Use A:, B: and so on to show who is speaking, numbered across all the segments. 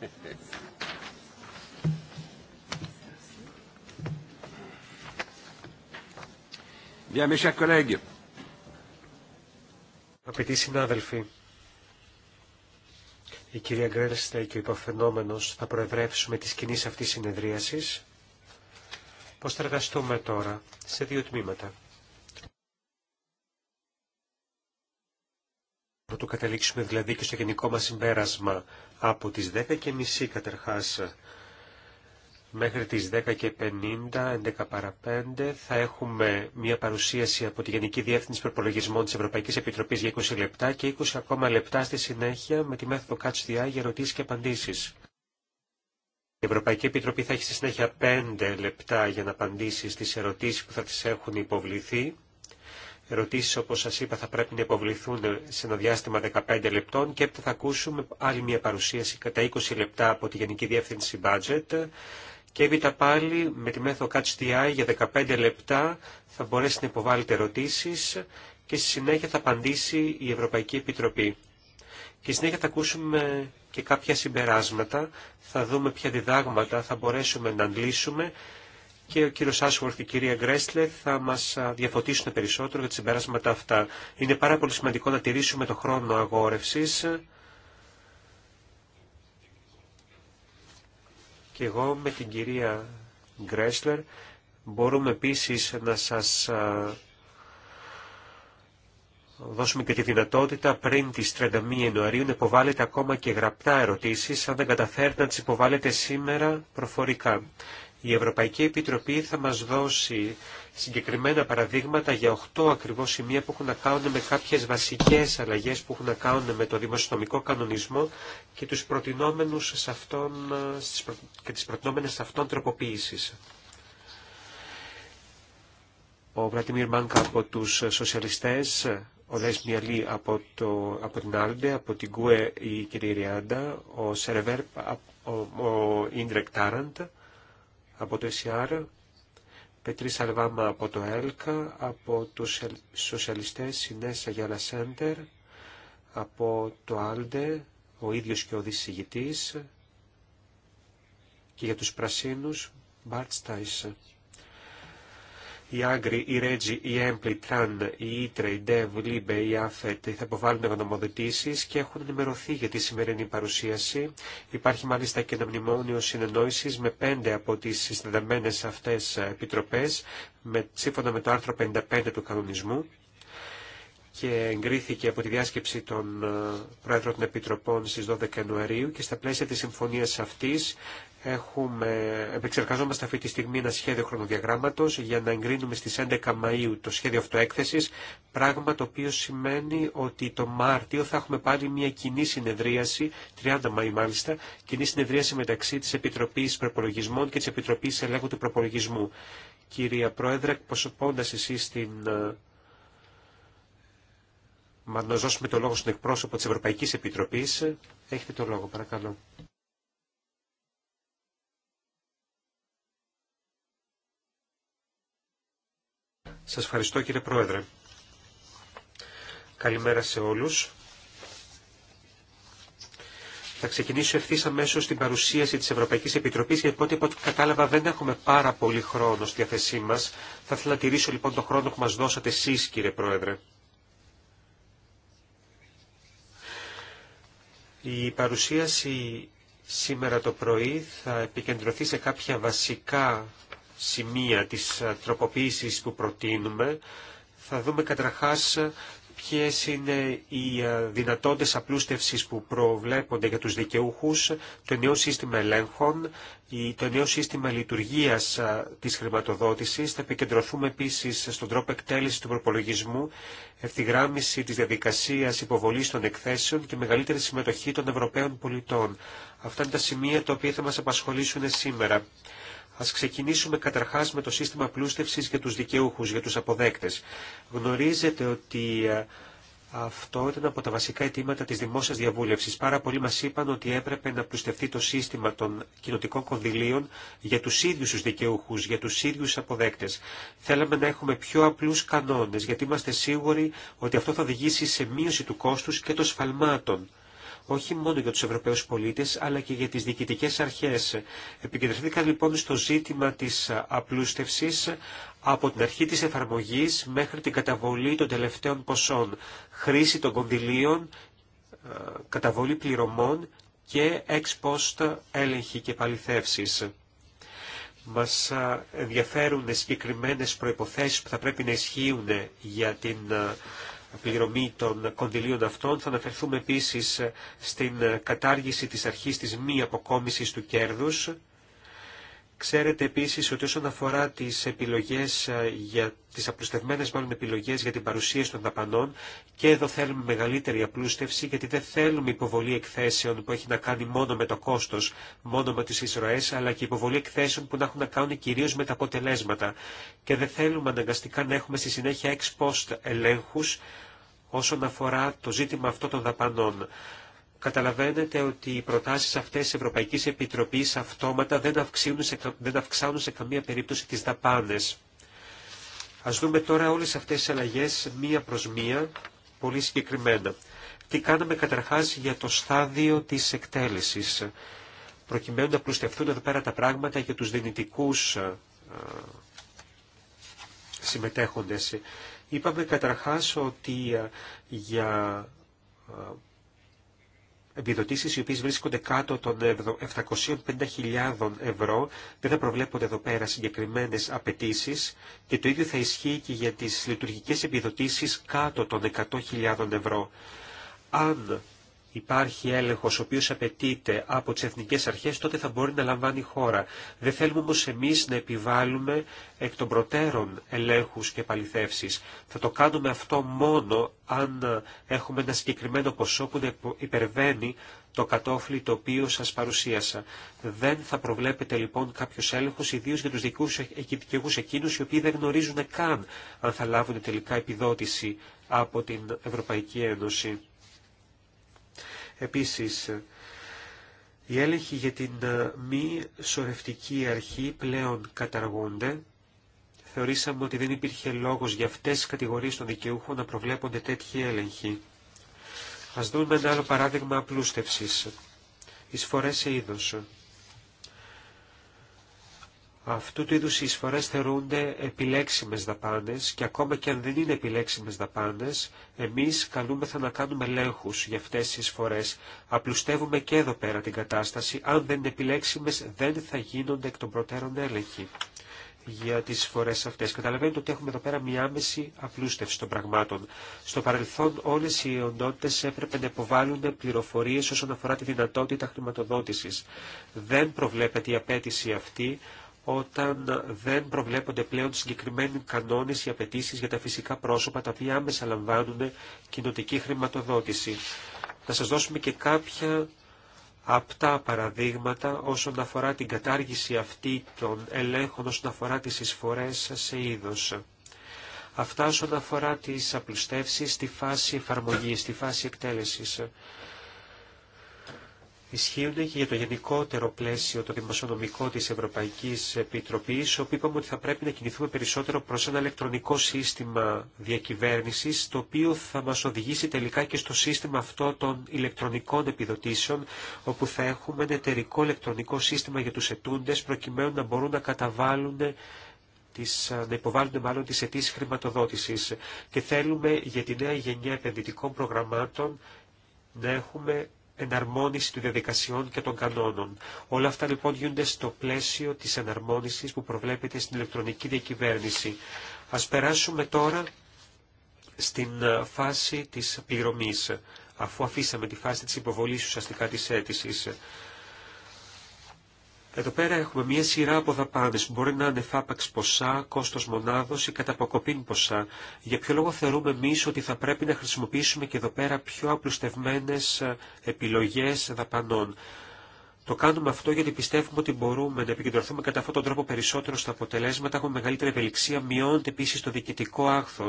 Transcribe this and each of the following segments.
A: Bien, mes chers collègues. Αγαπητοί συνάδελφοι, η κυρία Γκρέλστα και ο υποφαινόμενος θα προεδρεύσουμε τη κοινή αυτή συνεδρίασης. Πώς θα εργαστούμε τώρα, σε δύο τμήματα. καταλήξουμε δηλαδή και στο γενικό μας συμπέρασμα από τις 10 και μισή καταρχάς μέχρι τις 10 50 11 παρα 5, θα έχουμε μια παρουσίαση από τη Γενική Διεύθυνση Προπολογισμών της Ευρωπαϊκής Επιτροπής για 20 λεπτά και 20 ακόμα λεπτά στη συνέχεια με τη μέθοδο Catch the Eye για ερωτήσεις και απαντήσεις. Η Ευρωπαϊκή Επιτροπή θα έχει στη συνέχεια 5 λεπτά για να απαντήσει στις ερωτήσεις που θα τις έχουν υποβληθεί Ερωτήσεις, όπως σας είπα, θα πρέπει να υποβληθούν σε ένα διάστημα 15 λεπτών και έπειτα θα ακούσουμε άλλη μια παρουσίαση κατά 20 λεπτά από τη Γενική Διεύθυνση Budget και έπειτα πάλι με τη μέθοδο Catch the Eye για 15 λεπτά θα μπορέσει να υποβάλλεται ερωτήσεις και στη συνέχεια θα απαντήσει η Ευρωπαϊκή Επιτροπή. Και συνέχεια θα ακούσουμε και κάποια συμπεράσματα, θα δούμε ποια διδάγματα θα μπορέσουμε να αντλήσουμε και ο κύριος Άσουαρθ και η κυρία Γκρέσλε θα μας διαφωτίσουν περισσότερο για τα συμπεράσματα αυτά. Είναι πάρα πολύ σημαντικό να τηρήσουμε το χρόνο αγόρευσης. Και εγώ με την κυρία Γκρέσλερ μπορούμε επίσης να σας δώσουμε και τη δυνατότητα πριν τις 31 Ιανουαρίου να υποβάλλετε ακόμα και γραπτά ερωτήσεις, αν δεν καταφέρετε να τις υποβάλλετε σήμερα προφορικά. Η Ευρωπαϊκή Επιτροπή θα μας δώσει συγκεκριμένα παραδείγματα για 8 ακριβώς σημεία που έχουν να κάνουν με κάποιες βασικές αλλαγές που έχουν να κάνουν με το δημοσιονομικό κανονισμό και, τους προτινόμενους σε αυτόν, και τις προτινόμενες σε τροποποίησεις. Ο Βρατιμίρ Μάνκα από τους σοσιαλιστές, ο Λες Μιαλή από, το, την Άλντε, από την Κουέ η κυρία Ριάντα, ο Σερεβέρ, ο, ο Ίντρεκ Τάραντ, από το ΕΣΥΑΡ, Πετρή Αλβάμα από το ΕΛΚΑ, από τους σοσιαλιστές Νέσσα Γιάννα Σέντερ, από το ΑΛΔΕ, ο ίδιος και ο δισηγητής, και για τους πρασίνους Μπαρτ Στάισε. Οι Άγκρι, οι Ρέτζι, οι Έμπλη, οι Τραν, οι Ήτρε, οι Ντεβ, οι Λίμπε, οι Άφετ θα υποβάλουν γνωμοδοτήσει και έχουν ενημερωθεί για τη σημερινή παρουσίαση. Υπάρχει μάλιστα και ένα μνημόνιο συνεννόηση με πέντε από τι συνδεδεμένε αυτέ επιτροπέ, σύμφωνα με το άρθρο 55 του κανονισμού και εγκρίθηκε από τη διάσκεψη των ε, Πρόεδρων των Επιτροπών στις 12 Ιανουαρίου και στα πλαίσια της συμφωνίας αυτής Έχουμε, επεξεργαζόμαστε αυτή τη στιγμή ένα σχέδιο χρονοδιαγράμματος για να εγκρίνουμε στις 11 Μαΐου το σχέδιο αυτοέκθεσης, πράγμα το οποίο σημαίνει ότι το Μάρτιο θα έχουμε πάλι μια κοινή συνεδρίαση, 30 Μαΐου μάλιστα, κοινή συνεδρίαση μεταξύ της Επιτροπής Προπολογισμών και της Επιτροπής Ελέγχου του Προπολογισμού. Κυρία Πρόεδρε, εκπροσωπώντας εσείς την ε, να δώσουμε το λόγο στον εκπρόσωπο της Ευρωπαϊκής Επιτροπής. Έχετε το λόγο, παρακαλώ. Σας ευχαριστώ κύριε Πρόεδρε. Καλημέρα σε όλους. Θα ξεκινήσω ευθύ αμέσω την παρουσίαση τη Ευρωπαϊκή Επιτροπή, γιατί από ό,τι κατάλαβα δεν έχουμε πάρα πολύ χρόνο στη διάθεσή μα. Θα ήθελα να τηρήσω λοιπόν τον χρόνο που μα δώσατε εσεί, κύριε Πρόεδρε. Η παρουσίαση σήμερα το πρωί θα επικεντρωθεί σε κάποια βασικά σημεία της τροποποίησης που προτείνουμε. Θα δούμε καταρχάς ποιες είναι οι δυνατότητες απλούστευσης που προβλέπονται για τους δικαιούχους, το νέο σύστημα ελέγχων, το νέο σύστημα λειτουργίας της χρηματοδότησης. Θα επικεντρωθούμε επίσης στον τρόπο εκτέλεσης του προπολογισμού, ευθυγράμμιση της διαδικασίας υποβολής των εκθέσεων και μεγαλύτερη συμμετοχή των Ευρωπαίων πολιτών. Αυτά είναι τα σημεία τα οποία θα μας απασχολήσουν σήμερα. Α ξεκινήσουμε καταρχά με το σύστημα πλούστευση για του δικαιούχου, για του αποδέκτε. Γνωρίζετε ότι ε, αυτό ήταν από τα βασικά αιτήματα της δημόσιας διαβούλευσης. Πάρα πολλοί μας είπαν ότι έπρεπε να πλουστευτεί το σύστημα των κοινοτικών κονδυλίων για τους ίδιους τους δικαιούχους, για τους ίδιους αποδέκτες. Θέλαμε να έχουμε πιο απλούς κανόνες, γιατί είμαστε σίγουροι ότι αυτό θα οδηγήσει σε μείωση του κόστους και των σφαλμάτων όχι μόνο για τους Ευρωπαίους πολίτες, αλλά και για τις διοικητικές αρχές. Επικεντρωθήκαν λοιπόν στο ζήτημα της απλούστευσης από την αρχή της εφαρμογής μέχρι την καταβολή των τελευταίων ποσών, χρήση των κονδυλίων, ε, καταβολή πληρωμών και ex post έλεγχη και παληθεύσεις. Μας ε, ενδιαφέρουν συγκεκριμένες προϋποθέσεις που θα πρέπει να ισχύουν για την ε, πληρωμή των κονδυλίων αυτών. Θα αναφερθούμε επίσης στην κατάργηση της αρχής της μη αποκόμισης του κέρδους Ξέρετε επίσης ότι όσον αφορά τις επιλογές ε, για τις απλουστευμένες μάλλον επιλογές για την παρουσίαση των δαπανών και εδώ θέλουμε μεγαλύτερη απλούστευση γιατί δεν θέλουμε υποβολή εκθέσεων που έχει να κάνει μόνο με το κόστος, μόνο με τις εισρωές αλλά και υποβολή εκθέσεων που να έχουν να κάνουν κυρίως με τα αποτελέσματα και δεν θέλουμε αναγκαστικά να έχουμε στη συνέχεια ex post ελέγχους όσον αφορά το ζήτημα αυτό των δαπανών. Καταλαβαίνετε ότι οι προτάσεις αυτές της Ευρωπαϊκής Επιτροπής αυτόματα δεν, αυξάνουν σε, δεν καμία περίπτωση τις δαπάνες. Ας δούμε τώρα όλες αυτές τις αλλαγές μία προς μία, πολύ συγκεκριμένα. Τι κάναμε καταρχάς για το στάδιο της εκτέλεσης, προκειμένου να πλουστευτούν εδώ πέρα τα πράγματα για τους δυνητικούς ε, ε, συμμετέχοντες. Είπαμε καταρχάς ότι ε, για επιδοτήσεις οι οποίες βρίσκονται κάτω των 750.000 ευρώ. Δεν θα προβλέπονται εδώ πέρα συγκεκριμένες απαιτήσει και το ίδιο θα ισχύει και για τις λειτουργικές επιδοτήσεις κάτω των 100.000 ευρώ. Αν υπάρχει έλεγχος ο οποίος απαιτείται από τις εθνικές αρχές, τότε θα μπορεί να λαμβάνει η χώρα. Δεν θέλουμε όμως εμείς να επιβάλλουμε εκ των προτέρων ελέγχους και παληθεύσει. Θα το κάνουμε αυτό μόνο αν έχουμε ένα συγκεκριμένο ποσό που να υπερβαίνει το κατόφλι το οποίο σας παρουσίασα. Δεν θα προβλέπετε λοιπόν κάποιος έλεγχος, ιδίως για τους δικαιούς εκείνους οι οποίοι δεν γνωρίζουν καν αν θα λάβουν τελικά επιδότηση από την Ευρωπαϊκή Ένωση. Επίσης, οι έλεγχοι για την ε, μη σωρευτική αρχή πλέον καταργούνται. Θεωρήσαμε ότι δεν υπήρχε λόγος για αυτές τις κατηγορίες των δικαιούχων να προβλέπονται τέτοιοι έλεγχοι. Ας δούμε ένα άλλο παράδειγμα απλούστευσης. Εισφορές σε είδος. Αυτού του είδους οι εισφορές θεωρούνται επιλέξιμες δαπάνες και ακόμα και αν δεν είναι επιλέξιμες δαπάνες, εμείς καλούμεθα να κάνουμε ελέγχου για αυτές τις εισφορές. Απλουστεύουμε και εδώ πέρα την κατάσταση. Αν δεν είναι επιλέξιμες, δεν θα γίνονται εκ των προτέρων έλεγχοι για τις φορές αυτές. Καταλαβαίνετε ότι έχουμε εδώ πέρα μια άμεση απλούστευση των πραγμάτων. Στο παρελθόν όλες οι οντότητες έπρεπε να υποβάλουν πληροφορίες όσον αφορά τη δυνατότητα χρηματοδότησης. Δεν προβλέπεται η απέτηση αυτή όταν δεν προβλέπονται πλέον συγκεκριμένοι κανόνε ή απαιτήσει για τα φυσικά πρόσωπα τα οποία άμεσα λαμβάνουν κοινοτική χρηματοδότηση. Να σα δώσουμε και κάποια απτά παραδείγματα όσον αφορά την κατάργηση αυτή των ελέγχων όσον αφορά τις εισφορές σε είδος. Αυτά όσον αφορά τις απλουστεύσεις στη φάση εφαρμογής, στη φάση εκτέλεσης ισχύουν και για το γενικότερο πλαίσιο, το δημοσιονομικό της Ευρωπαϊκής Επιτροπής, όπου είπαμε ότι θα πρέπει να κινηθούμε περισσότερο προς ένα ηλεκτρονικό σύστημα διακυβέρνησης, το οποίο θα μας οδηγήσει τελικά και στο σύστημα αυτό των ηλεκτρονικών επιδοτήσεων, όπου θα έχουμε ένα εταιρικό ηλεκτρονικό σύστημα για τους ετούντες, προκειμένου να μπορούν να καταβάλουν τις, να υποβάλουν μάλλον τις αιτήσεις χρηματοδότησης. Και θέλουμε για τη νέα γενιά επενδυτικών προγραμμάτων να έχουμε εναρμόνιση των διαδικασιών και των κανόνων. Όλα αυτά λοιπόν γίνονται στο πλαίσιο της εναρμόνισης που προβλέπεται στην ηλεκτρονική διακυβέρνηση. Ας περάσουμε τώρα στην ε, φάση της πληρωμής, αφού αφήσαμε τη φάση της υποβολής ουσιαστικά της αίτησης. Εδώ πέρα έχουμε μία σειρά από δαπάνε που μπορεί να είναι φάπαξ ποσά, κόστο μονάδο ή αποκοπήν ποσά. Για ποιο λόγο θεωρούμε εμεί ότι θα πρέπει να χρησιμοποιήσουμε και εδώ πέρα πιο απλουστευμένε ε, επιλογέ δαπανών. Το κάνουμε αυτό γιατί πιστεύουμε ότι μπορούμε να επικεντρωθούμε κατά αυτόν τον τρόπο περισσότερο στα αποτελέσματα, έχουμε μεγαλύτερη ευελιξία, μειώνεται επίση το διοικητικό άγχο.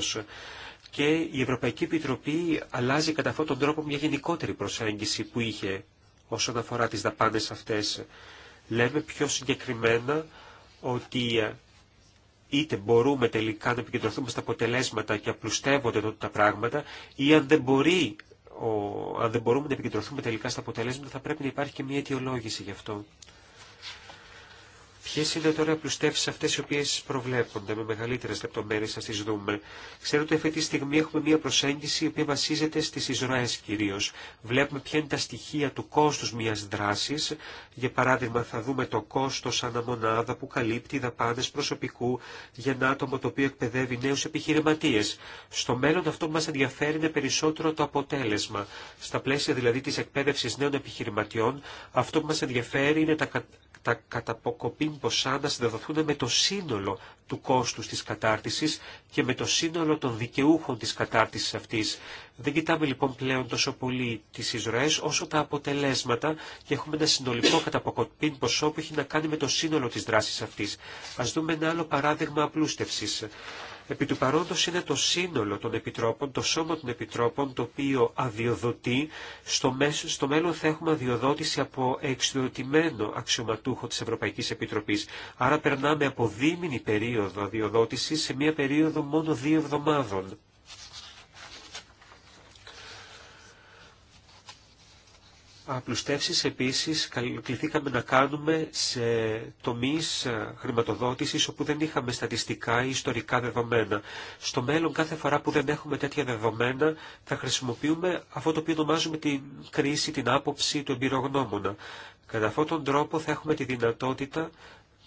A: Και η Ευρωπαϊκή Επιτροπή αλλάζει κατά αυτόν τον τρόπο μια γενικότερη προσέγγιση που είχε όσον αφορά τι δαπάνε αυτέ. Λέμε πιο συγκεκριμένα ότι ε, είτε μπορούμε τελικά να επικεντρωθούμε στα αποτελέσματα και απλουστεύονται τότε τα πράγματα, ή αν δεν, μπορεί, ο, αν δεν μπορούμε να επικεντρωθούμε τελικά στα αποτελέσματα, θα πρέπει να υπάρχει και μια αιτιολόγηση γι' αυτό. Ποιε είναι τώρα οι πλουστεύσει αυτέ οι οποίε προβλέπονται με μεγαλύτερε λεπτομέρειε, θα τι δούμε. Ξέρω ότι αυτή τη στιγμή έχουμε μια προσέγγιση η οποία βασίζεται στι εισρωέ κυρίω. Βλέπουμε ποια είναι τα στοιχεία του κόστου μια δράση. Για παράδειγμα, θα δούμε το κόστο αναμονάδα που καλύπτει δαπάνε προσωπικού για ένα άτομο το οποίο εκπαιδεύει νέου επιχειρηματίε. Στο μέλλον αυτό που μα ενδιαφέρει είναι περισσότερο το αποτέλεσμα. Στα πλαίσια δηλαδή τη εκπαίδευση νέων επιχειρηματιών, αυτό που μα ενδιαφέρει είναι τα, τα καταποκοπήν ποσά να συνδεδοθούν με το σύνολο του κόστους της κατάρτισης και με το σύνολο των δικαιούχων της κατάρτισης αυτής. Δεν κοιτάμε λοιπόν πλέον τόσο πολύ τις εισρωές όσο τα αποτελέσματα και έχουμε ένα συνολικό καταποκοπήν ποσό που έχει να κάνει με το σύνολο της δράσης αυτής. Ας δούμε ένα άλλο παράδειγμα απλούστευσης. Επί του παρόντος είναι το σύνολο των επιτρόπων, το σώμα των επιτρόπων, το οποίο αδειοδοτεί. Στο, μέσο, στο μέλλον θα έχουμε αδειοδότηση από εξοδοτημένο αξιωματούχο της Ευρωπαϊκής Επιτροπής. Άρα περνάμε από δίμηνη περίοδο αδειοδότηση σε μία περίοδο μόνο δύο εβδομάδων. Απλουστεύσει επίση, κληθήκαμε να κάνουμε σε τομεί ε, χρηματοδότηση όπου δεν είχαμε στατιστικά ή ιστορικά δεδομένα. Στο μέλλον κάθε φορά που δεν έχουμε τέτοια δεδομένα θα χρησιμοποιούμε αυτό το οποίο ονομάζουμε την κρίση, την άποψη του εμπειρογνώμονα. Κατά αυτόν τον τρόπο θα έχουμε τη δυνατότητα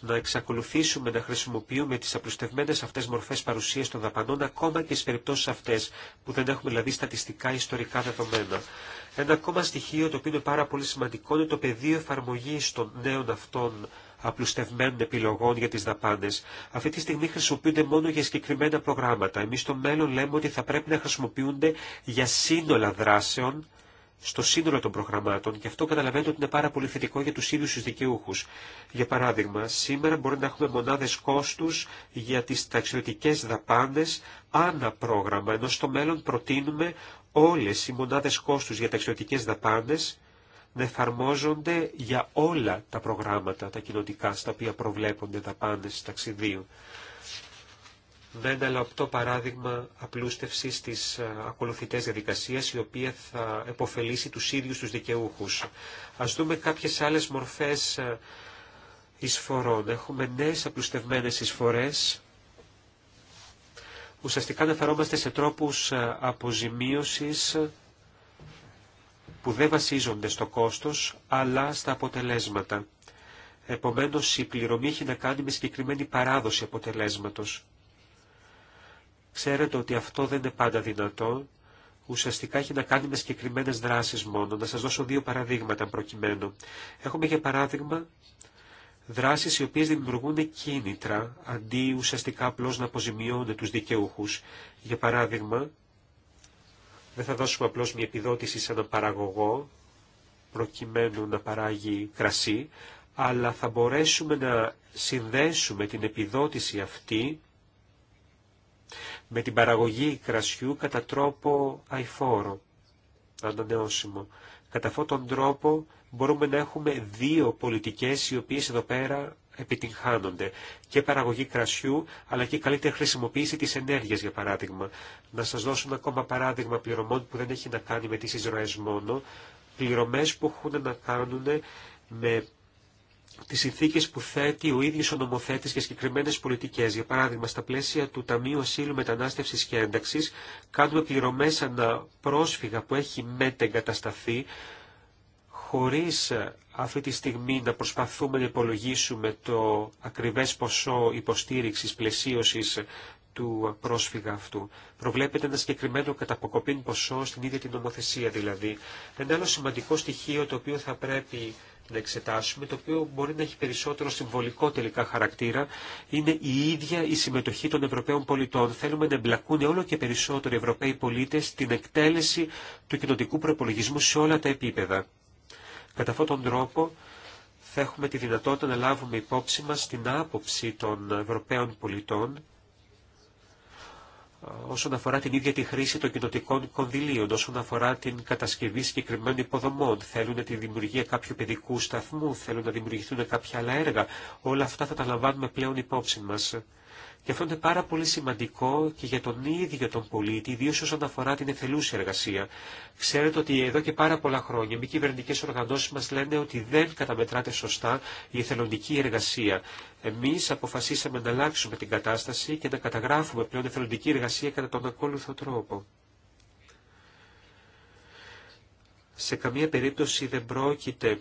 A: να εξακολουθήσουμε να χρησιμοποιούμε τις απλουστευμένες αυτές μορφές παρουσίας των δαπανών ακόμα και στις περιπτώσεις αυτές που δεν έχουμε δηλαδή στατιστικά ιστορικά δεδομένα. Ένα ακόμα στοιχείο το οποίο είναι πάρα πολύ σημαντικό είναι το πεδίο εφαρμογή των νέων αυτών απλουστευμένων επιλογών για τι δαπάνε. Αυτή τη στιγμή χρησιμοποιούνται μόνο για συγκεκριμένα προγράμματα. Εμεί στο μέλλον λέμε ότι θα πρέπει να χρησιμοποιούνται για σύνολα δράσεων στο σύνολο των προγραμμάτων και αυτό καταλαβαίνετε ότι είναι πάρα πολύ θετικό για τους ίδιους τους δικαιούχους. Για παράδειγμα, σήμερα μπορεί να έχουμε μονάδες κόστους για τις ταξιδιωτικέ δαπάνες ανά πρόγραμμα, ενώ στο μέλλον προτείνουμε όλες οι μονάδες κόστους για ταξιδιωτικές δαπάνες να εφαρμόζονται για όλα τα προγράμματα, τα κοινοτικά, στα οποία προβλέπονται δαπάνες ταξιδίου. Με ένα λαπτό παράδειγμα απλούστευσης της ε, ακολουθητές διαδικασίας, η οποία θα επωφελήσει τους ίδιους τους δικαιούχους. Ας δούμε κάποιες άλλες μορφές ε, εισφορών. Έχουμε νέες απλουστευμένες εισφορές, ουσιαστικά αναφερόμαστε σε τρόπους ε, αποζημίωσης που δεν βασίζονται στο κόστος, αλλά στα αποτελέσματα. Επομένως, η πληρωμή έχει να κάνει με συγκεκριμένη παράδοση αποτελέσματος. Ξέρετε ότι αυτό δεν είναι πάντα δυνατό. Ουσιαστικά έχει να κάνει με συγκεκριμένε δράσεις μόνο. Να σας δώσω δύο παραδείγματα προκειμένου. Έχουμε για παράδειγμα δράσεις οι οποίες δημιουργούν κίνητρα αντί ουσιαστικά απλώ να αποζημιώνουν τους δικαιούχους. Για παράδειγμα, δεν θα δώσουμε απλώς μια επιδότηση σε έναν παραγωγό προκειμένου να παράγει κρασί, αλλά θα μπορέσουμε να συνδέσουμε την επιδότηση αυτή με την παραγωγή κρασιού κατά τρόπο αηφόρο, ανανεώσιμο. Κατά αυτόν τον τρόπο μπορούμε να έχουμε δύο πολιτικές οι οποίες εδώ πέρα επιτυγχάνονται. Και παραγωγή κρασιού, αλλά και καλύτερη χρησιμοποίηση της ενέργειας, για παράδειγμα. Να σας δώσω ένα ακόμα παράδειγμα πληρωμών που δεν έχει να κάνει με τις εισρωές μόνο. Πληρωμές που έχουν να κάνουν με τι συνθήκε που θέτει ο ίδιο ο νομοθέτης για συγκεκριμένε πολιτικές. Για παράδειγμα, στα πλαίσια του Ταμείου Ασύλου μετανάστευση και ένταξη, κάνουμε πληρωμέ ανά πρόσφυγα που έχει μετεγκατασταθεί, χωρί αυτή τη στιγμή να προσπαθούμε να υπολογίσουμε το ακριβέ ποσό υποστήριξη πλαισίωση του πρόσφυγα αυτού. Προβλέπεται ένα συγκεκριμένο καταποκοπήν ποσό στην ίδια την νομοθεσία δηλαδή. Ένα άλλο σημαντικό στοιχείο το οποίο θα πρέπει να εξετάσουμε, το οποίο μπορεί να έχει περισσότερο συμβολικό τελικά χαρακτήρα, είναι η ίδια η συμμετοχή των Ευρωπαίων πολιτών. Θέλουμε να εμπλακούν όλο και περισσότεροι Ευρωπαίοι πολίτε στην εκτέλεση του κοινοτικού προπολογισμού σε όλα τα επίπεδα. Κατά αυτόν τον τρόπο θα έχουμε τη δυνατότητα να λάβουμε υπόψη μας την άποψη των Ευρωπαίων πολιτών όσον αφορά την ίδια τη χρήση των κοινοτικών κονδυλίων, όσον αφορά την κατασκευή συγκεκριμένων υποδομών. Θέλουν τη δημιουργία κάποιου παιδικού σταθμού, θέλουν να δημιουργηθούν κάποια άλλα έργα. Όλα αυτά θα τα λαμβάνουμε πλέον υπόψη μας. Και αυτό είναι πάρα πολύ σημαντικό και για τον ίδιο τον πολίτη, ιδίω όσον αφορά την εθελούσα εργασία. Ξέρετε ότι εδώ και πάρα πολλά χρόνια μη κυβερνητικέ οργανώσει μα λένε ότι δεν καταμετράται σωστά η εθελοντική εργασία. Εμεί αποφασίσαμε να αλλάξουμε την κατάσταση και να καταγράφουμε πλέον εθελοντική εργασία κατά τον ακόλουθο τρόπο. Σε καμία περίπτωση δεν πρόκειται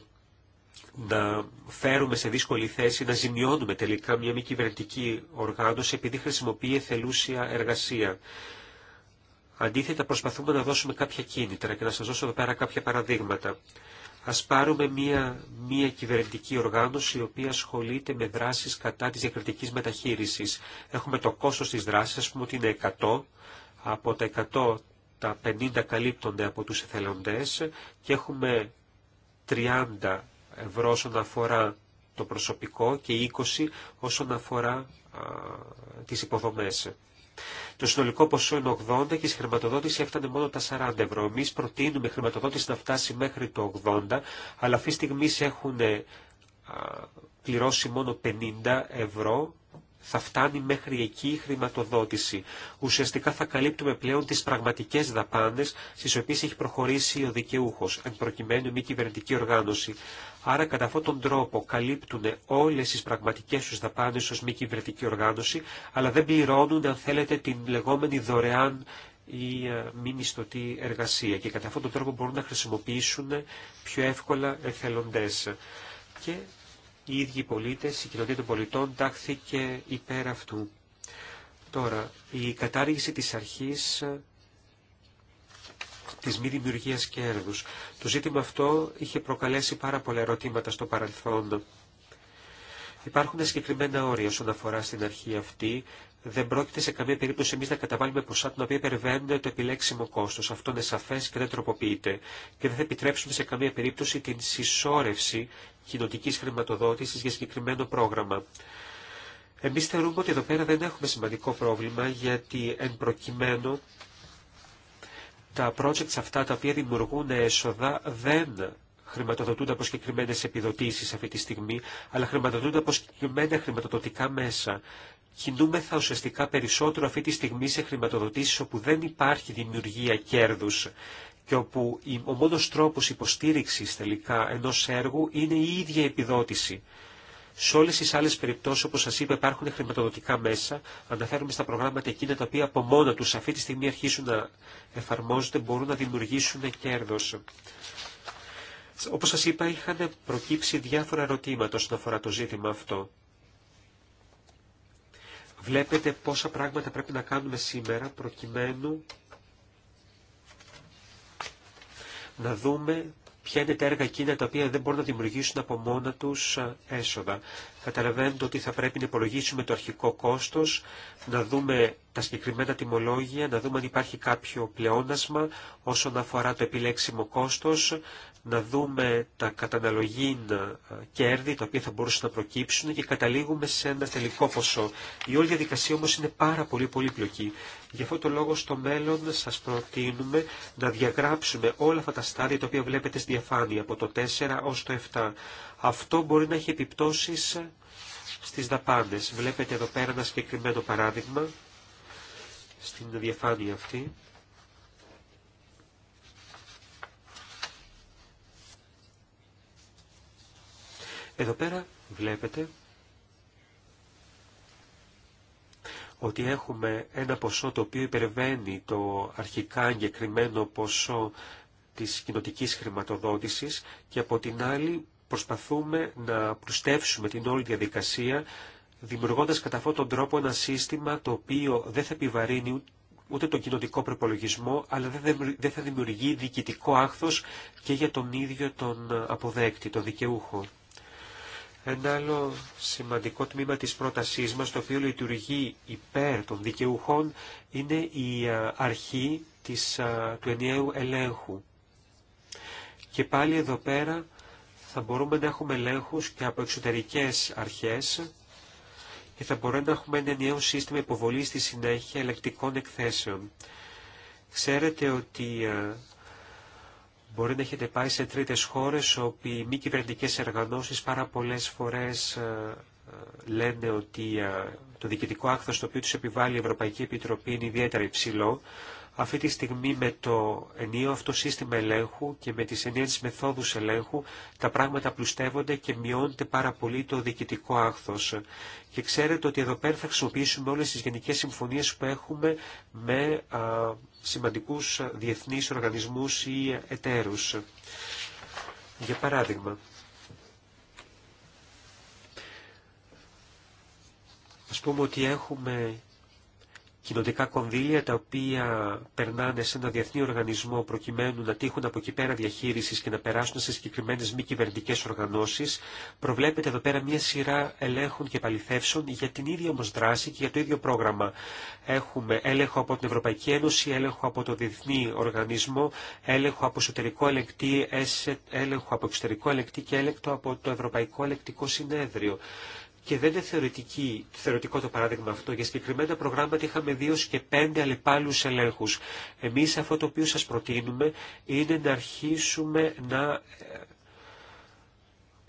A: να φέρουμε σε δύσκολη θέση, να ζημιώνουμε τελικά μια μη κυβερνητική οργάνωση επειδή χρησιμοποιεί εθελούσια εργασία. Αντίθετα προσπαθούμε να δώσουμε κάποια κίνητρα και να σας δώσω εδώ πέρα κάποια παραδείγματα. Ας πάρουμε μία, μία κυβερνητική οργάνωση η οποία ασχολείται με δράσεις κατά της διακριτικής μεταχείρισης. Έχουμε το κόστος της δράσης, ας πούμε ότι είναι 100, από τα 100 τα 50 καλύπτονται από τους εθελοντές και έχουμε 30 ευρώ όσον αφορά το προσωπικό και 20 όσον αφορά τις υποδομές. Το συνολικό ποσό είναι 80 και η χρηματοδότηση έφτανε μόνο τα 40 ευρώ. Εμεί προτείνουμε η χρηματοδότηση να φτάσει μέχρι το 80, αλλά αυτή τη στιγμή έχουν πληρώσει μόνο 50 ευρώ θα φτάνει μέχρι εκεί η χρηματοδότηση. Ουσιαστικά θα καλύπτουμε πλέον τις πραγματικές δαπάνες στις οποίες έχει προχωρήσει ο δικαιούχος, εν προκειμένου μη κυβερνητική οργάνωση. Άρα κατά αυτόν τον τρόπο καλύπτουν όλες τις πραγματικές τους δαπάνες ως μη κυβερνητική οργάνωση, αλλά δεν πληρώνουν, αν θέλετε, την λεγόμενη δωρεάν ή μη ε, μισθωτή εργασία και κατά αυτόν τον τρόπο μπορούν να χρησιμοποιήσουν πιο εύκολα εθελοντές. Και οι ίδιοι οι πολίτες, η κοινωνία των πολιτών τάχθηκε υπέρ αυτού. Τώρα, η κατάργηση της αρχής της μη δημιουργίας κέρδους. Το ζήτημα αυτό είχε προκαλέσει πάρα πολλά ερωτήματα στο παρελθόν. Υπάρχουν συγκεκριμένα όρια όσον αφορά στην αρχή αυτή δεν πρόκειται σε καμία περίπτωση εμεί να καταβάλουμε ποσά την οποία υπερβαίνουν το επιλέξιμο κόστο. Αυτό είναι σαφέ και δεν τροποποιείται. Και δεν θα επιτρέψουμε σε καμία περίπτωση την συσσόρευση κοινοτική χρηματοδότηση για συγκεκριμένο πρόγραμμα. Εμεί θεωρούμε ότι εδώ πέρα δεν έχουμε σημαντικό πρόβλημα γιατί εν προκειμένου τα projects αυτά τα οποία δημιουργούν έσοδα δεν χρηματοδοτούνται από συγκεκριμένε επιδοτήσει αυτή τη στιγμή, αλλά χρηματοδοτούνται από συγκεκριμένα χρηματοδοτικά μέσα κινούμεθα ουσιαστικά περισσότερο αυτή τη στιγμή σε χρηματοδοτήσεις όπου δεν υπάρχει δημιουργία κέρδους και όπου ο μόνος τρόπος υποστήριξης τελικά ενός έργου είναι η ίδια επιδότηση. Σε όλε τι άλλε περιπτώσει, όπω σα είπα, υπάρχουν χρηματοδοτικά μέσα. Αναφέρουμε στα προγράμματα εκείνα τα οποία από μόνα τους αυτή τη στιγμή αρχίσουν να εφαρμόζονται, μπορούν να δημιουργήσουν κέρδος. Όπως σα είπα, είχαν προκύψει διάφορα ερωτήματα όσον αφορά το ζήτημα αυτό. Βλέπετε πόσα πράγματα πρέπει να κάνουμε σήμερα προκειμένου να δούμε ποια είναι τα έργα εκείνα τα οποία δεν μπορούν να δημιουργήσουν από μόνα τους ε, έσοδα. Καταλαβαίνετε ότι θα πρέπει να υπολογίσουμε το αρχικό κόστος, να δούμε τα συγκεκριμένα τιμολόγια, να δούμε αν υπάρχει κάποιο πλεόνασμα όσον αφορά το επιλέξιμο κόστος, να δούμε τα καταναλογή ε, κέρδη τα οποία θα μπορούσαν να προκύψουν και καταλήγουμε σε ένα τελικό ποσό. Η όλη διαδικασία όμως είναι πάρα πολύ πολύπλοκη Γι' αυτό το λόγο στο μέλλον σας προτείνουμε να διαγράψουμε όλα αυτά τα στάδια τα οποία βλέπετε στη διαφάνεια από το 4 ως το 7. Αυτό μπορεί να έχει επιπτώσεις στις δαπάνες. Βλέπετε εδώ πέρα ένα συγκεκριμένο παράδειγμα στην διαφάνεια αυτή. Εδώ πέρα βλέπετε ότι έχουμε ένα ποσό το οποίο υπερβαίνει το αρχικά εγκεκριμένο ποσό της κοινοτική χρηματοδότησης και από την άλλη προσπαθούμε να προστέψουμε την όλη διαδικασία δημιουργώντας κατά αυτόν τον τρόπο ένα σύστημα το οποίο δεν θα επιβαρύνει ούτε τον κοινοτικό προπολογισμό, αλλά δεν θα δημιουργεί διοικητικό άχθος και για τον ίδιο τον αποδέκτη, τον δικαιούχο. Ένα άλλο σημαντικό τμήμα της πρότασής μας, το οποίο λειτουργεί υπέρ των δικαιούχων, είναι η αρχή της, του ενιαίου ελέγχου. Και πάλι εδώ πέρα θα μπορούμε να έχουμε ελέγχους και από εξωτερικές αρχές και θα μπορούμε να έχουμε ένα ενιαίο σύστημα υποβολής στη συνέχεια ελεκτικών εκθέσεων. Ξέρετε ότι Μπορεί να έχετε πάει σε τρίτες χώρες όπου οι μη κυβερνητικέ εργανώσεις πάρα πολλές φορές ε, ε, λένε ότι ε, το διοικητικό άκθος το οποίο τους επιβάλλει η Ευρωπαϊκή Επιτροπή είναι ιδιαίτερα υψηλό. Αυτή τη στιγμή με το ενίο αυτό σύστημα ελέγχου και με τις ενιαίες μεθόδους ελέγχου τα πράγματα πλουστεύονται και μειώνεται πάρα πολύ το διοικητικό άχθος. Και ξέρετε ότι εδώ πέρα θα χρησιμοποιήσουμε όλες τις γενικές συμφωνίες που έχουμε με α, σημαντικούς διεθνείς οργανισμούς ή εταίρους. Για παράδειγμα, ας πούμε ότι έχουμε κοινοτικά κονδύλια τα οποία περνάνε σε ένα διεθνή οργανισμό προκειμένου να τύχουν από εκεί πέρα διαχείρισης και να περάσουν σε συγκεκριμένες μη κυβερνητικές οργανώσεις, προβλέπεται εδώ πέρα μια σειρά ελέγχων και παληθεύσεων για την ίδια όμως δράση και για το ίδιο πρόγραμμα. Έχουμε έλεγχο από την Ευρωπαϊκή Ένωση, έλεγχο από το διεθνή οργανισμό, έλεγχο από εσωτερικό ελεκτή, έλεγχο από εξωτερικό ελεκτή, και έλεγχο από το Ευρωπαϊκό Ελεκτικό Συνέδριο και δεν είναι θεωρητική, θεωρητικό το παράδειγμα αυτό. Για συγκεκριμένα προγράμματα είχαμε δύο και πέντε αλλεπάλληλου ελέγχου. Εμεί αυτό το οποίο σα προτείνουμε είναι να αρχίσουμε να ε,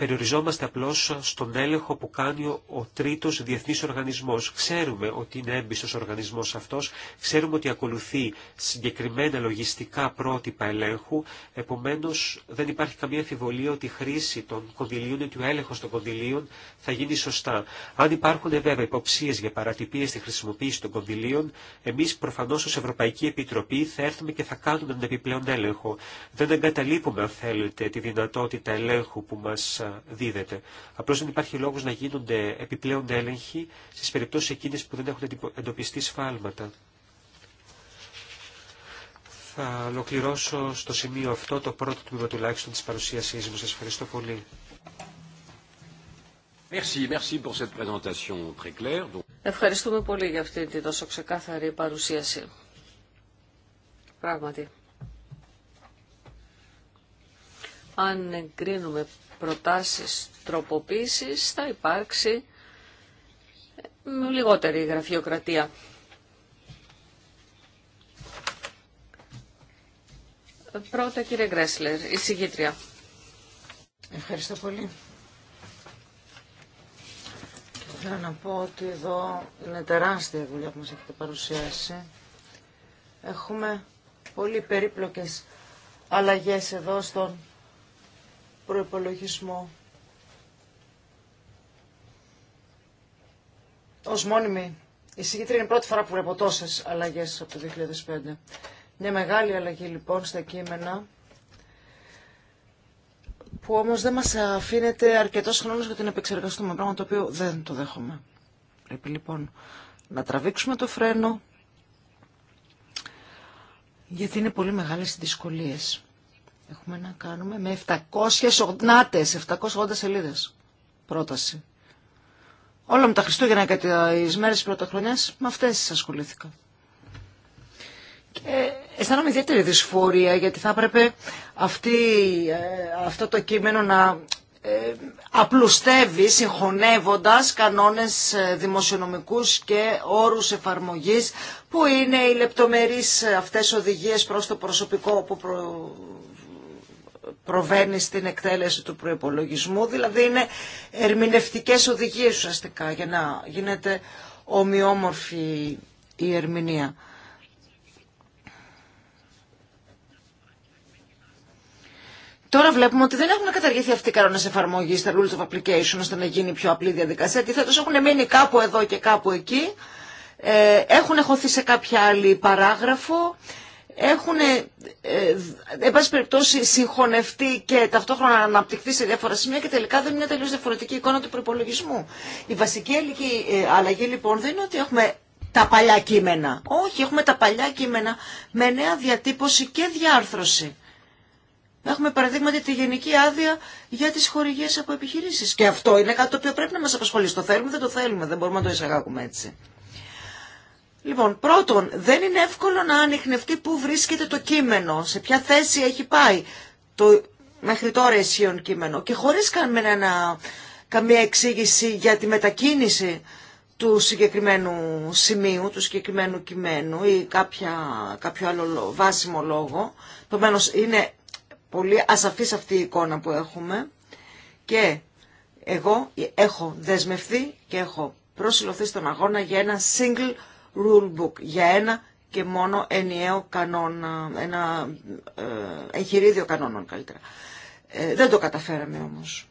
A: περιοριζόμαστε απλώς στον έλεγχο που κάνει ο τρίτος διεθνής οργανισμός. Ξέρουμε ότι είναι έμπιστος ο οργανισμός αυτός, ξέρουμε ότι ακολουθεί συγκεκριμένα λογιστικά πρότυπα ελέγχου, επομένως δεν υπάρχει καμία αμφιβολία ότι η χρήση των κονδυλίων ή του έλεγχος των κονδυλίων θα γίνει σωστά. Αν υπάρχουν βέβαια υποψίες για παρατυπίες στη χρησιμοποίηση των κονδυλίων, εμείς προφανώς ως Ευρωπαϊκή Επιτροπή θα έρθουμε και θα κάνουμε τον επιπλέον έλεγχο. Δεν εγκαταλείπουμε αν θέλετε τη δυνατότητα ελέγχου που μας δίδεται. Απλώς δεν υπάρχει λόγο να γίνονται επιπλέον έλεγχοι στι περιπτώσει εκείνες που δεν έχουν εντοπιστεί σφάλματα. Θα ολοκληρώσω στο σημείο αυτό το πρώτο τμήμα τουλάχιστον τη παρουσίασή. μου. Σας ευχαριστώ πολύ.
B: Ευχαριστούμε πολύ για αυτή την τόσο ξεκάθαρη παρουσίαση. Πράγματι. Αν εγκρίνουμε προτάσεις τροποποίησης θα υπάρξει λιγότερη γραφειοκρατία. Πρώτα κύριε Γκρέσλερ, η συγγήτρια. Ευχαριστώ πολύ.
C: Θέλω να πω ότι εδώ είναι τεράστια δουλειά που μας έχετε παρουσιάσει. Έχουμε πολύ περίπλοκες αλλαγές εδώ στον προϋπολογισμό ως μόνιμη. Η συγκεκριμένη είναι η πρώτη φορά που βλέπω τόσες αλλαγές από το 2005. Μια μεγάλη αλλαγή λοιπόν στα κείμενα που όμως δεν μας αφήνεται αρκετός χρόνος για την επεξεργαστούμε, πράγμα το οποίο δεν το δέχομαι. Πρέπει λοιπόν να τραβήξουμε το φρένο, γιατί είναι πολύ μεγάλες οι δυσκολίες. Έχουμε να κάνουμε με 780, 780 σελίδες πρόταση. Όλα μου τα Χριστούγεννα και τις μέρες της πρωτοχρονιάς με αυτές ασχολήθηκα. Και ε, αισθάνομαι ιδιαίτερη δυσφορία γιατί θα έπρεπε αυτή, ε, αυτό το κείμενο να ε, απλουστεύει συγχωνεύοντας κανόνες δημοσιονομικούς και όρους εφαρμογής που είναι οι λεπτομερείς αυτές οδηγίες προς το προσωπικό προβαίνει στην εκτέλεση του προϋπολογισμού, δηλαδή είναι ερμηνευτικές οδηγίες ουσιαστικά για να γίνεται ομοιόμορφη η ερμηνεία. Τώρα βλέπουμε ότι δεν έχουν καταργηθεί αυτοί οι κανόνε εφαρμογή, τα rules of application, ώστε να γίνει πιο απλή διαδικασία. Αντιθέτω, έχουν μείνει κάπου εδώ και κάπου εκεί. Ε, έχουν εχωθεί σε κάποια άλλη παράγραφο έχουν ε, ε, εν πάση περιπτώσει συγχωνευτεί και ταυτόχρονα αναπτυχθεί σε διάφορα σημεία και τελικά δεν είναι τελείως διαφορετική εικόνα του προπολογισμού. Η βασική ε, αλλαγή λοιπόν δεν είναι ότι έχουμε τα παλιά κείμενα. Όχι, έχουμε τα παλιά κείμενα με νέα διατύπωση και διάρθρωση. Έχουμε παραδείγματι τη γενική άδεια για τις χορηγίες από επιχειρήσεις. Και αυτό είναι κάτι το οποίο πρέπει να μας απασχολήσει. Το θέλουμε, δεν το θέλουμε, δεν μπορούμε να το εισαγάγουμε έτσι. Λοιπόν, πρώτον, δεν είναι εύκολο να ανοιχνευτεί πού βρίσκεται το κείμενο, σε ποια θέση έχει πάει το μέχρι τώρα ισχύον κείμενο και χωρίς καμία, καμία εξήγηση για τη μετακίνηση του συγκεκριμένου σημείου, του συγκεκριμένου κειμένου ή κάποια, κάποιο άλλο βάσιμο λόγο. Επομένω είναι πολύ ασαφής αυτή η εικόνα που έχουμε και εγώ έχω δεσμευθεί και έχω προσυλλοθεί στον αγώνα για ένα single rulebook, για ένα και μόνο ενιαίο κανόνα, ένα ε, εγχειρίδιο κανόνων καλύτερα. Ε, δεν το καταφέραμε όμως.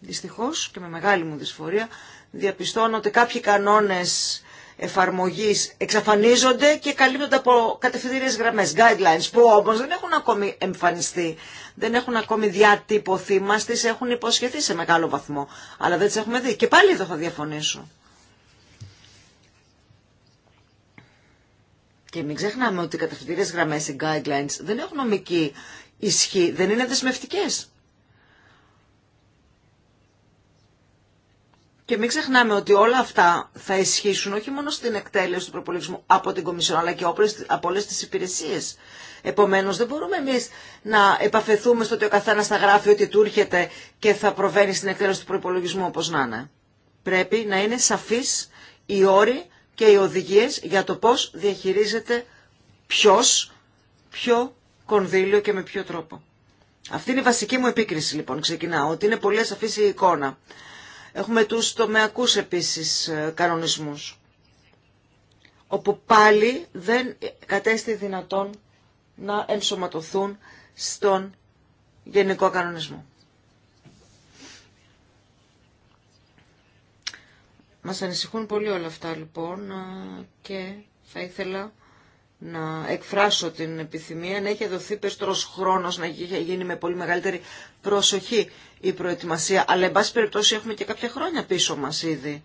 C: Δυστυχώς και με μεγάλη μου δυσφορία διαπιστώνω ότι κάποιοι κανόνες εφαρμογής εξαφανίζονται και καλύπτονται από κατευθυντήριες γραμμές, guidelines, που όμως δεν έχουν ακόμη εμφανιστεί, δεν έχουν ακόμη διατυπωθεί, μας τις έχουν υποσχεθεί σε μεγάλο βαθμό, αλλά δεν τις έχουμε δει. Και πάλι εδώ θα διαφωνήσω. Και μην ξεχνάμε ότι οι κατευθυντήριες γραμμέ οι guidelines, δεν έχουν νομική ισχύ, δεν είναι δεσμευτικέ. Και μην ξεχνάμε ότι όλα αυτά θα ισχύσουν όχι μόνο στην εκτέλεση του προπολογισμού από την Κομισιόν, αλλά και από όλε τι υπηρεσίε. Επομένω, δεν μπορούμε εμεί να επαφεθούμε στο ότι ο καθένα θα γράφει ότι του έρχεται και θα προβαίνει στην εκτέλεση του προπολογισμού όπω να είναι. Πρέπει να είναι σαφεί η όροι και οι οδηγίες για το πώς διαχειρίζεται ποιος, ποιο κονδύλιο και με ποιο τρόπο. Αυτή είναι η βασική μου επίκριση λοιπόν, ξεκινάω, ότι είναι πολύ ασαφής η εικόνα. Έχουμε τους τομεακούς επίσης ε, κανονισμούς, όπου πάλι δεν κατέστη δυνατόν να ενσωματωθούν στον γενικό κανονισμό. Μας ανησυχούν πολύ όλα αυτά λοιπόν ε, και θα ήθελα να εκφράσω την επιθυμία να έχει δοθεί περισσότερος χρόνος, να γίνει με πολύ μεγαλύτερη προσοχή η προετοιμασία. Αλλά εν πάση περιπτώσει έχουμε και κάποια χρόνια πίσω μας ήδη.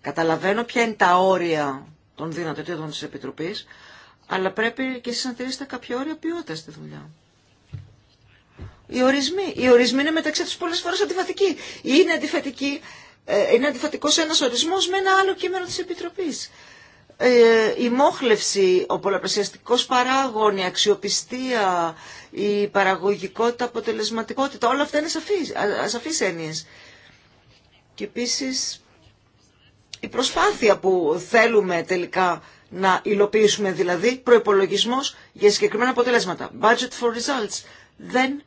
C: Καταλαβαίνω ποια είναι τα όρια των δυνατοτήτων της Επιτροπής, αλλά πρέπει και εσείς να τηρήσετε κάποια όρια ποιότητα στη δουλειά. Οι ορισμοί, οι ορισμοί είναι μεταξύ τους πολλές φορές αντιφατικοί. Είναι αντιφατικοί ε, είναι αντιφατικός ένα ορισμό με ένα άλλο κείμενο της Επιτροπής. Ε, η μόχλευση, ο πολλαπλασιαστικό παράγων, η αξιοπιστία, η παραγωγικότητα, αποτελεσματικότητα, όλα αυτά είναι σαφείς, ασαφείς έννοιες. Και επίσης η προσπάθεια που θέλουμε τελικά να υλοποιήσουμε, δηλαδή προϋπολογισμός για συγκεκριμένα αποτελέσματα. Budget for results δεν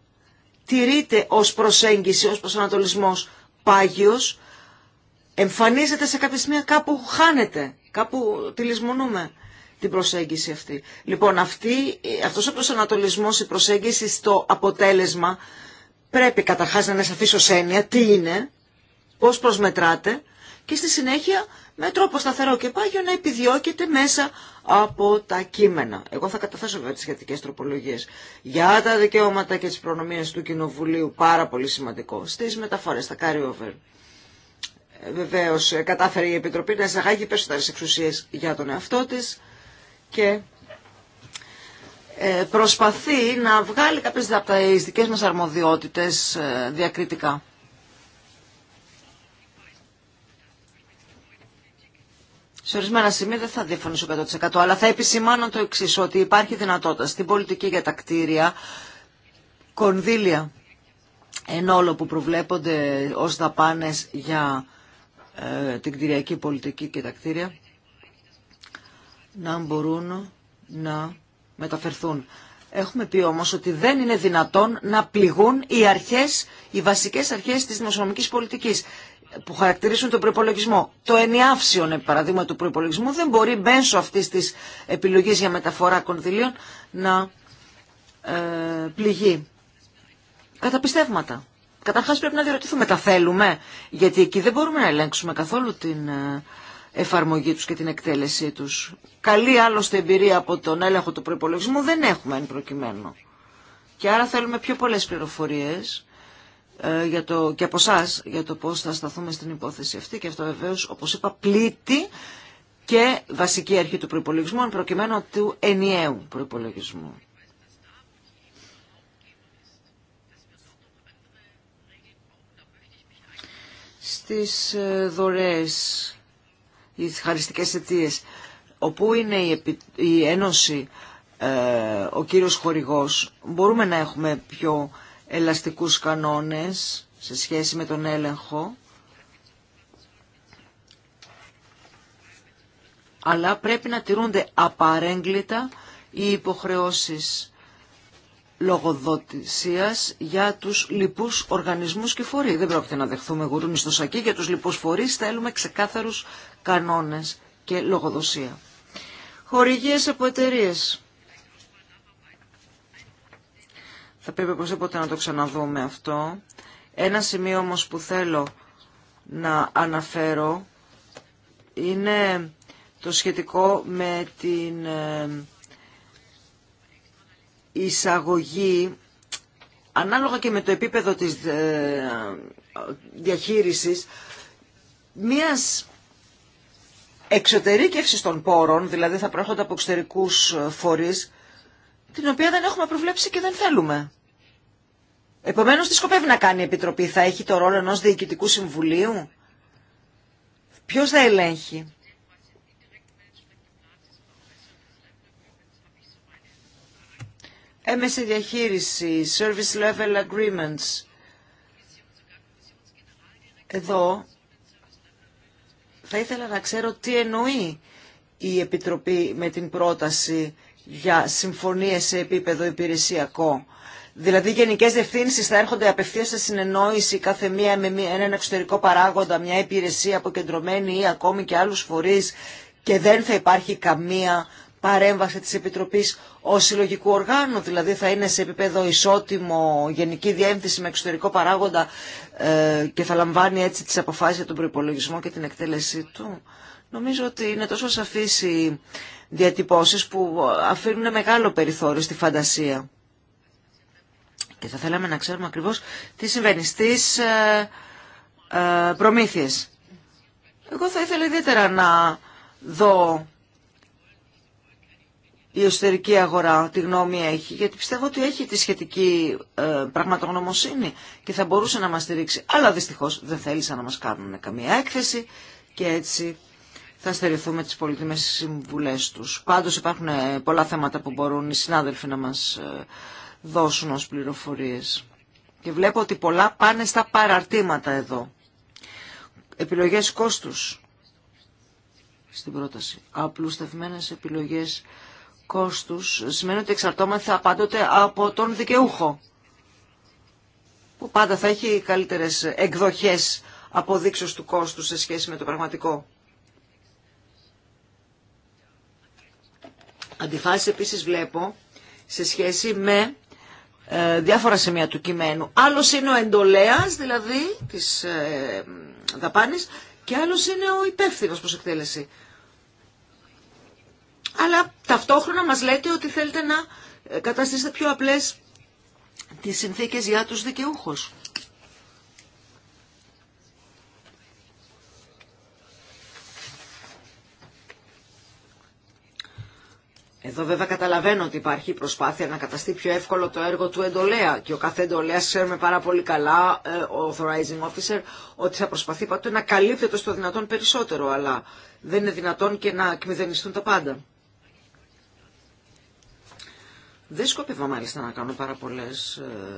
C: τηρείται ως προσέγγιση, ως προσανατολισμός πάγιος, εμφανίζεται σε κάποια σημεία κάπου χάνεται, κάπου τη λησμονούμε την προσέγγιση αυτή. Λοιπόν, αυτή, αυτός ο προσανατολισμός, η προσέγγιση στο αποτέλεσμα πρέπει καταρχάς να είναι σαφής ως έννοια, τι είναι, πώς προσμετράτε και στη συνέχεια με τρόπο σταθερό και πάγιο να επιδιώκεται μέσα από τα κείμενα. Εγώ θα καταθέσω βέβαια τις σχετικές τροπολογίες για τα δικαιώματα και τις προνομίες του Κοινοβουλίου, πάρα πολύ σημαντικό, στις μεταφορές, τα over. Βεβαίω ε, κατάφερε η Επιτροπή να εισαγάγει περισσότερε εξουσίε για τον εαυτό τη και ε, προσπαθεί να βγάλει κάποιες από τις δικές μας αρμοδιότητες ε, διακριτικά. Σε ορισμένα σημεία δεν θα διαφωνήσω 100% αλλά θα επισημάνω το εξή ότι υπάρχει δυνατότητα στην πολιτική για τα κτίρια κονδύλια εν όλο που προβλέπονται ως δαπάνες για ε, την κτηριακή πολιτική και τα κτίρια να μπορούν να μεταφερθούν. Έχουμε πει όμως ότι δεν είναι δυνατόν να πληγούν οι αρχές, οι βασικές αρχές της δημοσιονομικής πολιτικής που χαρακτηρίζουν τον προπολογισμό. Το ενιάφσιο, παραδείγμα του προπολογισμού, δεν μπορεί μέσω αυτής της επιλογής για μεταφορά κονδυλίων να ε, πληγεί. Καταπιστεύματα. Καταρχάς πρέπει να διερωτηθούμε, τα θέλουμε, γιατί εκεί δεν μπορούμε να ελέγξουμε καθόλου την ε, εφαρμογή τους και την εκτέλεσή τους. Καλή άλλωστε εμπειρία από τον έλεγχο του προϋπολογισμού δεν έχουμε εν προκειμένου. Και άρα θέλουμε πιο πολλές πληροφορίες ε, για το, και από εσά για το πώς θα σταθούμε στην υπόθεση αυτή και αυτό βεβαίως όπως είπα πλήττει και βασική αρχή του προϋπολογισμού εν προκειμένου του ενιαίου προϋπολογισμού. στις ε, δωρεές, οι χαριστικές αιτίες, όπου είναι η Ένωση ε, ο κύριος χορηγός, μπορούμε να έχουμε πιο ελαστικούς κανόνες σε σχέση με τον έλεγχο, αλλά πρέπει να τηρούνται απαρέγκλητα οι υποχρεώσεις λογοδοτησίας για τους λοιπούς οργανισμούς και φορεί. Δεν πρόκειται να δεχθούμε γουρούνι στο σακί. Για τους λοιπούς φορείς θέλουμε ξεκάθαρους κανόνες και λογοδοσία. Χορηγίες από εταιρείε. Θα πρέπει οπωσδήποτε να το ξαναδούμε αυτό. Ένα σημείο όμως που θέλω να αναφέρω είναι το σχετικό με την ε, εισαγωγή ανάλογα και με το επίπεδο της ε, διαχείρισης μιας εξωτερήκευσης των πόρων, δηλαδή θα προέρχονται από εξωτερικούς φορείς, την οποία δεν έχουμε προβλέψει και δεν θέλουμε. Επομένως, τι σκοπεύει να κάνει η Επιτροπή, θα έχει το ρόλο ενός διοικητικού συμβουλίου. Ποιος θα ελέγχει. έμεση διαχείριση, service level agreements. Εδώ θα ήθελα να ξέρω τι εννοεί η Επιτροπή με την πρόταση για συμφωνίες σε επίπεδο υπηρεσιακό. Δηλαδή, γενικέ διευθύνσει θα έρχονται απευθεία σε συνεννόηση κάθε μία με έναν εξωτερικό παράγοντα, μια υπηρεσία αποκεντρωμένη ή ακόμη και άλλου φορεί και δεν θα υπάρχει καμία παρέμβαση της Επιτροπής ως συλλογικού οργάνου, δηλαδή θα είναι σε επίπεδο ισότιμο γενική διεύθυνση με εξωτερικό παράγοντα ε, και θα λαμβάνει έτσι τις αποφάσεις για τον προϋπολογισμό και την εκτέλεσή του. Νομίζω ότι είναι τόσο σαφείς οι διατυπώσεις που αφήνουν μεγάλο περιθώριο στη φαντασία. Και θα θέλαμε να ξέρουμε ακριβώς τι συμβαίνει στις ε, ε, προμήθειες. Εγώ θα ήθελα ιδιαίτερα να δω η εσωτερική αγορά τη γνώμη έχει, γιατί πιστεύω ότι έχει τη σχετική ε, πραγματογνωμοσύνη και θα μπορούσε να μας στηρίξει. Αλλά δυστυχώς δεν θέλησαν να μας κάνουν καμία έκθεση και έτσι θα στερηθούμε τις πολύτιμες συμβουλές τους. Πάντως υπάρχουν ε, πολλά θέματα που μπορούν οι συνάδελφοι να μας ε, δώσουν ως πληροφορίες. Και βλέπω ότι πολλά πάνε στα παραρτήματα εδώ. Επιλογές κόστους στην πρόταση. Απλουστευμένες επιλογές κόστους σημαίνει ότι θα πάντοτε από τον δικαιούχο που πάντα θα έχει καλύτερες εκδοχές αποδείξεως του κόστου σε σχέση με το πραγματικό. Αντιφάσεις επίσης βλέπω σε σχέση με ε, διάφορα σημεία του κειμένου. Άλλος είναι ο εντολέας, δηλαδή, της ε, δαπάνης και άλλος είναι ο υπεύθυνος προς εκτέλεση αλλά ταυτόχρονα μας λέτε ότι θέλετε να ε, καταστήσετε πιο απλές τις συνθήκες για τους δικαιούχους. Εδώ βέβαια καταλαβαίνω ότι υπάρχει προσπάθεια να καταστεί πιο εύκολο το έργο του εντολέα και ο κάθε εντολέας ξέρουμε πάρα πολύ καλά, ε, ο authorizing officer, ότι θα προσπαθεί πάντοτε να καλύπτεται στο δυνατόν περισσότερο, αλλά δεν είναι δυνατόν και να εκμηδενιστούν τα πάντα. Δεν σκοπεύω μάλιστα να κάνω πάρα πολλέ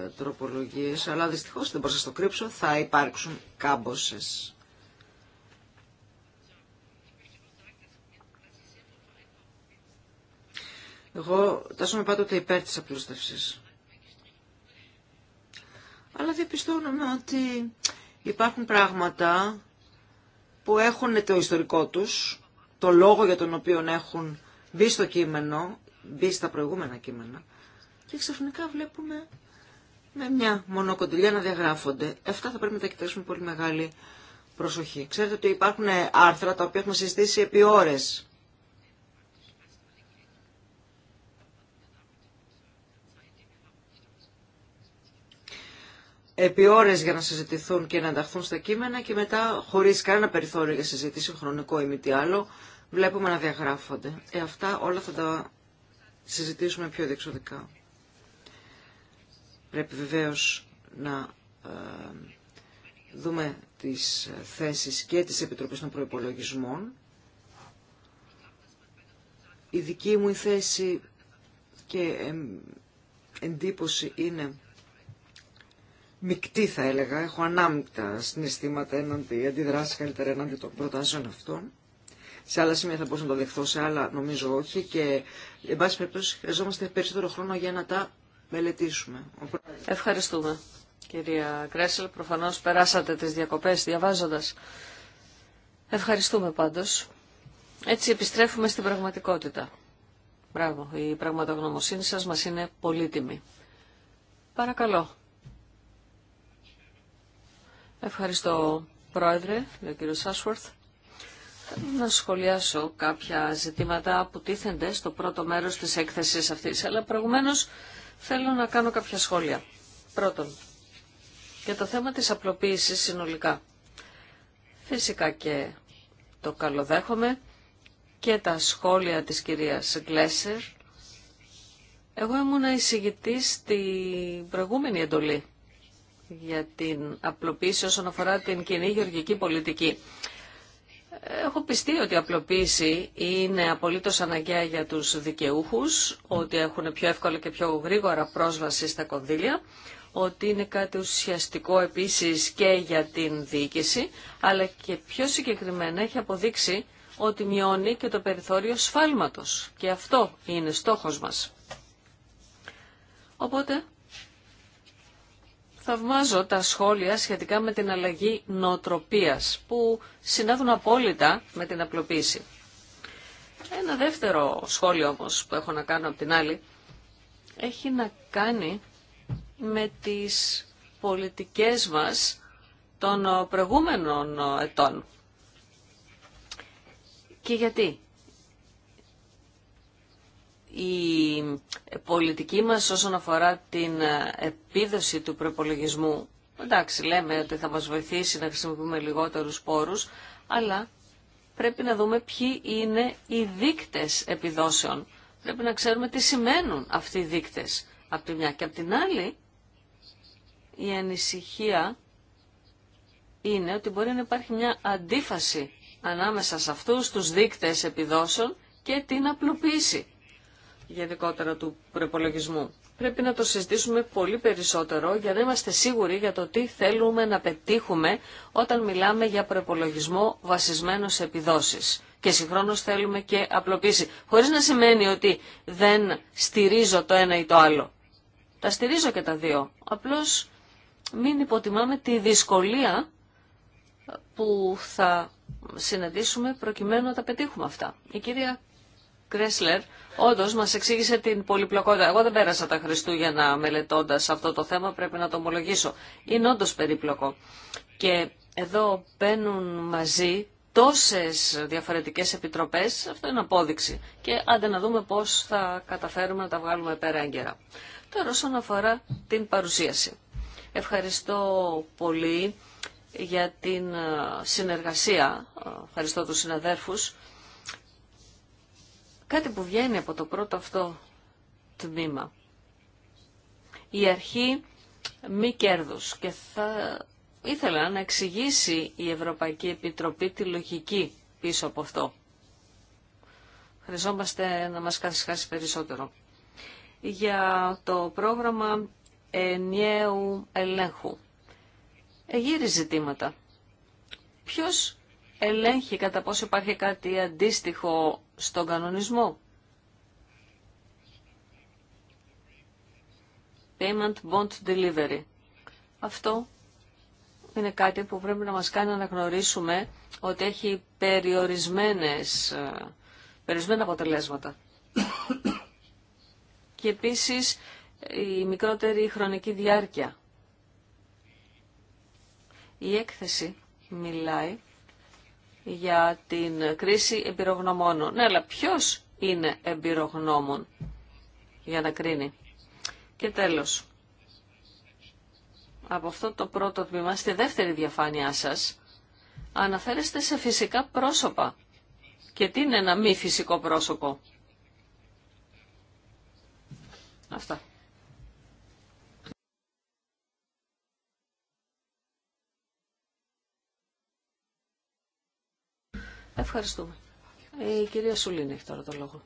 C: ε, τροπολογίε, αλλά δυστυχώ δεν μπορώ να το κρύψω, θα υπάρξουν κάμποσε. Εγώ με πάντοτε υπέρ τη απλούστευση. Αλλά διαπιστώνουμε ότι υπάρχουν πράγματα που έχουν το ιστορικό τους, το λόγο για τον οποίο έχουν μπει στο κείμενο, μπει στα προηγούμενα κείμενα. Και ξαφνικά βλέπουμε με μια μονοκοντιλιά να διαγράφονται. Αυτά θα πρέπει να τα κοιτάξουμε πολύ μεγάλη προσοχή. Ξέρετε ότι υπάρχουν άρθρα τα οποία έχουμε συζητήσει επί ώρες. επί ώρες για να συζητηθούν και να ενταχθούν στα κείμενα και μετά χωρίς κανένα περιθώριο για συζήτηση, χρονικό ή μη τι άλλο, βλέπουμε να διαγράφονται. Ε, αυτά όλα θα τα συζητήσουμε πιο διεξοδικά. Πρέπει βεβαίως να ε, δούμε τις θέσεις και της Επιτροπής των Προϋπολογισμών. Η δική μου θέση και εντύπωση είναι μεικτή θα έλεγα. Έχω ανάμεικτα συναισθήματα έναντι αντιδράσει καλύτερα έναντι των προτάσεων αυτών σε άλλα σημεία θα μπορούσα να το δεχθώ, σε άλλα νομίζω όχι και εν πάση περιπτώσει χρειαζόμαστε περισσότερο χρόνο για να τα μελετήσουμε.
B: Ευχαριστούμε. Κυρία Κρέσελ, προφανώς περάσατε τις διακοπές διαβάζοντας. Ευχαριστούμε πάντως. Έτσι επιστρέφουμε στην πραγματικότητα. Μπράβο, η πραγματογνωμοσύνη σας μας είναι πολύτιμη. Παρακαλώ. Ευχαριστώ, Πρόεδρε, κύριο Σάσουαρθ να σχολιάσω κάποια ζητήματα που τίθενται στο πρώτο μέρος της έκθεσης αυτής, αλλά προηγουμένως θέλω να κάνω κάποια σχόλια. Πρώτον, για το θέμα της απλοποίησης συνολικά. Φυσικά και το καλοδέχομαι και τα σχόλια της κυρίας Γκλέσσερ. Εγώ ήμουν εισηγητή στην προηγούμενη εντολή για την απλοποίηση όσον αφορά την κοινή γεωργική πολιτική. Έχω πιστεί ότι η απλοποίηση είναι απολύτως αναγκαία για τους δικαιούχους, ότι έχουν πιο εύκολο και πιο γρήγορα πρόσβαση στα κονδύλια, ότι είναι κάτι ουσιαστικό επίσης και για την διοίκηση, αλλά και πιο συγκεκριμένα έχει αποδείξει ότι μειώνει και το περιθώριο σφάλματος. Και αυτό είναι στόχος μας. Οπότε Θαυμάζω τα σχόλια σχετικά με την αλλαγή νοοτροπίας που συνάδουν απόλυτα με την απλοποίηση. Ένα δεύτερο σχόλιο όμως που έχω να κάνω από την άλλη έχει να κάνει με τις πολιτικές μας των προηγούμενων ετών. Και γιατί η πολιτική μας όσον αφορά την επίδοση του προπολογισμού. Εντάξει, λέμε ότι θα μας βοηθήσει να χρησιμοποιούμε λιγότερους πόρους, αλλά πρέπει να δούμε ποιοι είναι οι δείκτες επιδόσεων. Πρέπει να ξέρουμε τι σημαίνουν αυτοί οι δείκτες. από τη μια και από την άλλη, η ανησυχία είναι ότι μπορεί να υπάρχει μια αντίφαση ανάμεσα σε αυτούς τους δείκτες επιδόσεων και την απλοποίηση γενικότερα του προπολογισμού. Πρέπει να το συζητήσουμε πολύ περισσότερο για να είμαστε σίγουροι για το τι θέλουμε να πετύχουμε όταν μιλάμε για προπολογισμό βασισμένο σε επιδόσεις. Και συγχρόνως θέλουμε και απλοποίηση. Χωρίς να σημαίνει ότι δεν στηρίζω το ένα ή το άλλο. Τα στηρίζω και τα δύο. Απλώς μην υποτιμάμε τη δυσκολία που θα συναντήσουμε προκειμένου να τα πετύχουμε αυτά. Η κυρία Κρέσλερ Όντω, μα εξήγησε την πολυπλοκότητα. Εγώ δεν πέρασα τα Χριστούγεννα μελετώντα αυτό το θέμα, πρέπει να το ομολογήσω. Είναι όντω περίπλοκο. Και εδώ μπαίνουν μαζί τόσε διαφορετικές επιτροπές, αυτό είναι απόδειξη. Και άντε να δούμε πώς θα καταφέρουμε να τα βγάλουμε πέρα έγκαιρα. Τώρα όσον αφορά την παρουσίαση. Ευχαριστώ πολύ για την συνεργασία, ευχαριστώ τους συναδέρφους Κάτι που βγαίνει από το πρώτο αυτό τμήμα. Η αρχή μη κέρδους και θα ήθελα να εξηγήσει η Ευρωπαϊκή Επιτροπή τη λογική πίσω από αυτό. Χρειαζόμαστε να μας καθισχάσει περισσότερο. Για το πρόγραμμα ενιαίου ελέγχου. Εγύρει ζητήματα. Ποιος ελέγχει κατά πόσο υπάρχει κάτι αντίστοιχο στον κανονισμό. Payment Bond Delivery. Αυτό είναι κάτι που πρέπει να μας κάνει να αναγνωρίσουμε ότι έχει περιορισμένες, ε, περιορισμένα αποτελέσματα. Και επίσης η μικρότερη χρονική διάρκεια. Η έκθεση μιλάει για την κρίση εμπειρογνωμόνων. Ναι, αλλά ποιο είναι εμπειρογνώμων για να κρίνει. Και τέλος, από αυτό το πρώτο τμήμα, στη δεύτερη διαφάνειά σας, αναφέρεστε σε φυσικά πρόσωπα. Και τι είναι ένα μη φυσικό πρόσωπο. Αυτά. Ευχαριστούμε. Η κυρία Σουλίνη έχει τώρα το λόγο.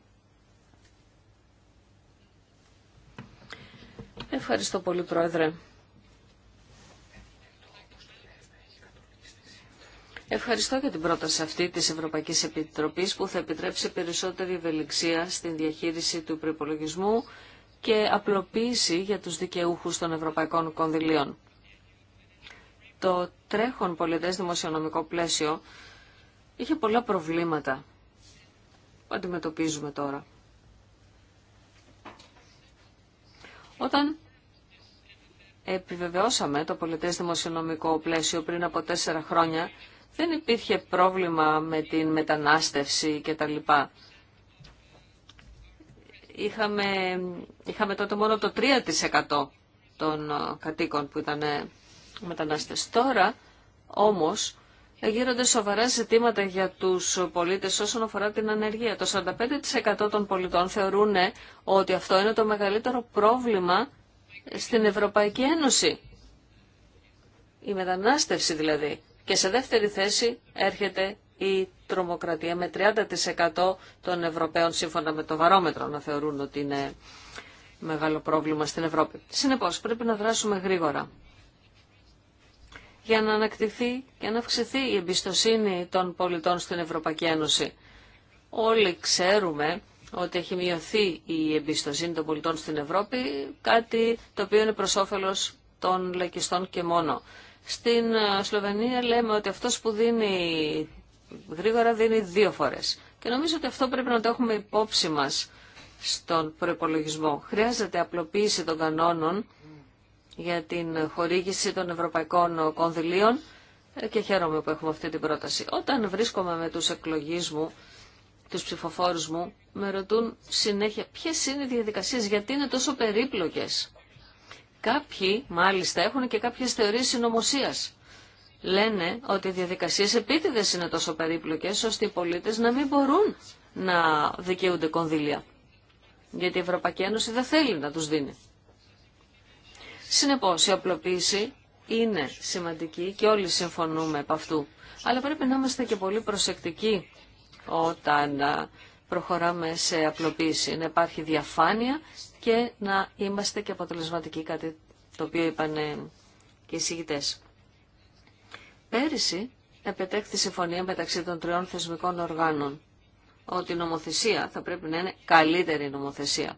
B: Ευχαριστώ πολύ, Πρόεδρε. Ευχαριστώ για την πρόταση αυτή της Ευρωπαϊκής Επιτροπής που θα επιτρέψει περισσότερη ευελιξία στην διαχείριση του προπολογισμού και απλοποίηση για τους δικαιούχους των ευρωπαϊκών κονδυλίων. Το τρέχον πολιτές δημοσιονομικό πλαίσιο είχε πολλά προβλήματα που αντιμετωπίζουμε τώρα. Όταν επιβεβαιώσαμε το πολιτές δημοσιονομικό πλαίσιο πριν από τέσσερα χρόνια, δεν υπήρχε πρόβλημα με την μετανάστευση κτλ. Είχαμε, είχαμε τότε μόνο το 3% των ε, κατοίκων που ήταν ε, μετανάστες. Τώρα όμως γίνονται σοβαρά ζητήματα για τους πολίτες όσον αφορά την ανεργία. Το 45% των πολιτών θεωρούν ότι αυτό είναι το μεγαλύτερο πρόβλημα στην Ευρωπαϊκή Ένωση. Η μετανάστευση δηλαδή. Και σε δεύτερη θέση έρχεται η τρομοκρατία με 30% των Ευρωπαίων σύμφωνα με το βαρόμετρο να θεωρούν ότι είναι μεγάλο πρόβλημα στην Ευρώπη. Συνεπώς πρέπει να δράσουμε γρήγορα για να ανακτηθεί και να αυξηθεί η εμπιστοσύνη των πολιτών στην Ευρωπαϊκή Ένωση. Όλοι ξέρουμε ότι έχει μειωθεί η εμπιστοσύνη των πολιτών στην Ευρώπη, κάτι το οποίο είναι προς όφελος των λαϊκιστών και μόνο. Στην ε, Σλοβενία λέμε ότι αυτός που δίνει γρήγορα δίνει δύο φορές. Και νομίζω ότι αυτό πρέπει να το έχουμε υπόψη μας στον προπολογισμό. Χρειάζεται απλοποίηση των κανόνων για την χορήγηση των ευρωπαϊκών κονδυλίων και χαίρομαι που έχουμε αυτή την πρόταση. Όταν βρίσκομαι με τους εκλογείς μου, τους ψηφοφόρους μου, με ρωτούν συνέχεια ποιες είναι οι διαδικασίες, γιατί είναι τόσο περίπλοκες. Κάποιοι, μάλιστα, έχουν και κάποιες θεωρίες συνωμοσία. Λένε ότι οι διαδικασίες επίτηδες είναι τόσο περίπλοκες, ώστε οι πολίτες να μην μπορούν να δικαιούνται κονδύλια. Γιατί η Ευρωπαϊκή Ένωση δεν θέλει να τους δίνει. Συνεπώς, η απλοποίηση είναι σημαντική και όλοι συμφωνούμε από αυτού. Αλλά πρέπει να είμαστε και πολύ προσεκτικοί όταν προχωράμε σε απλοποίηση. Να υπάρχει διαφάνεια και να είμαστε και αποτελεσματικοί, κάτι το οποίο είπαν ε, και οι συγητές. Πέρυσι επετέχθη συμφωνία μεταξύ των τριών θεσμικών οργάνων ότι η νομοθεσία θα πρέπει να είναι καλύτερη νομοθεσία.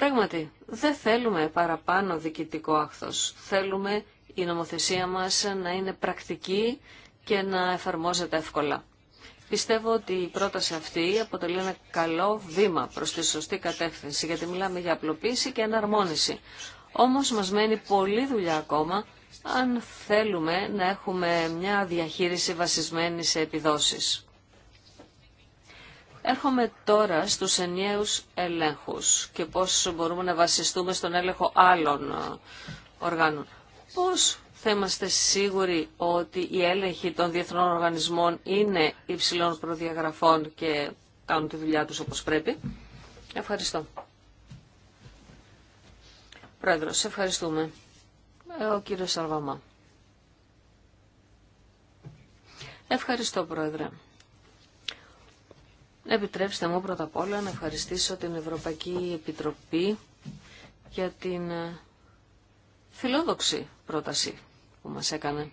B: Πράγματι, δεν θέλουμε παραπάνω διοικητικό άχθος. Θέλουμε η νομοθεσία μας να είναι πρακτική και να εφαρμόζεται εύκολα. Πιστεύω ότι η πρόταση αυτή αποτελεί ένα καλό βήμα προς τη σωστή κατεύθυνση, γιατί μιλάμε για απλοποίηση και εναρμόνιση. Όμως μας μένει πολλή δουλειά ακόμα, αν θέλουμε να έχουμε μια διαχείριση βασισμένη σε επιδόσεις. Έρχομαι τώρα στους ενιαίους ελέγχους και πώς μπορούμε να βασιστούμε στον έλεγχο άλλων ε, οργάνων. Πώς θα είμαστε σίγουροι ότι οι έλεγχοι των διεθνών οργανισμών είναι υψηλών προδιαγραφών και κάνουν τη δουλειά τους όπως πρέπει. Ευχαριστώ. Πρόεδρος, ευχαριστούμε. Ε, ο κύριος Σαρβαμά. Ευχαριστώ, Πρόεδρε. Επιτρέψτε μου πρώτα απ' όλα να ευχαριστήσω την Ευρωπαϊκή Επιτροπή για την ε, φιλόδοξη πρόταση που μας έκανε.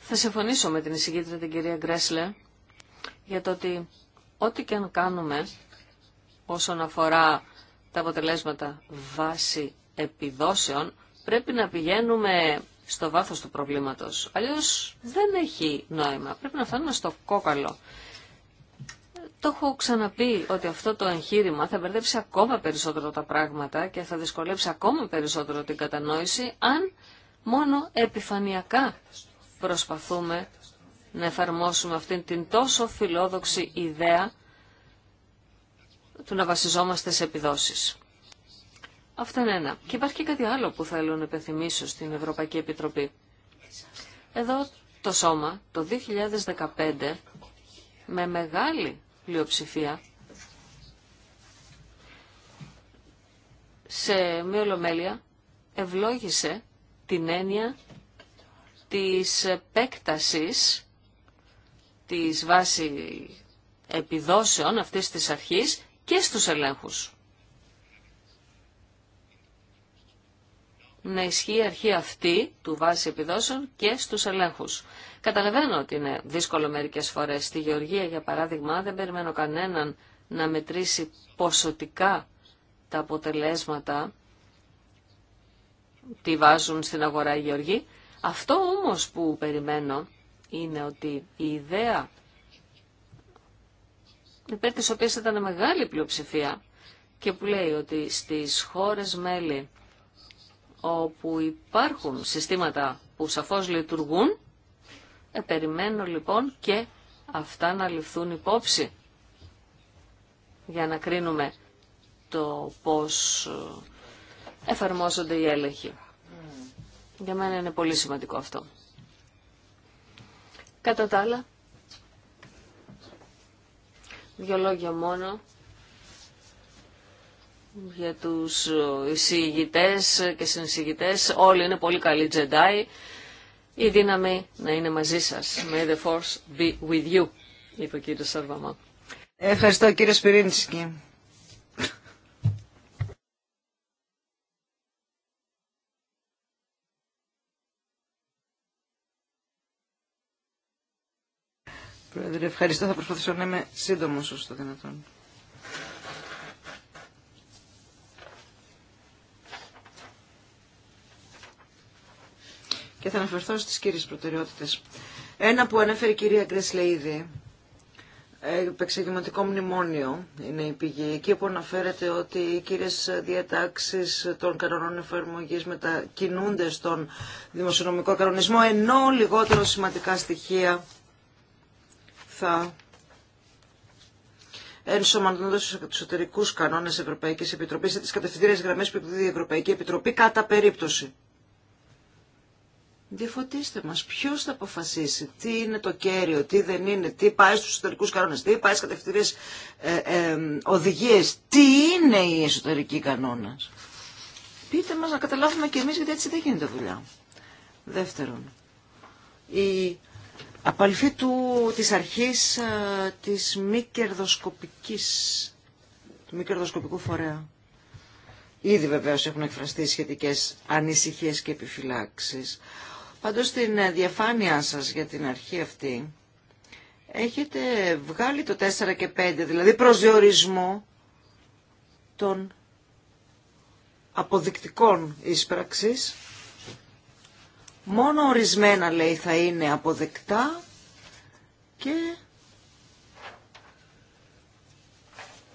B: Θα συμφωνήσω με την εισηγήτρια την κυρία Γκρέσλε για το ότι ό,τι και αν κάνουμε όσον αφορά τα αποτελέσματα βάση επιδόσεων πρέπει να πηγαίνουμε στο βάθος του προβλήματος. Αλλιώς δεν έχει νόημα. Πρέπει να φτάνουμε στο κόκαλο. Το έχω ξαναπεί ότι αυτό το εγχείρημα θα μπερδέψει ακόμα περισσότερο τα πράγματα και θα δυσκολέψει ακόμα περισσότερο την κατανόηση αν μόνο επιφανειακά προσπαθούμε να εφαρμόσουμε αυτήν την τόσο φιλόδοξη ιδέα του να βασιζόμαστε σε επιδόσεις. Αυτό είναι ένα. Και υπάρχει και κάτι άλλο που θέλω να υπενθυμίσω στην Ευρωπαϊκή Επιτροπή. Εδώ το σώμα το 2015 με μεγάλη πλειοψηφία σε μια ολομέλεια ευλόγησε την έννοια της επέκτασης της βάση επιδόσεων αυτής της αρχής και στους ελέγχους. να ισχύει η αρχή αυτή του βάση επιδόσεων και στους ελέγχους. Καταλαβαίνω ότι είναι δύσκολο μερικές φορές. Στη Γεωργία, για παράδειγμα, δεν περιμένω κανέναν να μετρήσει ποσοτικά τα αποτελέσματα τι βάζουν στην αγορά οι Γεωργοί. Αυτό όμως που περιμένω είναι ότι η ιδέα υπέρ της οποίας ήταν μεγάλη πλειοψηφία και που λέει ότι στις χώρες μέλη όπου υπάρχουν συστήματα που σαφώς λειτουργούν, ε, περιμένω λοιπόν και αυτά να ληφθούν υπόψη για να κρίνουμε το πώς ε, εφαρμόζονται οι έλεγχοι. Για μένα είναι πολύ σημαντικό αυτό. Κατά τα άλλα, δύο λόγια μόνο για τους ε, εισηγητές και συνεισηγητές. Όλοι είναι πολύ καλοί τζεντάι. Η δύναμη να είναι μαζί σας. May the force be with you, είπε ο κύριος Σαρβαμά.
C: Ευχαριστώ κύριε Σπυρίνσκι. Πρόεδρε, ευχαριστώ. Θα προσπαθήσω να είμαι σύντομος όσο το δυνατόν. και θα αναφερθώ στις κύριες προτεραιότητες. Ένα που ανέφερε η κυρία Γκρέσλε ήδη, ε, επεξεγηματικό μνημόνιο είναι η πηγή. Εκεί που αναφέρεται ότι οι κύριες διατάξεις των κανονών εφαρμογής μετακινούνται στον δημοσιονομικό κανονισμό, ενώ λιγότερο σημαντικά στοιχεία θα ενσωματώντα του εσωτερικού κανόνε Ευρωπαϊκή Επιτροπή και τι κατευθυντήριε γραμμέ που η Ευρωπαϊκή Επιτροπή κατά περίπτωση. Διαφωτίστε μας, ποιος θα αποφασίσει τι είναι το κέριο, τι δεν είναι, τι πάει στους εσωτερικούς κανόνες, τι πάει στις κατευθυντήριες ε, ε, οδηγίες, τι είναι η εσωτερική κανόνας; Πείτε μας να καταλάβουμε και εμείς γιατί έτσι δεν γίνεται δουλειά. Δεύτερον, η απαλφή του, της αρχής ε, της μη κερδοσκοπικής, του μη κερδοσκοπικού φορέα. Ήδη βεβαίως έχουν εκφραστεί σχετικές ανησυχίες και επιφυλάξεις. Πάντως στην ε, διαφάνειά σας για την αρχή αυτή έχετε βγάλει το 4 και 5, δηλαδή προσδιορισμό των αποδεικτικών εισπραξής. Μόνο ορισμένα λέει θα είναι αποδεκτά και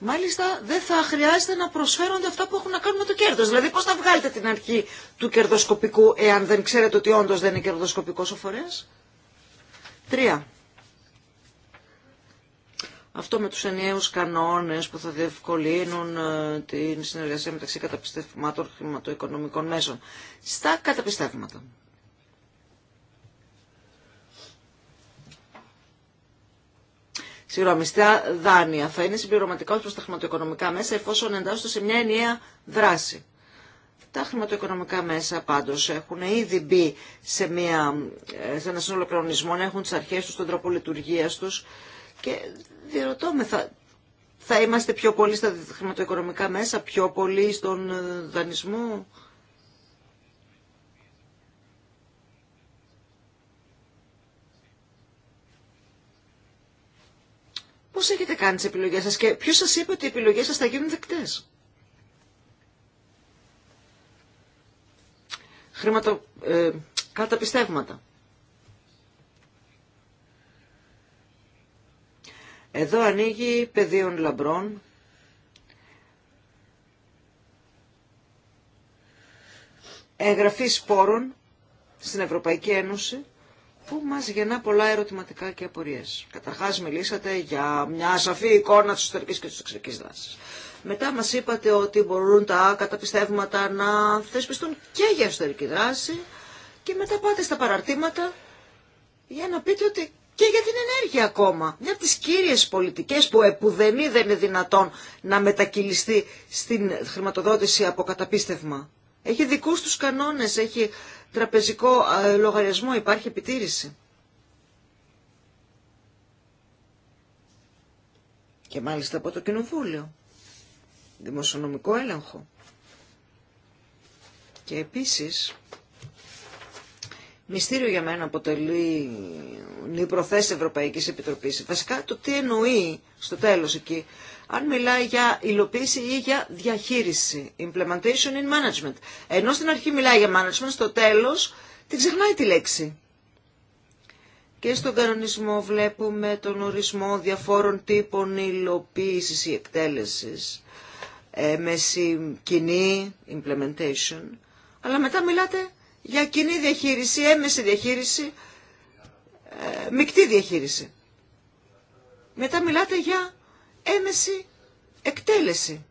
C: μάλιστα δεν θα χρειάζεται να προσφέρονται αυτά που έχουν να κάνουν με το κέρδος. Δηλαδή πώς θα βγάλετε την αρχή του κερδοσκοπικού εάν δεν ξέρετε ότι όντως δεν είναι κερδοσκοπικός ο φορέας. Τρία. Αυτό με τους ενιαίους κανόνες που θα διευκολύνουν ε, την συνεργασία μεταξύ καταπιστευμάτων χρηματοοικονομικών μέσων. Στα καταπιστεύματα. συγγνωμιστά δάνεια. Θα είναι συμπληρωματικά προς τα χρηματοοικονομικά μέσα εφόσον εντάσσονται σε μια ενιαία δράση. Τα χρηματοοικονομικά μέσα πάντως έχουν ήδη μπει σε, μια, σε ένα σύνολο κανονισμών, έχουν τις αρχές τους, τον τρόπο λειτουργία τους και διερωτώ θα, θα είμαστε πιο πολύ στα χρηματοοικονομικά μέσα, πιο πολύ στον ε, δανεισμό. Πώς έχετε κάνει τις επιλογές σας και ποιος σας είπε ότι οι επιλογές σας θα γίνουν δεκτές. Χρηματο... Ε, καταπιστεύματα. Εδώ ανοίγει πεδίων λαμπρών. Εγγραφή σπόρων στην Ευρωπαϊκή Ένωση που μας γεννά πολλά ερωτηματικά και απορίες. Καταρχάς μιλήσατε για μια σαφή εικόνα της ιστορικής και της εξωτερικής δράσης. Μετά μας είπατε ότι μπορούν τα καταπιστεύματα να θεσπιστούν και για ιστορική δράση και μετά πάτε στα παραρτήματα για να πείτε ότι και για την ενέργεια ακόμα. Μια από τις κύριες πολιτικές που επουδενή δεν είναι δυνατόν να μετακυλιστεί στην χρηματοδότηση από καταπίστευμα. Έχει δικούς τους κανόνες, έχει τραπεζικό λογαριασμό υπάρχει επιτήρηση. Και μάλιστα από το Κοινοβούλιο. Δημοσιονομικό έλεγχο. Και επίσης Μυστήριο για μένα αποτελεί η προθέσει Ευρωπαϊκής Επιτροπής. Βασικά το τι εννοεί στο τέλος εκεί. Αν μιλάει για υλοποίηση ή για διαχείριση, implementation in management. Ενώ στην αρχή μιλάει για management, στο τέλος την ξεχνάει τη λέξη. Και στον κανονισμό βλέπουμε τον ορισμό διαφόρων τύπων υλοποίησης ή εκτέλεση Ε, με κοινή implementation. Αλλά μετά μιλάτε για κοινή διαχείριση, έμεση διαχείριση, ε, μεικτή διαχείριση. Μετά μιλάτε για έμεση εκτέλεση.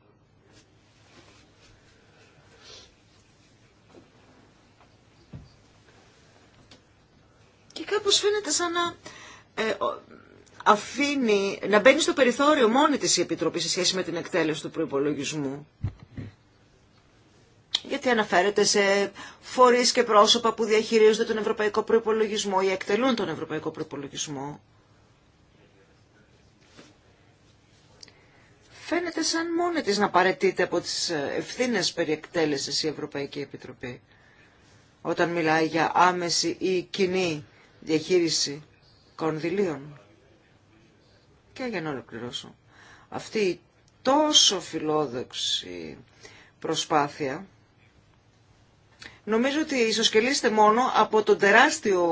C: Και κάπως φαίνεται σαν να ε, αφήνει, να μπαίνει στο περιθώριο μόνη της η Επιτροπή σε σχέση με την εκτέλεση του προϋπολογισμού γιατί αναφέρεται σε φορείς και πρόσωπα που διαχειρίζονται τον ευρωπαϊκό προϋπολογισμό ή εκτελούν τον ευρωπαϊκό προϋπολογισμό. Φαίνεται σαν μόνη της να παρετείται από τις ευθύνες περί εκτέλεσης η Ευρωπαϊκή Επιτροπή όταν μιλάει για άμεση ή κοινή διαχείριση κονδυλίων. Και για να ολοκληρώσω. Αυτή η τόσο φιλόδοξη προσπάθεια νομίζω ότι ισοσκελίστε μόνο από τον τεράστιο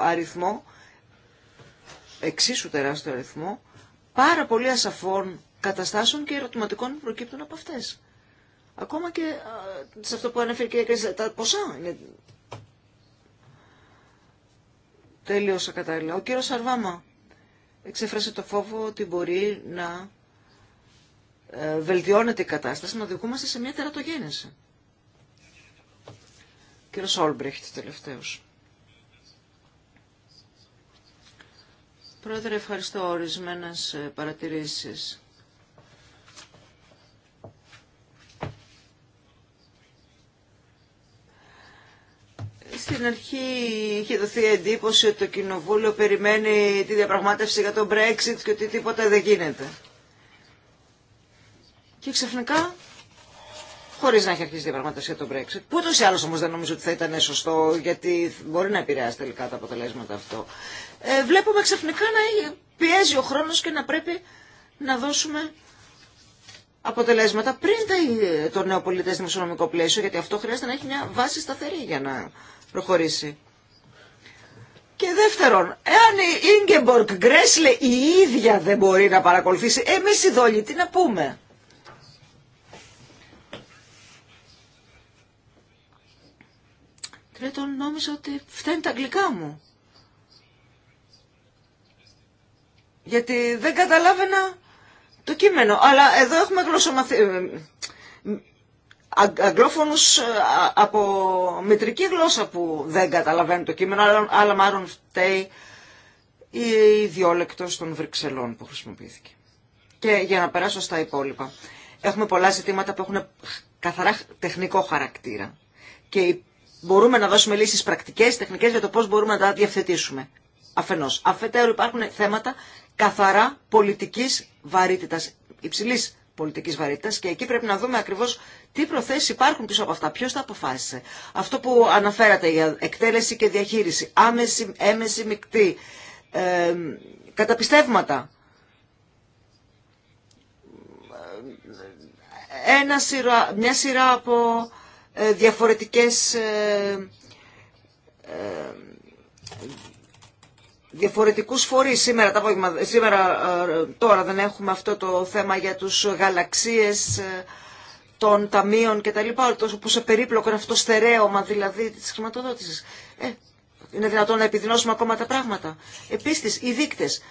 C: αριθμό, εξίσου τεράστιο αριθμό, πάρα πολύ ασαφών καταστάσεων και ερωτηματικών που προκύπτουν από αυτές. Ακόμα και σε αυτό που ανέφερε και η τα ποσά είναι τελείως ακατάλληλα. Ο κύριο Σαρβάμα εξέφρασε το φόβο ότι μπορεί να ε, βελτιώνεται η κατάσταση, να οδηγούμαστε σε μια τερατογένεση κύριος Όλμπριχτ τελευταίος. Πρόεδρε, ευχαριστώ ορισμένες ε, παρατηρήσεις. στην αρχή είχε δοθεί εντύπωση ότι το Κοινοβούλιο περιμένει τη διαπραγμάτευση για τον Brexit και ότι τίποτα δεν γίνεται. Και ξαφνικά χωρί να έχει αρχίσει διαπραγματεύσει για τον Brexit. Που ούτω ή άλλω όμω δεν νομίζω ότι θα ήταν σωστό, γιατί μπορεί να επηρεάσει τελικά τα αποτελέσματα αυτό. Ε, βλέπουμε ξαφνικά να πιέζει ο χρόνο και να πρέπει να δώσουμε αποτελέσματα πριν το νέο πολιτέ δημοσιονομικό πλαίσιο, γιατί αυτό χρειάζεται να έχει μια βάση σταθερή για να προχωρήσει. Και δεύτερον, εάν η Ίγκεμπορκ Γκρέσλε η ίδια δεν μπορεί να παρακολουθήσει, εμείς οι δόλοι τι να πούμε. Τρίτον, νόμιζα ότι φτάνει τα αγγλικά μου. Γιατί δεν καταλάβαινα το κείμενο. Αλλά εδώ έχουμε γλωσσομαθή... Ε, ε, αγγλόφωνους ε, από μητρική γλώσσα που δεν καταλαβαίνουν το κείμενο, αλλά μάλλον φταίει η ιδιόλεκτος των Βρυξελών που χρησιμοποιήθηκε. Και για να περάσω στα υπόλοιπα. Έχουμε πολλά ζητήματα που έχουν καθαρά τεχνικό χαρακτήρα. Και μπορούμε να δώσουμε λύσεις πρακτικές, τεχνικές για το πώς μπορούμε να τα διευθετήσουμε. Αφενός. Αφετέρου υπάρχουν θέματα καθαρά πολιτικής βαρύτητας, υψηλής πολιτικής βαρύτητα. και εκεί πρέπει να δούμε ακριβώς τι προθέσει υπάρχουν πίσω από αυτά, Ποιο τα αποφάσισε. Αυτό που αναφέρατε για εκτέλεση και διαχείριση, άμεση, έμεση, μεικτή, ε, καταπιστεύματα, ε, ένα σειρά, μια σειρά από ε, διαφορετικές ε, ε, διαφορετικούς φορείς. Σήμερα, τα απόγευμα, σήμερα τώρα δεν έχουμε αυτό το θέμα για τους γαλαξίες των ταμείων και τα λοιπά, τόσο σε περίπλοκο αυτό το στερέωμα δηλαδή της χρηματοδότησης. Ε, είναι δυνατόν να επιδεινώσουμε ακόμα τα πράγματα. Επίσης, οι δείκτες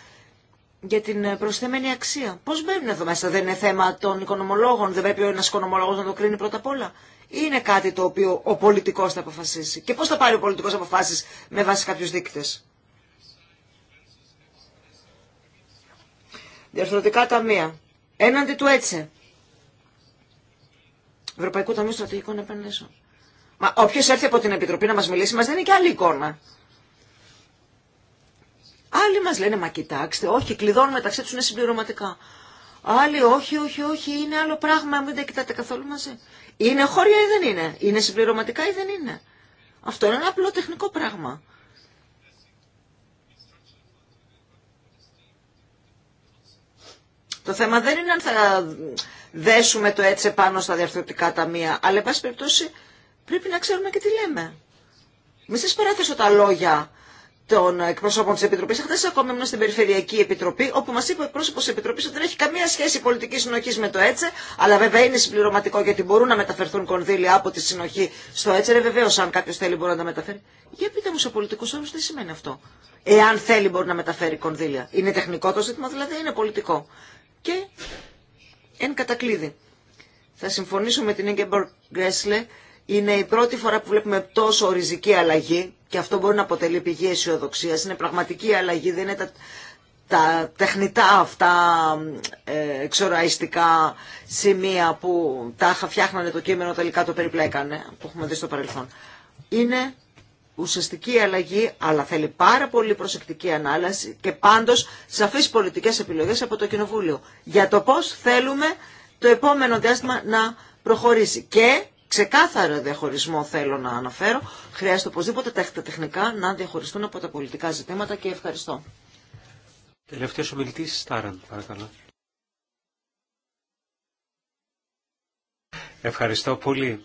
C: για την ε, προσθέμενη αξία. Πώ μπαίνουν εδώ μέσα, δεν είναι θέμα των οικονομολόγων, δεν πρέπει ο ένας οικονομολόγος να το κρίνει πρώτα απ' όλα. ή Είναι κάτι το οποίο ο πολιτικό θα αποφασίσει. Και πώ θα πάρει ο πολιτικό αποφάσει με βάση κάποιου δείκτες. Διαρθρωτικά ταμεία. Έναντι του έτσι. Ευρωπαϊκού Ταμείου Στρατηγικών Επενδύσεων. Μα όποιο έρθει από την Επιτροπή να μα μιλήσει, μα δεν είναι και άλλη εικόνα. Άλλοι μας λένε, μα κοιτάξτε, όχι, κλειδώνουν μεταξύ τους, είναι συμπληρωματικά. Άλλοι, όχι, όχι, όχι, είναι άλλο πράγμα, μην τα κοιτάτε καθόλου μαζί. Είναι χώρια ή δεν είναι, είναι συμπληρωματικά ή δεν είναι. Αυτό είναι ένα απλό τεχνικό πράγμα. Το θέμα δεν είναι αν θα δέσουμε το έτσι πάνω στα διαρθρωτικά ταμεία, αλλά εν πάση περιπτώσει πρέπει να ξέρουμε και τι λέμε. Μην σας παραθέσω τα λόγια των εκπρόσωπων τη Επιτροπή. Χθε ακόμα ήμουν στην Περιφερειακή Επιτροπή, όπου μα είπε ο εκπρόσωπο τη Επιτροπή ότι δεν έχει καμία σχέση πολιτική συνοχή με το ΕΤΣΕ, αλλά βέβαια είναι συμπληρωματικό γιατί μπορούν να μεταφερθούν κονδύλια από τη συνοχή στο ΕΤΣΕ. Ε, βεβαίω, αν κάποιο θέλει μπορεί να τα μεταφέρει. Για πείτε μου σε πολιτικού όρου τι σημαίνει αυτό. Εάν θέλει μπορεί να μεταφέρει κονδύλια. Είναι τεχνικό το ζήτημα, δηλαδή είναι πολιτικό. Και εν κατακλείδη. Θα συμφωνήσω με την Ingeborg είναι η πρώτη φορά που βλέπουμε τόσο οριζική αλλαγή και αυτό μπορεί να αποτελεί πηγή αισιοδοξία. Είναι πραγματική αλλαγή, δεν είναι τα, τα τεχνητά αυτά ε, εξοραϊστικά σημεία που τα φτιάχνανε το κείμενο, τελικά το περιπλέκανε, που έχουμε δει στο παρελθόν. Είναι ουσιαστική αλλαγή, αλλά θέλει πάρα πολύ προσεκτική ανάλυση και πάντως σαφείς πολιτικές επιλογές από το Κοινοβούλιο για το πώς θέλουμε το επόμενο διάστημα να προχωρήσει. Και ξεκάθαρο διαχωρισμό θέλω να αναφέρω. Χρειάζεται οπωσδήποτε τα τεχνικά να διαχωριστούν από τα πολιτικά ζητήματα και ευχαριστώ.
A: Τελευταίος ομιλητής Στάραν, παρακαλώ. Ευχαριστώ πολύ.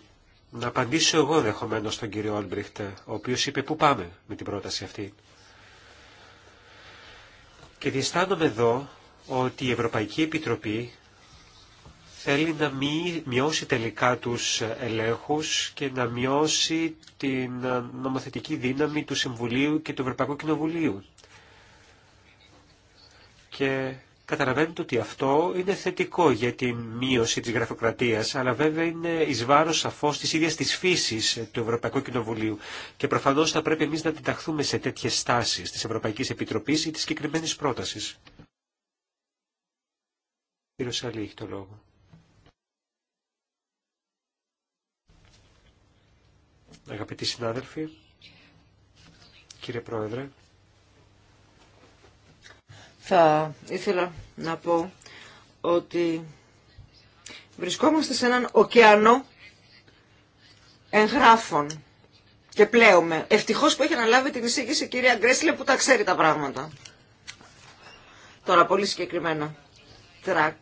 A: Να απαντήσω εγώ δεχομένω στον κύριο Όλμπριχτ, ο οποίος είπε πού πάμε με την πρόταση αυτή. Και διαισθάνομαι εδώ ότι η Ευρωπαϊκή Επιτροπή θέλει να μειώσει τελικά τους ελέγχους και να μειώσει την νομοθετική δύναμη του Συμβουλίου και του Ευρωπαϊκού Κοινοβουλίου. Και καταλαβαίνετε ότι αυτό είναι θετικό για τη μείωση της γραφειοκρατίας, αλλά βέβαια είναι εις βάρος σαφώς της ίδιας της φύσης του Ευρωπαϊκού Κοινοβουλίου. Και προφανώς θα πρέπει εμείς να αντιταχθούμε σε τέτοιες στάσεις της Ευρωπαϊκής Επιτροπής ή της συγκεκριμένη πρότασης. Κύριο Σαλή το λόγο. Αγαπητοί συνάδελφοι, κύριε Πρόεδρε.
C: Θα ήθελα να πω ότι βρισκόμαστε σε έναν ωκεανό εγγράφων και πλέουμε. Ευτυχώς που έχει αναλάβει την εισήγηση η κυρία Γκρέσλε που τα ξέρει τα πράγματα. Τώρα πολύ συγκεκριμένα. 350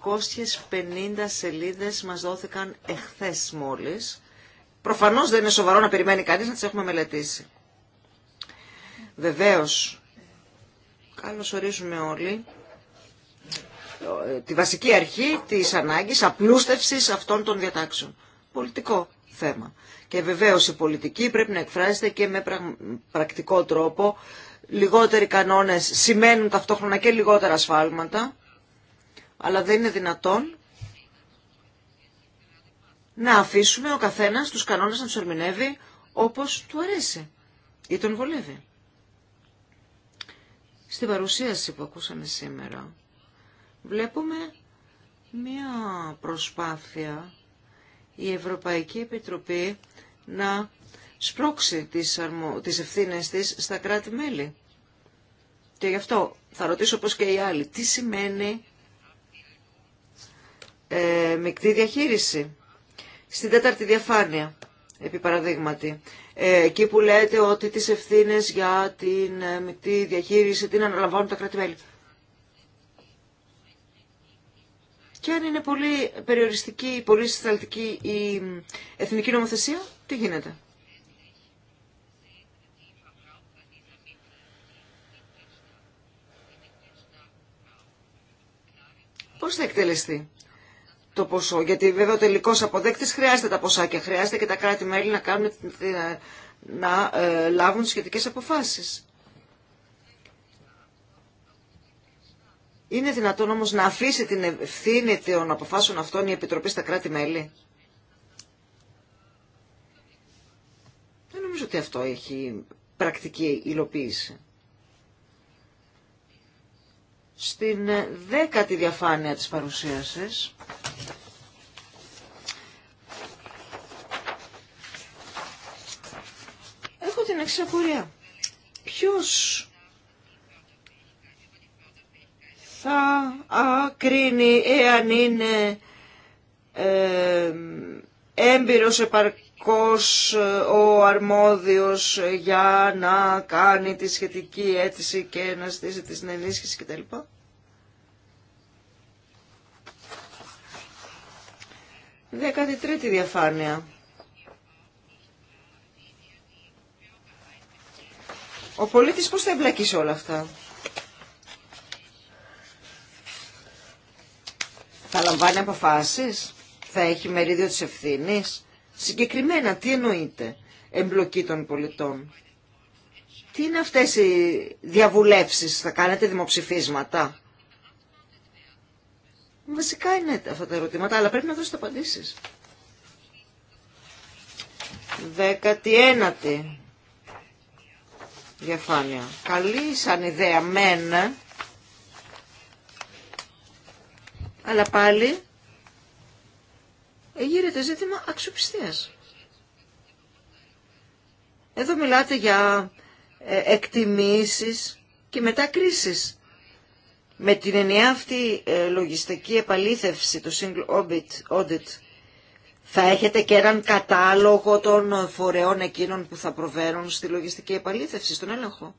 C: σελίδες μας δόθηκαν εχθές μόλις προφανώς δεν είναι σοβαρό να περιμένει κανείς να τις έχουμε μελετήσει. Βεβαίως, καλώς ορίζουμε όλοι ε, τη βασική αρχή της ανάγκης απλούστευσης αυτών των διατάξεων. Πολιτικό θέμα. Και βεβαίως η πολιτική πρέπει να εκφράζεται και με πρακτικό τρόπο. Λιγότεροι κανόνες σημαίνουν ταυτόχρονα και λιγότερα ασφάλματα, αλλά δεν είναι δυνατόν να αφήσουμε ο καθένας τους κανόνες να τους ερμηνεύει όπως του αρέσει ή τον βολεύει. Στην παρουσίαση που ακούσαμε σήμερα βλέπουμε μία προσπάθεια η Ευρωπαϊκή Επιτροπή να σπρώξει τις, αρμο... τις ευθύνες της στα κράτη-μέλη. Και γι' αυτό θα ρωτήσω όπως και οι άλλοι, τι σημαίνει ε, μεικτή διαχείριση. Στην τέταρτη διαφάνεια, επί παραδείγματι, ε, εκεί που λέτε ότι τις ευθύνες για την ε, μεικτή διαχείριση την αναλαμβάνουν τα κράτη-μέλη. Και αν είναι πολύ περιοριστική, πολύ συσταλτική η εθνική νομοθεσία, τι γίνεται. Πώς θα εκτελεστεί το ποσό. Γιατί βέβαια ο τελικό αποδέκτη χρειάζεται τα ποσά και χρειάζεται και τα κράτη-μέλη να, κάνουν, να ε, λάβουν σχετικές αποφάσεις. Είναι δυνατόν όμως να αφήσει την ευθύνη των αποφάσεων αυτών η Επιτροπή στα κράτη-μέλη. Δεν νομίζω ότι αυτό έχει πρακτική υλοποίηση. Στην ε, δέκατη διαφάνεια της παρουσίασης έχω την εξή απορία. Ποιος θα ακρίνει εάν είναι ε, έμπειρος επαρκή ειδικός ε, ο αρμόδιος για να κάνει τη σχετική αίτηση και να στήσει τη συνενίσχυση κτλ. Δέκατη τρίτη διαφάνεια. Ο πολίτης πώς θα εμπλακεί όλα αυτά. Θα λαμβάνει αποφάσεις, θα έχει μερίδιο της ευθύνης, Συγκεκριμένα τι εννοείται εμπλοκή των πολιτών. Τι είναι αυτές οι διαβουλεύσεις, θα κάνετε δημοψηφίσματα. Βασικά είναι αυτά τα ερωτήματα, αλλά πρέπει να δώσετε Δεκατιένατη 19η διαφάνεια. Καλή σαν ιδέα μεν, ε. αλλά πάλι το ζήτημα αξιοπιστίας. Εδώ μιλάτε για ε, εκτιμήσεις και μετά κρίσεις. Με την ενιαία αυτή ε, λογιστική επαλήθευση, το single audit, θα έχετε και έναν κατάλογο των φορεών εκείνων που θα προβαίνουν στη λογιστική επαλήθευση, στον έλεγχο.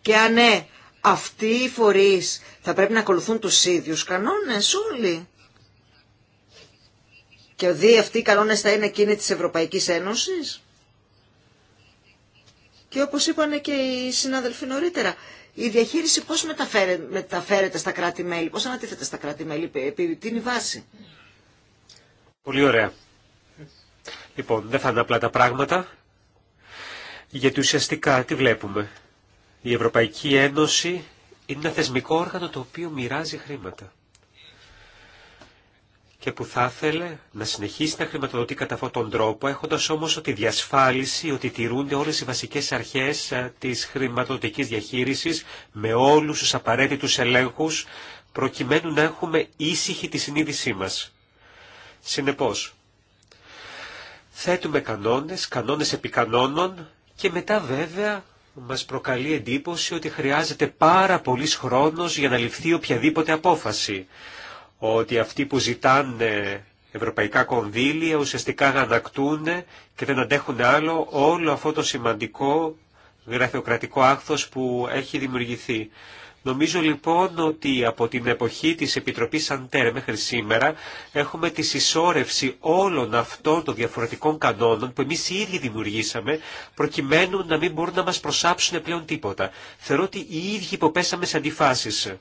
C: Και αν ναι, αυτοί οι φορείς θα πρέπει να ακολουθούν τους ίδιους κανόνες όλοι. Και δει αυτοί οι κανόνες θα είναι εκείνοι της Ευρωπαϊκής Ένωσης. Και όπως είπαν και οι συναδελφοί νωρίτερα, η διαχείριση πώς μεταφέρεται στα κράτη-μέλη, πώς ανατίθεται στα κράτη-μέλη, επί την βάση.
A: Πολύ ωραία. Λοιπόν, δεν θα είναι απλά τα πράγματα, γιατί ουσιαστικά τι βλέπουμε. Η Ευρωπαϊκή Ένωση είναι ένα θεσμικό όργανο το οποίο μοιράζει χρήματα και που θα ήθελε να συνεχίσει να χρηματοδοτεί κατά αυτόν τον τρόπο, έχοντας όμως ότι διασφάλιση ότι τηρούνται όλες οι βασικές αρχές ε, της χρηματοδοτικής διαχείρισης με όλους τους απαραίτητους ελέγχους, προκειμένου να έχουμε ήσυχη τη συνείδησή μας. Συνεπώς, θέτουμε κανόνες, κανόνες επικανόνων και μετά βέβαια μας προκαλεί εντύπωση ότι χρειάζεται πάρα πολύς χρόνος για να ληφθεί οποιαδήποτε απόφαση ότι αυτοί που ζητάνε ευρωπαϊκά κονδύλια ουσιαστικά γανακτούν και δεν αντέχουν άλλο όλο αυτό το σημαντικό γραφειοκρατικό άχθος που έχει δημιουργηθεί. Νομίζω λοιπόν ότι από την εποχή της Επιτροπής Αντέρ μέχρι σήμερα έχουμε τη συσσόρευση όλων αυτών των διαφορετικών κανόνων που εμείς οι ίδιοι δημιουργήσαμε προκειμένου να μην μπορούν να μας προσάψουν πλέον τίποτα. Θεωρώ ότι οι ίδιοι υποπέσαμε σε αντιφάσεις.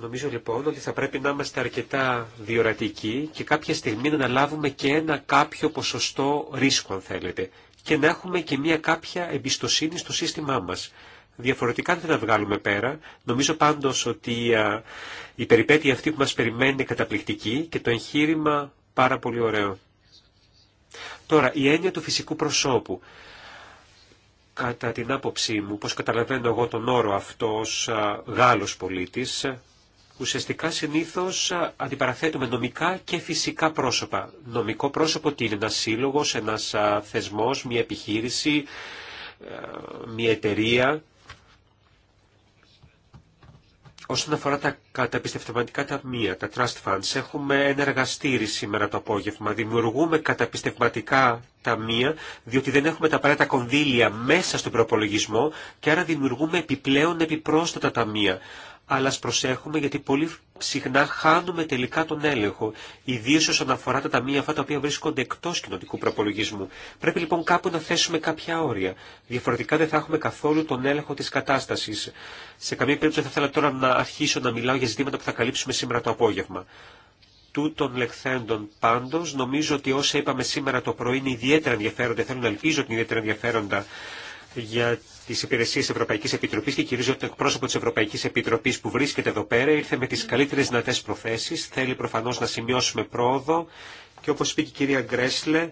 A: Νομίζω λοιπόν ότι θα πρέπει να είμαστε αρκετά διορατικοί και κάποια στιγμή να αναλάβουμε και ένα κάποιο ποσοστό ρίσκο αν θέλετε και να έχουμε και μια κάποια εμπιστοσύνη στο σύστημά μας. Διαφορετικά δεν θα βγάλουμε πέρα. Νομίζω πάντως ότι η περιπέτεια αυτή που μας περιμένει είναι καταπληκτική και το εγχείρημα πάρα πολύ ωραίο. Τώρα, η έννοια του φυσικού προσώπου. Κατά την άποψή μου, πως καταλαβαίνω εγώ τον όρο αυτός Γάλλος πολίτης, Ουσιαστικά συνήθω αντιπαραθέτουμε νομικά και φυσικά πρόσωπα. Νομικό πρόσωπο τι είναι ένας σύλλογο, ένα θεσμός, μια επιχείρηση, μια εταιρεία. Όσον αφορά τα καταπιστευματικά ταμεία, τα trust funds, έχουμε ένα εργαστήρι σήμερα το απόγευμα. Δημιουργούμε καταπιστευματικά ταμεία, διότι δεν έχουμε τα απαραίτητα κονδύλια μέσα στον προπολογισμό και άρα δημιουργούμε επιπλέον επιπρόσθετα ταμεία αλλά προσέχουμε γιατί πολύ συχνά χάνουμε τελικά τον έλεγχο, ιδίως όσον αφορά τα ταμεία αυτά τα οποία βρίσκονται εκτός κοινοτικού προπολογισμού. Πρέπει λοιπόν κάπου να θέσουμε κάποια όρια. Διαφορετικά δεν θα έχουμε καθόλου τον έλεγχο της κατάστασης. Σε καμία περίπτωση θα ήθελα τώρα να αρχίσω να μιλάω για ζητήματα που θα καλύψουμε σήμερα το απόγευμα. Τούτων λεχθέντων πάντως, νομίζω ότι όσα είπαμε σήμερα το πρωί είναι ιδιαίτερα ενδιαφέροντα, θέλω να ελπίζω ότι είναι ιδιαίτερα ενδιαφέροντα για Τη Υπηρεσία Ευρωπαϊκή Επιτροπή και κυρίω το εκπρόσωπο τη Ευρωπαϊκή Επιτροπή που βρίσκεται εδώ πέρα. Ήρθε με τι καλύτερε δυνατέ προθέσει. Θέλει προφανώ να σημειώσουμε πρόοδο και όπω είπε και η κυρία Γκρέσλε,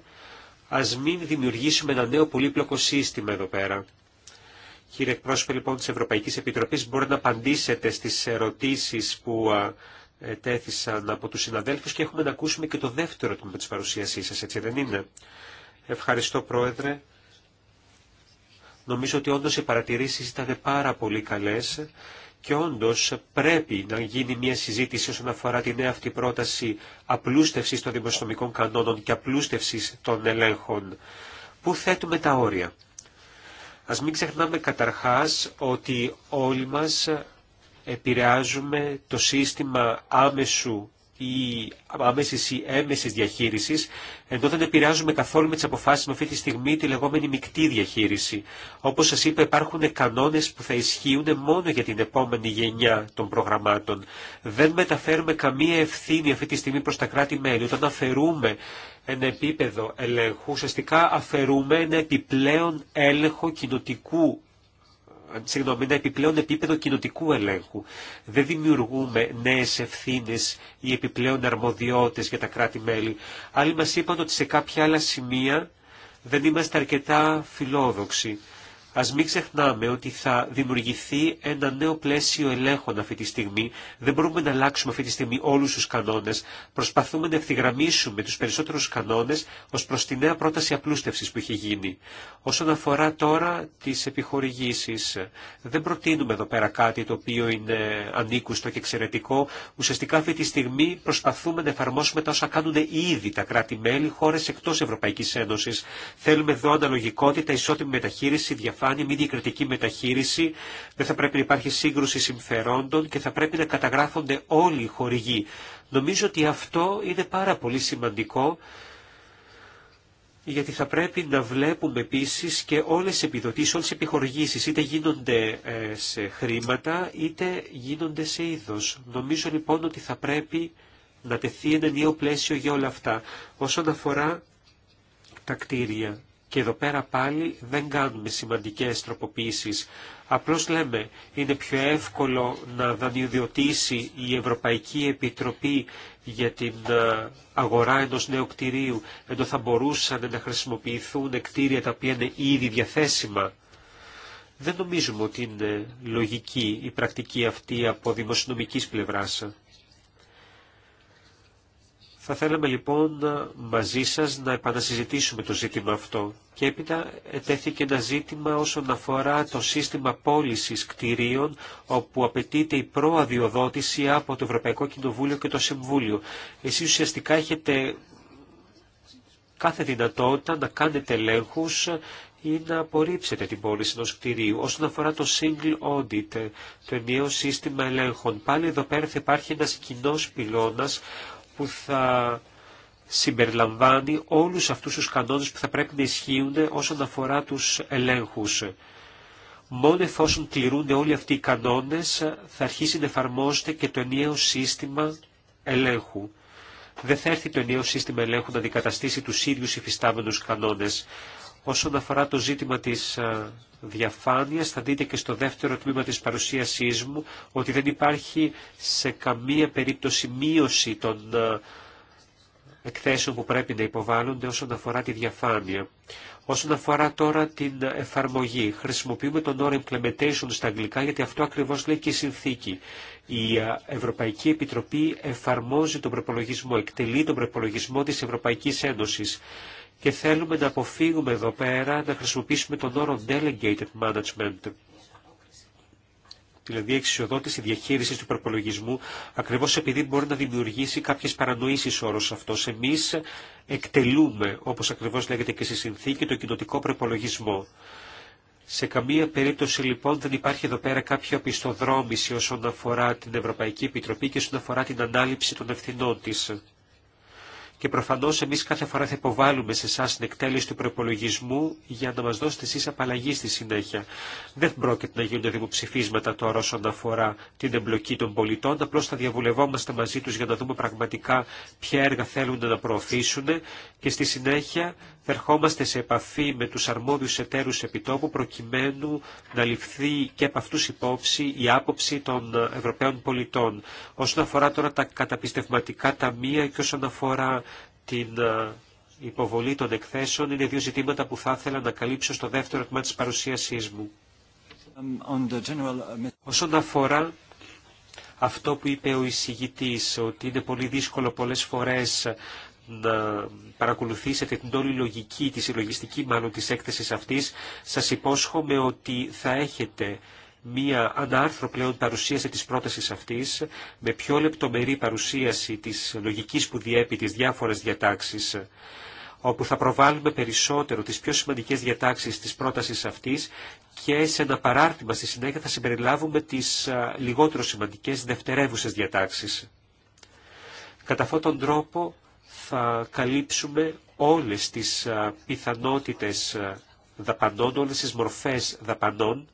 A: α μην δημιουργήσουμε ένα νέο πολύπλοκο σύστημα εδώ πέρα. Κύριε εκπρόσωπε λοιπόν τη Ευρωπαϊκή Επιτροπή, μπορείτε να απαντήσετε στι ερωτήσει που ε, τέθησαν από του συναδέλφου και έχουμε να ακούσουμε και το δεύτερο τμήμα τη παρουσίασή σα, έτσι δεν είναι. Ευχαριστώ, Πρόεδρε. Νομίζω ότι όντως οι παρατηρήσεις ήταν πάρα πολύ καλές και όντως πρέπει να γίνει μια συζήτηση όσον αφορά τη νέα αυτή πρόταση απλούστευσης των δημοσιονομικών κανόνων και απλούστευσης των ελέγχων. Πού θέτουμε τα όρια. Ας μην ξεχνάμε καταρχάς ότι όλοι μας επηρεάζουμε το σύστημα άμεσου ή άμεση ή έμεση διαχείριση, ενώ δεν επηρεάζουμε καθόλου με τι αποφάσει με αυτή τη στιγμή τη λεγόμενη μεικτή διαχείριση. Όπω σα είπα, υπάρχουν κανόνε που θα ισχύουν μόνο για την επόμενη γενιά των προγραμμάτων. Δεν μεταφέρουμε καμία ευθύνη αυτή τη στιγμή προ τα κράτη-μέλη. Όταν αφαιρούμε ένα επίπεδο ελέγχου, ουσιαστικά αφαιρούμε ένα επιπλέον έλεγχο κοινοτικού συγγνώμη, ένα επιπλέον επίπεδο κοινοτικού ελέγχου. Δεν δημιουργούμε νέε ευθύνε ή επιπλέον αρμοδιότητε για τα κράτη-μέλη. Άλλοι μα είπαν ότι σε κάποια άλλα σημεία δεν είμαστε αρκετά φιλόδοξοι. Ας μην ξεχνάμε ότι θα δημιουργηθεί ένα νέο πλαίσιο ελέγχων αυτή τη στιγμή. Δεν μπορούμε να αλλάξουμε αυτή τη στιγμή όλους τους κανόνες. Προσπαθούμε να ευθυγραμμίσουμε τους περισσότερους κανόνες ως προς τη νέα πρόταση απλούστευσης που έχει γίνει. Όσον αφορά τώρα τις επιχορηγήσεις, δεν προτείνουμε εδώ πέρα κάτι το οποίο είναι ανήκουστο και εξαιρετικό. Ουσιαστικά αυτή τη στιγμή προσπαθούμε να εφαρμόσουμε τα όσα κάνουν ήδη τα κράτη-μέλη, χώρες εκτός Ευρωπαϊκής Ένωσης. Θέλουμε εδώ αναλογικότητα, ισότιμη μεταχείριση, διαφάνεια διαφάνεια, μη διακριτική μεταχείριση, δεν θα πρέπει να υπάρχει σύγκρουση συμφερόντων και θα πρέπει να καταγράφονται όλοι οι χορηγοί. Νομίζω ότι αυτό είναι πάρα πολύ σημαντικό γιατί θα πρέπει να βλέπουμε επίσης και όλες τι επιδοτήσεις, όλες οι επιχορηγήσεις, είτε γίνονται ε, σε χρήματα, είτε γίνονται σε είδος. Νομίζω λοιπόν ότι θα πρέπει να τεθεί ένα νέο πλαίσιο για όλα αυτά. Όσον αφορά τα κτίρια, και εδώ πέρα πάλι δεν κάνουμε σημαντικές τροποποίησεις. Απλώς λέμε είναι πιο εύκολο να δανειοδιοτήσει η Ευρωπαϊκή Επιτροπή για την ε, αγορά ενός νέου κτηρίου, ενώ θα μπορούσαν να χρησιμοποιηθούν κτίρια τα οποία είναι ήδη διαθέσιμα. Δεν νομίζουμε ότι είναι λογική η πρακτική αυτή από δημοσιονομικής πλευράς. Θα θέλαμε λοιπόν μαζί σας να επανασυζητήσουμε το ζήτημα αυτό. Και έπειτα ετέθηκε ένα ζήτημα όσον αφορά το σύστημα πώληση κτηρίων, όπου απαιτείται η προαδιοδότηση από το Ευρωπαϊκό Κοινοβούλιο και το Συμβούλιο. Εσείς ουσιαστικά έχετε κάθε δυνατότητα να κάνετε ελέγχου ή να απορρίψετε την πώληση ενό κτηρίου. Όσον αφορά το single audit, το ενιαίο σύστημα ελέγχων, πάλι εδώ πέρα θα υπάρχει ένα κοινό πυλώνα, που θα συμπεριλαμβάνει όλους αυτούς τους κανόνες που θα πρέπει να ισχύουν όσον αφορά τους ελέγχους. Μόνο εφόσον κληρούνται όλοι αυτοί οι κανόνες θα αρχίσει να εφαρμόζεται και το ενιαίο σύστημα ελέγχου. Δεν θα έρθει το ενιαίο σύστημα ελέγχου να αντικαταστήσει τους ίδιους υφιστάμενους κανόνες. Όσον αφορά το ζήτημα της ε, διαφάνειας, θα δείτε και στο δεύτερο τμήμα της παρουσίασής μου ότι δεν υπάρχει σε καμία περίπτωση μείωση των ε, εκθέσεων που πρέπει να υποβάλλονται όσον αφορά τη διαφάνεια. Όσον αφορά τώρα την εφαρμογή, χρησιμοποιούμε τον όρο implementation στα αγγλικά γιατί αυτό ακριβώς λέει και η συνθήκη. Η ε, Ευρωπαϊκή Επιτροπή εφαρμόζει τον προπολογισμό, εκτελεί τον προπολογισμό της Ευρωπαϊκής Ένωσης και θέλουμε να αποφύγουμε εδώ πέρα να χρησιμοποιήσουμε τον όρο delegated management δηλαδή εξισοδότηση διαχείριση του προπολογισμού, ακριβώ επειδή μπορεί να δημιουργήσει κάποιε παρανοήσει όρο αυτό. Εμεί εκτελούμε, όπω ακριβώ λέγεται και στη συνθήκη, το κοινοτικό προπολογισμό. Σε καμία περίπτωση λοιπόν δεν υπάρχει εδώ πέρα κάποια πιστοδρόμηση όσον αφορά την Ευρωπαϊκή Επιτροπή και όσον αφορά την ανάληψη των ευθυνών της και προφανώς εμεί κάθε φορά θα υποβάλλουμε σε εσά την εκτέλεση του προπολογισμού για να μας δώσετε εσεί απαλλαγή στη συνέχεια. Δεν πρόκειται να γίνονται δημοψηφίσματα τώρα όσον αφορά την εμπλοκή των πολιτών, απλώ θα διαβουλευόμαστε μαζί τους για να δούμε πραγματικά ποια έργα θέλουν να προωθήσουν και στη συνέχεια ερχόμαστε σε επαφή με τους αρμόδιους εταίρους επιτόπου προκειμένου να ληφθεί και από αυτούς υπόψη η άποψη των Ευρωπαίων πολιτών. Όσον αφορά τώρα τα καταπιστευματικά ταμεία και όσον αφορά την ε, υποβολή των εκθέσεων είναι δύο ζητήματα που θα ήθελα να καλύψω στο δεύτερο τμήμα της παρουσίασής μου. Um, uh, όσον αφορά αυτό που είπε ο εισηγητής, ότι είναι πολύ δύσκολο πολλές φορές να παρακολουθήσετε την όλη λογική, τη συλλογιστική μάλλον της έκθεσης αυτής, σας υπόσχομαι ότι θα έχετε μία ανάρθρο πλέον παρουσίαση της πρότασης αυτής, με πιο λεπτομερή παρουσίαση της λογικής που διέπει τις διάφορες διατάξεις, όπου θα προβάλλουμε περισσότερο τις πιο σημαντικές διατάξεις της πρότασης αυτής και σε ένα παράρτημα στη συνέχεια θα συμπεριλάβουμε τις λιγότερο σημαντικές δευτερεύουσες διατάξεις. Κατά αυτόν τον τρόπο θα καλύψουμε όλες τις πιθανότητες δαπανών, όλες τις μορφές δαπανών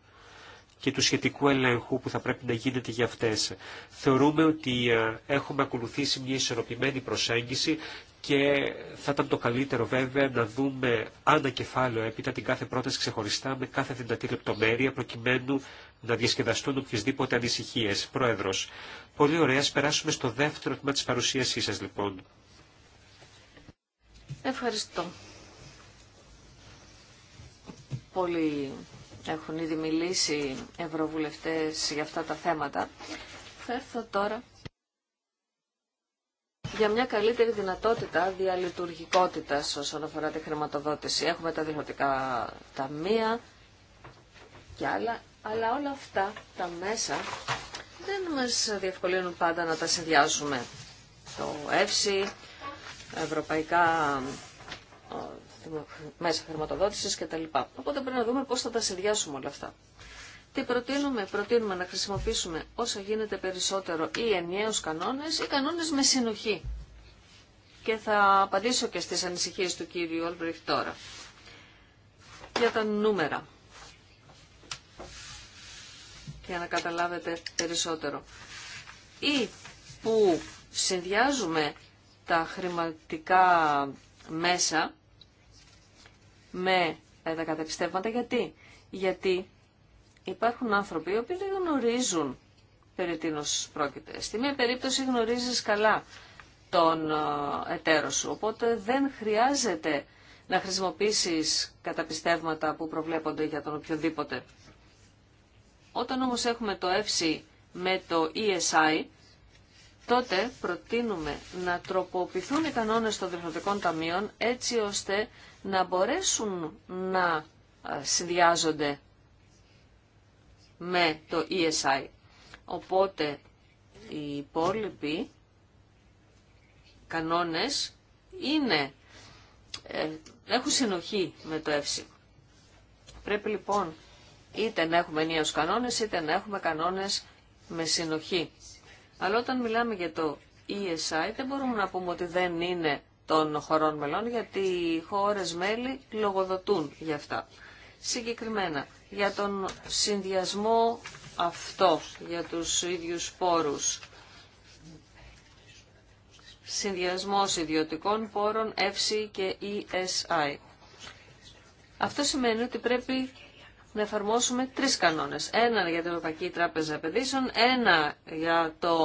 A: και του σχετικού ελέγχου που θα πρέπει να γίνεται για αυτές. Θεωρούμε ότι έχουμε ακολουθήσει μια ισορροπημένη προσέγγιση και θα ήταν το καλύτερο βέβαια να δούμε ανά κεφάλαιο έπειτα την κάθε πρόταση ξεχωριστά με κάθε δυνατή λεπτομέρεια προκειμένου να διασκεδαστούν οποιασδήποτε ανησυχίες. Πρόεδρος, πολύ ωραία, περάσουμε στο δεύτερο τμήμα της παρουσίασής σας λοιπόν.
B: Ευχαριστώ. Πολλοί έχουν ήδη μιλήσει ευρωβουλευτές για αυτά τα θέματα. Θα έρθω τώρα για μια καλύτερη δυνατότητα διαλειτουργικότητας όσον αφορά τη χρηματοδότηση. Έχουμε τα δημοτικά ταμεία και άλλα, αλλά όλα αυτά τα μέσα δεν μας διευκολύνουν πάντα να τα συνδυάζουμε. Το ΕΦΣΥ, ευρωπαϊκά μέσα χρηματοδότηση κτλ. Οπότε πρέπει να δούμε πώ θα τα συνδυάσουμε όλα αυτά. Τι προτείνουμε, προτείνουμε να χρησιμοποιήσουμε όσα γίνεται περισσότερο ή ενιαίους κανόνες ή κανόνες με συνοχή. Και θα απαντήσω και στις ανησυχίες του κύριου Ολμπριχτ τώρα. Για τα νούμερα. Για να καταλάβετε περισσότερο. Ή που συνδυάζουμε τα χρηματικά μέσα με ε, τα καταπιστεύματα. Γιατί? Γιατί υπάρχουν άνθρωποι οι οποίοι δεν γνωρίζουν περί τίνος πρόκειται. Στη μία περίπτωση γνωρίζεις καλά τον ε, εταίρο σου, οπότε δεν χρειάζεται να χρησιμοποιήσεις καταπιστεύματα που προβλέπονται για τον οποιοδήποτε. Όταν όμως έχουμε το ΕΦΣΙ με το ESI, τότε προτείνουμε να τροποποιηθούν οι κανόνες των διευθυντικών ταμείων έτσι ώστε να μπορέσουν να συνδυάζονται με το ESI. Οπότε οι υπόλοιποι κανόνες είναι, ε, έχουν συνοχή με το ΕΦΣΥ. Πρέπει λοιπόν είτε να έχουμε ενιαίους κανόνες είτε να έχουμε κανόνες με συνοχή αλλά όταν μιλάμε για το ESI δεν μπορούμε να πούμε ότι δεν είναι των χωρών μελών γιατί οι χώρες μέλη λογοδοτούν για αυτά. Συγκεκριμένα για τον συνδυασμό αυτό, για τους ίδιους πόρους. Συνδυασμός ιδιωτικών πόρων, FC και ESI. Αυτό σημαίνει ότι πρέπει να εφαρμόσουμε τρεις κανόνες. Ένα για την Ευρωπαϊκή Τράπεζα Επενδύσεων, ένα για το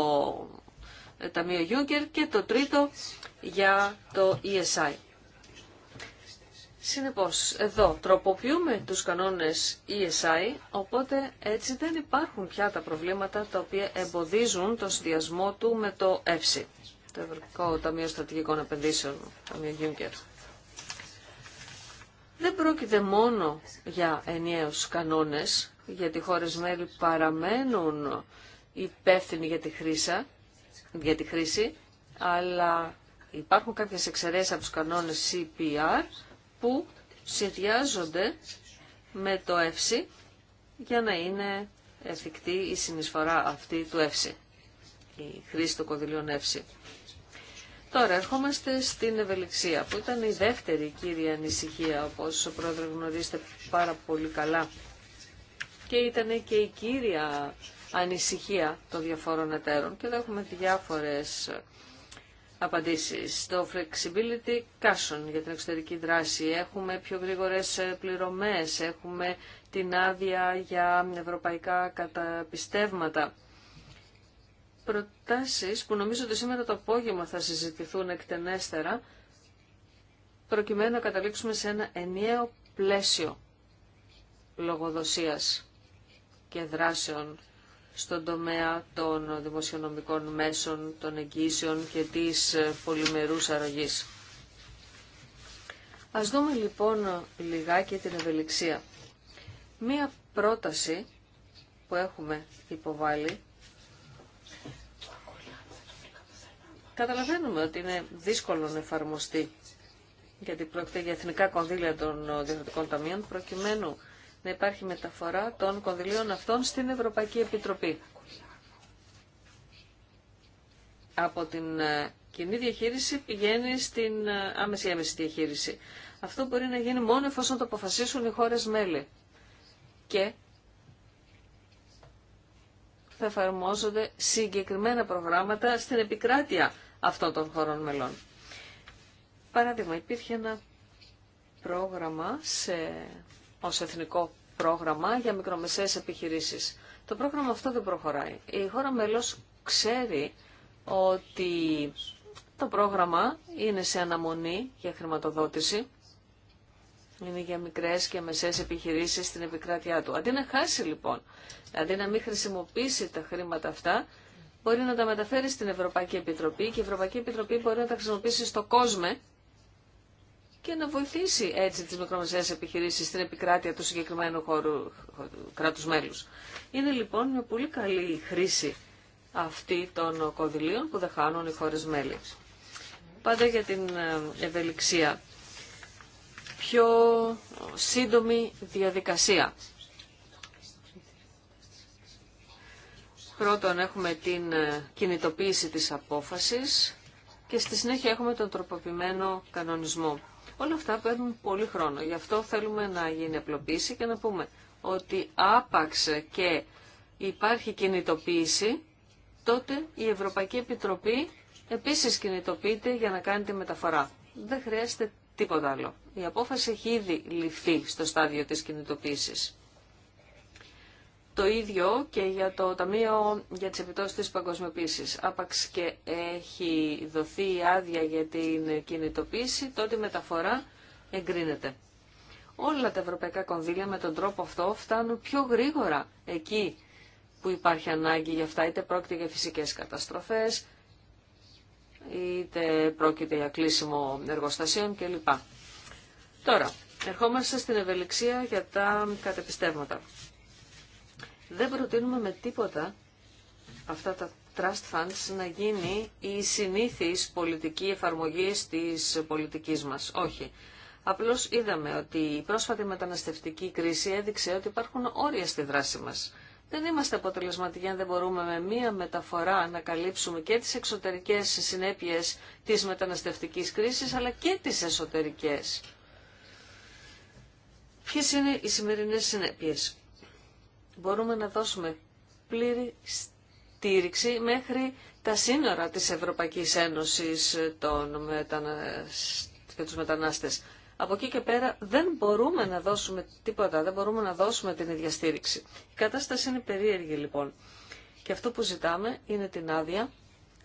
B: ε, Ταμείο Γιούγκερ και το τρίτο για το ESI. Συνεπώς, εδώ τροποποιούμε τους κανόνες ESI, οπότε έτσι δεν υπάρχουν πια τα προβλήματα τα οποία εμποδίζουν τον συνδυασμό του με το EFSI, το Ευρωπαϊκό Ταμείο Στρατηγικών Επενδύσεων, Ταμείο Juncker. Δεν πρόκειται μόνο για ενιαίους κανόνες, γιατί οι χώρες μέλη παραμένουν υπεύθυνοι για τη, χρήση, για τη χρήση, αλλά υπάρχουν κάποιες εξαιρέσεις από τους κανόνες CPR που συνδυάζονται με το ΕΦΣΥ για να είναι εφικτή η συνεισφορά αυτή του ΕΦΣΥ, η χρήση των κονδυλίων ΕΦΣΥ. Τώρα ερχόμαστε στην ευελιξία που ήταν η δεύτερη κύρια ανησυχία όπως ο πρόεδρος γνωρίζετε πάρα πολύ καλά και ήταν και η κύρια ανησυχία των διαφόρων εταίρων και εδώ έχουμε διάφορες απαντήσεις. Το flexibility cushion για την εξωτερική δράση, έχουμε πιο γρήγορες πληρωμές, έχουμε την άδεια για ευρωπαϊκά καταπιστεύματα προτάσεις που νομίζω ότι σήμερα το απόγευμα θα συζητηθούν εκτενέστερα, προκειμένου να καταλήξουμε σε ένα ενιαίο πλαίσιο λογοδοσίας και δράσεων στον τομέα των δημοσιονομικών μέσων, των εγγύσεων και της πολυμερούς αρρωγής. Ας δούμε λοιπόν λιγάκι την ευελιξία. Μία πρόταση που έχουμε υποβάλει Καταλαβαίνουμε ότι είναι δύσκολο να εφαρμοστεί, γιατί πρόκειται για εθνικά κονδύλια των ε, διευθυντικών ταμείων, προκειμένου να υπάρχει μεταφορά των κονδυλίων αυτών στην Ευρωπαϊκή Επιτροπή. Από την ε, κοινή διαχείριση πηγαίνει στην ε, άμεση έμεση διαχείριση. Αυτό μπορεί να γίνει μόνο εφόσον το αποφασίσουν οι χώρες μέλη. Και θα εφαρμόζονται συγκεκριμένα προγράμματα στην επικράτεια αυτό των χωρών μελών. Παράδειγμα, υπήρχε ένα πρόγραμμα σε, ως εθνικό πρόγραμμα για μικρομεσαίες επιχειρήσεις. Το πρόγραμμα αυτό δεν προχωράει. Η χώρα μέλος ξέρει ότι το πρόγραμμα είναι σε αναμονή για χρηματοδότηση. Είναι για μικρές και μεσαίες επιχειρήσεις στην επικράτειά του. Αντί να χάσει λοιπόν, αντί να μην χρησιμοποιήσει τα χρήματα αυτά, μπορεί να τα μεταφέρει στην Ευρωπαϊκή Επιτροπή και η Ευρωπαϊκή Επιτροπή μπορεί να τα χρησιμοποιήσει στο κόσμο και να βοηθήσει έτσι τις μικρομεσαίες επιχειρήσεις στην επικράτεια του συγκεκριμένου χώρου κράτους μέλους. Είναι λοιπόν μια πολύ καλή χρήση αυτή των κονδυλίων που δεχάνουν οι χώρες μέλη. Πάντα για την ε, ευελιξία. Πιο σύντομη διαδικασία. Πρώτον έχουμε την ε, κινητοποίηση της απόφασης και στη συνέχεια έχουμε τον τροποποιημένο κανονισμό. Όλα αυτά παίρνουν πολύ χρόνο. Γι' αυτό θέλουμε να γίνει απλοποίηση και να πούμε ότι άπαξ και υπάρχει κινητοποίηση, τότε η Ευρωπαϊκή Επιτροπή επίσης κινητοποιείται για να κάνει τη μεταφορά. Δεν χρειάζεται τίποτα άλλο. Η απόφαση έχει ήδη ληφθεί στο στάδιο της κινητοποίησης. Το ίδιο και για το Ταμείο για τις Επιτώσεις της Παγκοσμιοποίησης. Άπαξ και έχει δοθεί άδεια για την κινητοποίηση, τότε η μεταφορά εγκρίνεται. Όλα τα ευρωπαϊκά κονδύλια με τον τρόπο αυτό φτάνουν πιο γρήγορα εκεί που υπάρχει ανάγκη για αυτά, είτε πρόκειται για φυσικές καταστροφές, είτε πρόκειται για κλείσιμο εργοστασίων κλπ. Τώρα, ερχόμαστε στην ευελιξία για τα κατεπιστεύματα. Δεν προτείνουμε με τίποτα αυτά τα trust funds να γίνει η συνήθις πολιτική εφαρμογή της πολιτικής μας. Όχι. Απλώς είδαμε ότι η πρόσφατη μεταναστευτική κρίση έδειξε ότι υπάρχουν όρια στη δράση μας. Δεν είμαστε αποτελεσματικοί αν δεν μπορούμε με μία μεταφορά να καλύψουμε και τις εξωτερικές συνέπειες της μεταναστευτικής κρίσης, αλλά και τις εσωτερικές. Ποιες είναι οι σημερινές συνέπειες μπορούμε να δώσουμε πλήρη στήριξη μέχρι τα σύνορα της Ευρωπαϊκής Ένωσης των και τους μετανάστες. Από εκεί και πέρα δεν μπορούμε να δώσουμε τίποτα, δεν μπορούμε να δώσουμε την ίδια στήριξη. Η κατάσταση είναι περίεργη λοιπόν. Και αυτό που ζητάμε είναι την άδεια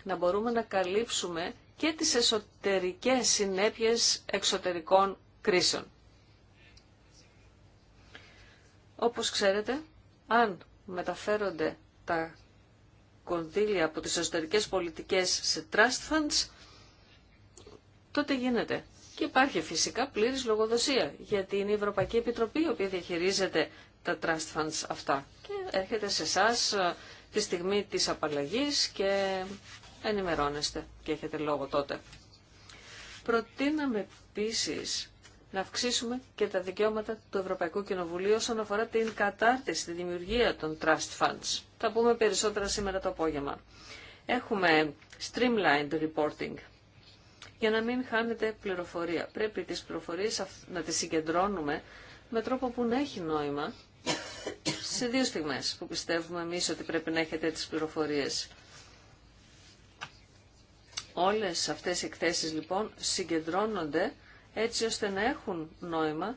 B: να μπορούμε να καλύψουμε και τις εσωτερικές συνέπειες εξωτερικών κρίσεων. Όπως ξέρετε, αν μεταφέρονται τα κονδύλια από τις εσωτερικές πολιτικές σε trust funds, τότε γίνεται. Και υπάρχει φυσικά πλήρης λογοδοσία, γιατί είναι η Ευρωπαϊκή Επιτροπή η οποία διαχειρίζεται τα trust funds αυτά. Και έρχεται σε εσά ε, τη στιγμή της απαλλαγής και ενημερώνεστε και έχετε λόγο τότε. Προτείναμε επίσης να αυξήσουμε και τα δικαιώματα του Ευρωπαϊκού Κοινοβουλίου όσον αφορά την κατάρτιση, τη δημιουργία των trust funds. Θα πούμε περισσότερα σήμερα το απόγευμα. Έχουμε streamlined reporting για να μην χάνετε πληροφορία. Πρέπει τις πληροφορίες να τις συγκεντρώνουμε με τρόπο που να έχει νόημα σε δύο στιγμές που πιστεύουμε εμείς ότι πρέπει να έχετε τις πληροφορίες. Όλες αυτές οι εκθέσεις λοιπόν συγκεντρώνονται έτσι ώστε να έχουν νόημα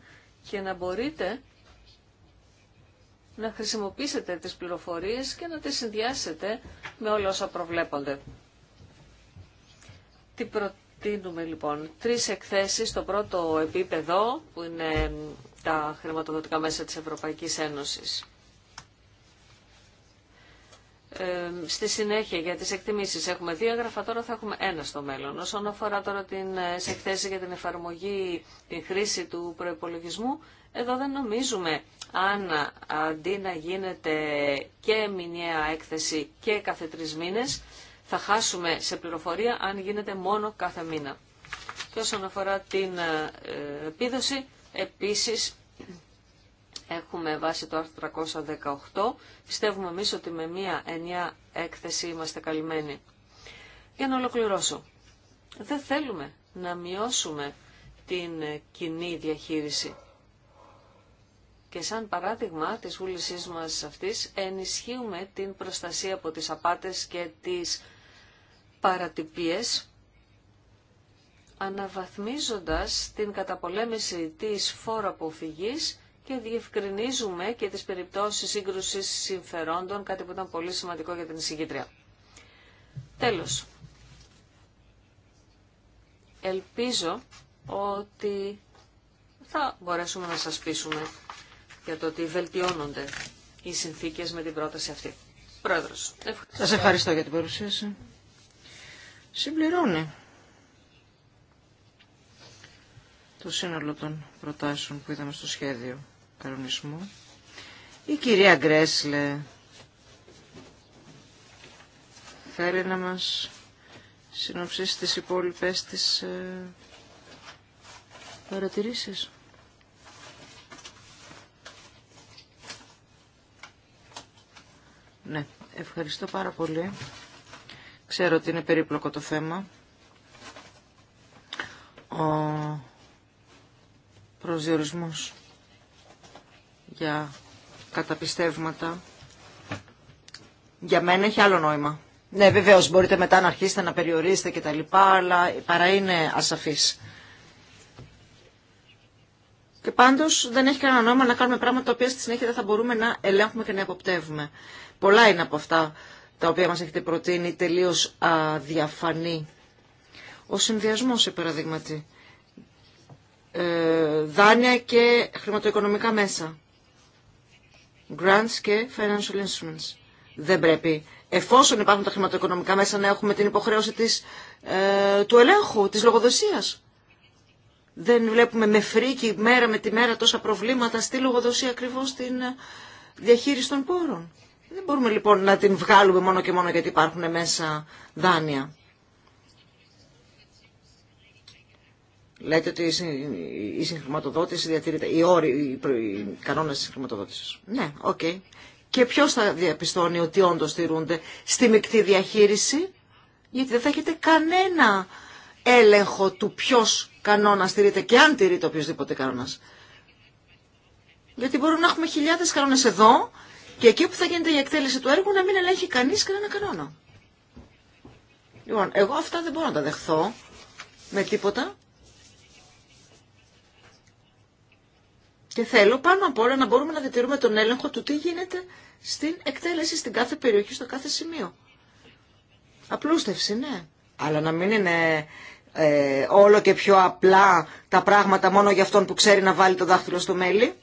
B: και να μπορείτε να χρησιμοποιήσετε τις πληροφορίες και να τις συνδυάσετε με όλα όσα προβλέπονται. Τι προτείνουμε λοιπόν. Τρεις εκθέσεις στο πρώτο επίπεδο που είναι τα χρηματοδοτικά μέσα της Ευρωπαϊκής Ένωσης στη συνέχεια για τις εκτιμήσεις έχουμε δύο έγγραφα, τώρα θα έχουμε ένα στο μέλλον. Όσον αφορά τώρα την ε, εκθέση για την εφαρμογή, την χρήση του προϋπολογισμού, εδώ δεν νομίζουμε αν αντί να γίνεται και μηνιαία έκθεση και κάθε τρεις μήνες, θα χάσουμε σε πληροφορία αν γίνεται μόνο κάθε μήνα. Και όσον αφορά την ε, ε, επίδοση, επίσης έχουμε βάσει το άρθρο 318. Πιστεύουμε εμείς ότι με μία ενιαία έκθεση είμαστε καλυμμένοι. Για να ολοκληρώσω. Δεν θέλουμε να μειώσουμε την κοινή διαχείριση. Και σαν παράδειγμα της βούλησής μας αυτής ενισχύουμε την προστασία από τις απάτες και τις παρατυπίες αναβαθμίζοντας την καταπολέμηση της φόρα αποφυγής και διευκρινίζουμε και τις περιπτώσεις σύγκρουσης συμφερόντων, κάτι που ήταν πολύ σημαντικό για την εισηγήτρια. Τέλος, ελπίζω ότι θα μπορέσουμε να σας πείσουμε για το ότι βελτιώνονται οι συνθήκες με την πρόταση αυτή. Πρόεδρος, ευχαριστώ. Σας ευχαριστώ
C: για την παρουσίαση. Συμπληρώνει το σύνολο των προτάσεων που είδαμε στο σχέδιο κανονισμού. Η κυρία Γκρέσλε θέλει να μας συνοψίσει τις υπόλοιπες της ε, παρατηρήσεις. Ναι, ευχαριστώ πάρα πολύ. Ξέρω ότι είναι περίπλοκο το θέμα. Ο προσδιορισμός για καταπιστεύματα. Για μένα έχει άλλο νόημα. Ναι, βεβαίω μπορείτε μετά να αρχίσετε να περιορίσετε και τα λοιπά, αλλά παρά είναι ασαφής. Και πάντως δεν έχει κανένα νόημα να κάνουμε πράγματα τα οποία στη συνέχεια δεν θα μπορούμε να ελέγχουμε και να εποπτεύουμε. Πολλά είναι από αυτά τα οποία μας έχετε προτείνει τελείως αδιαφανή. Ο συνδυασμός, σε παραδείγματι, ε, δάνεια και χρηματοοικονομικά μέσα grants και financial instruments. Δεν πρέπει, εφόσον υπάρχουν τα χρηματοοικονομικά μέσα, να έχουμε την υποχρέωση της, ε, του ελέγχου, της λογοδοσίας. Δεν βλέπουμε με φρίκι μέρα με τη μέρα τόσα προβλήματα στη λογοδοσία ακριβώς στην ε, διαχείριση των πόρων. Δεν μπορούμε λοιπόν να την βγάλουμε μόνο και μόνο γιατί υπάρχουν μέσα δάνεια. Λέτε ότι η συγχρηματοδότηση διατηρείται, οι όροι, οι κανόνες τη συγχρηματοδότηση. Ναι, οκ. Okay. Και ποιο θα διαπιστώνει ότι όντω τηρούνται στη μεικτή διαχείριση, γιατί δεν θα έχετε κανένα έλεγχο του ποιο κανόνα τηρείται και αν τηρείται οποιοδήποτε κανόνα. Γιατί μπορούμε να έχουμε χιλιάδε κανόνε εδώ και εκεί που θα γίνεται η εκτέλεση του έργου να μην ελέγχει κανεί κανένα κανόνα. Λοιπόν, εγώ αυτά δεν μπορώ να τα δεχθώ με τίποτα Και θέλω πάνω απ' όλα να μπορούμε να διατηρούμε τον έλεγχο του τι γίνεται στην εκτέλεση, στην κάθε περιοχή, στο κάθε σημείο. Απλούστευση, ναι. Αλλά να μην είναι ε, όλο και πιο απλά τα πράγματα μόνο για αυτόν που ξέρει να βάλει το δάχτυλο στο μέλι.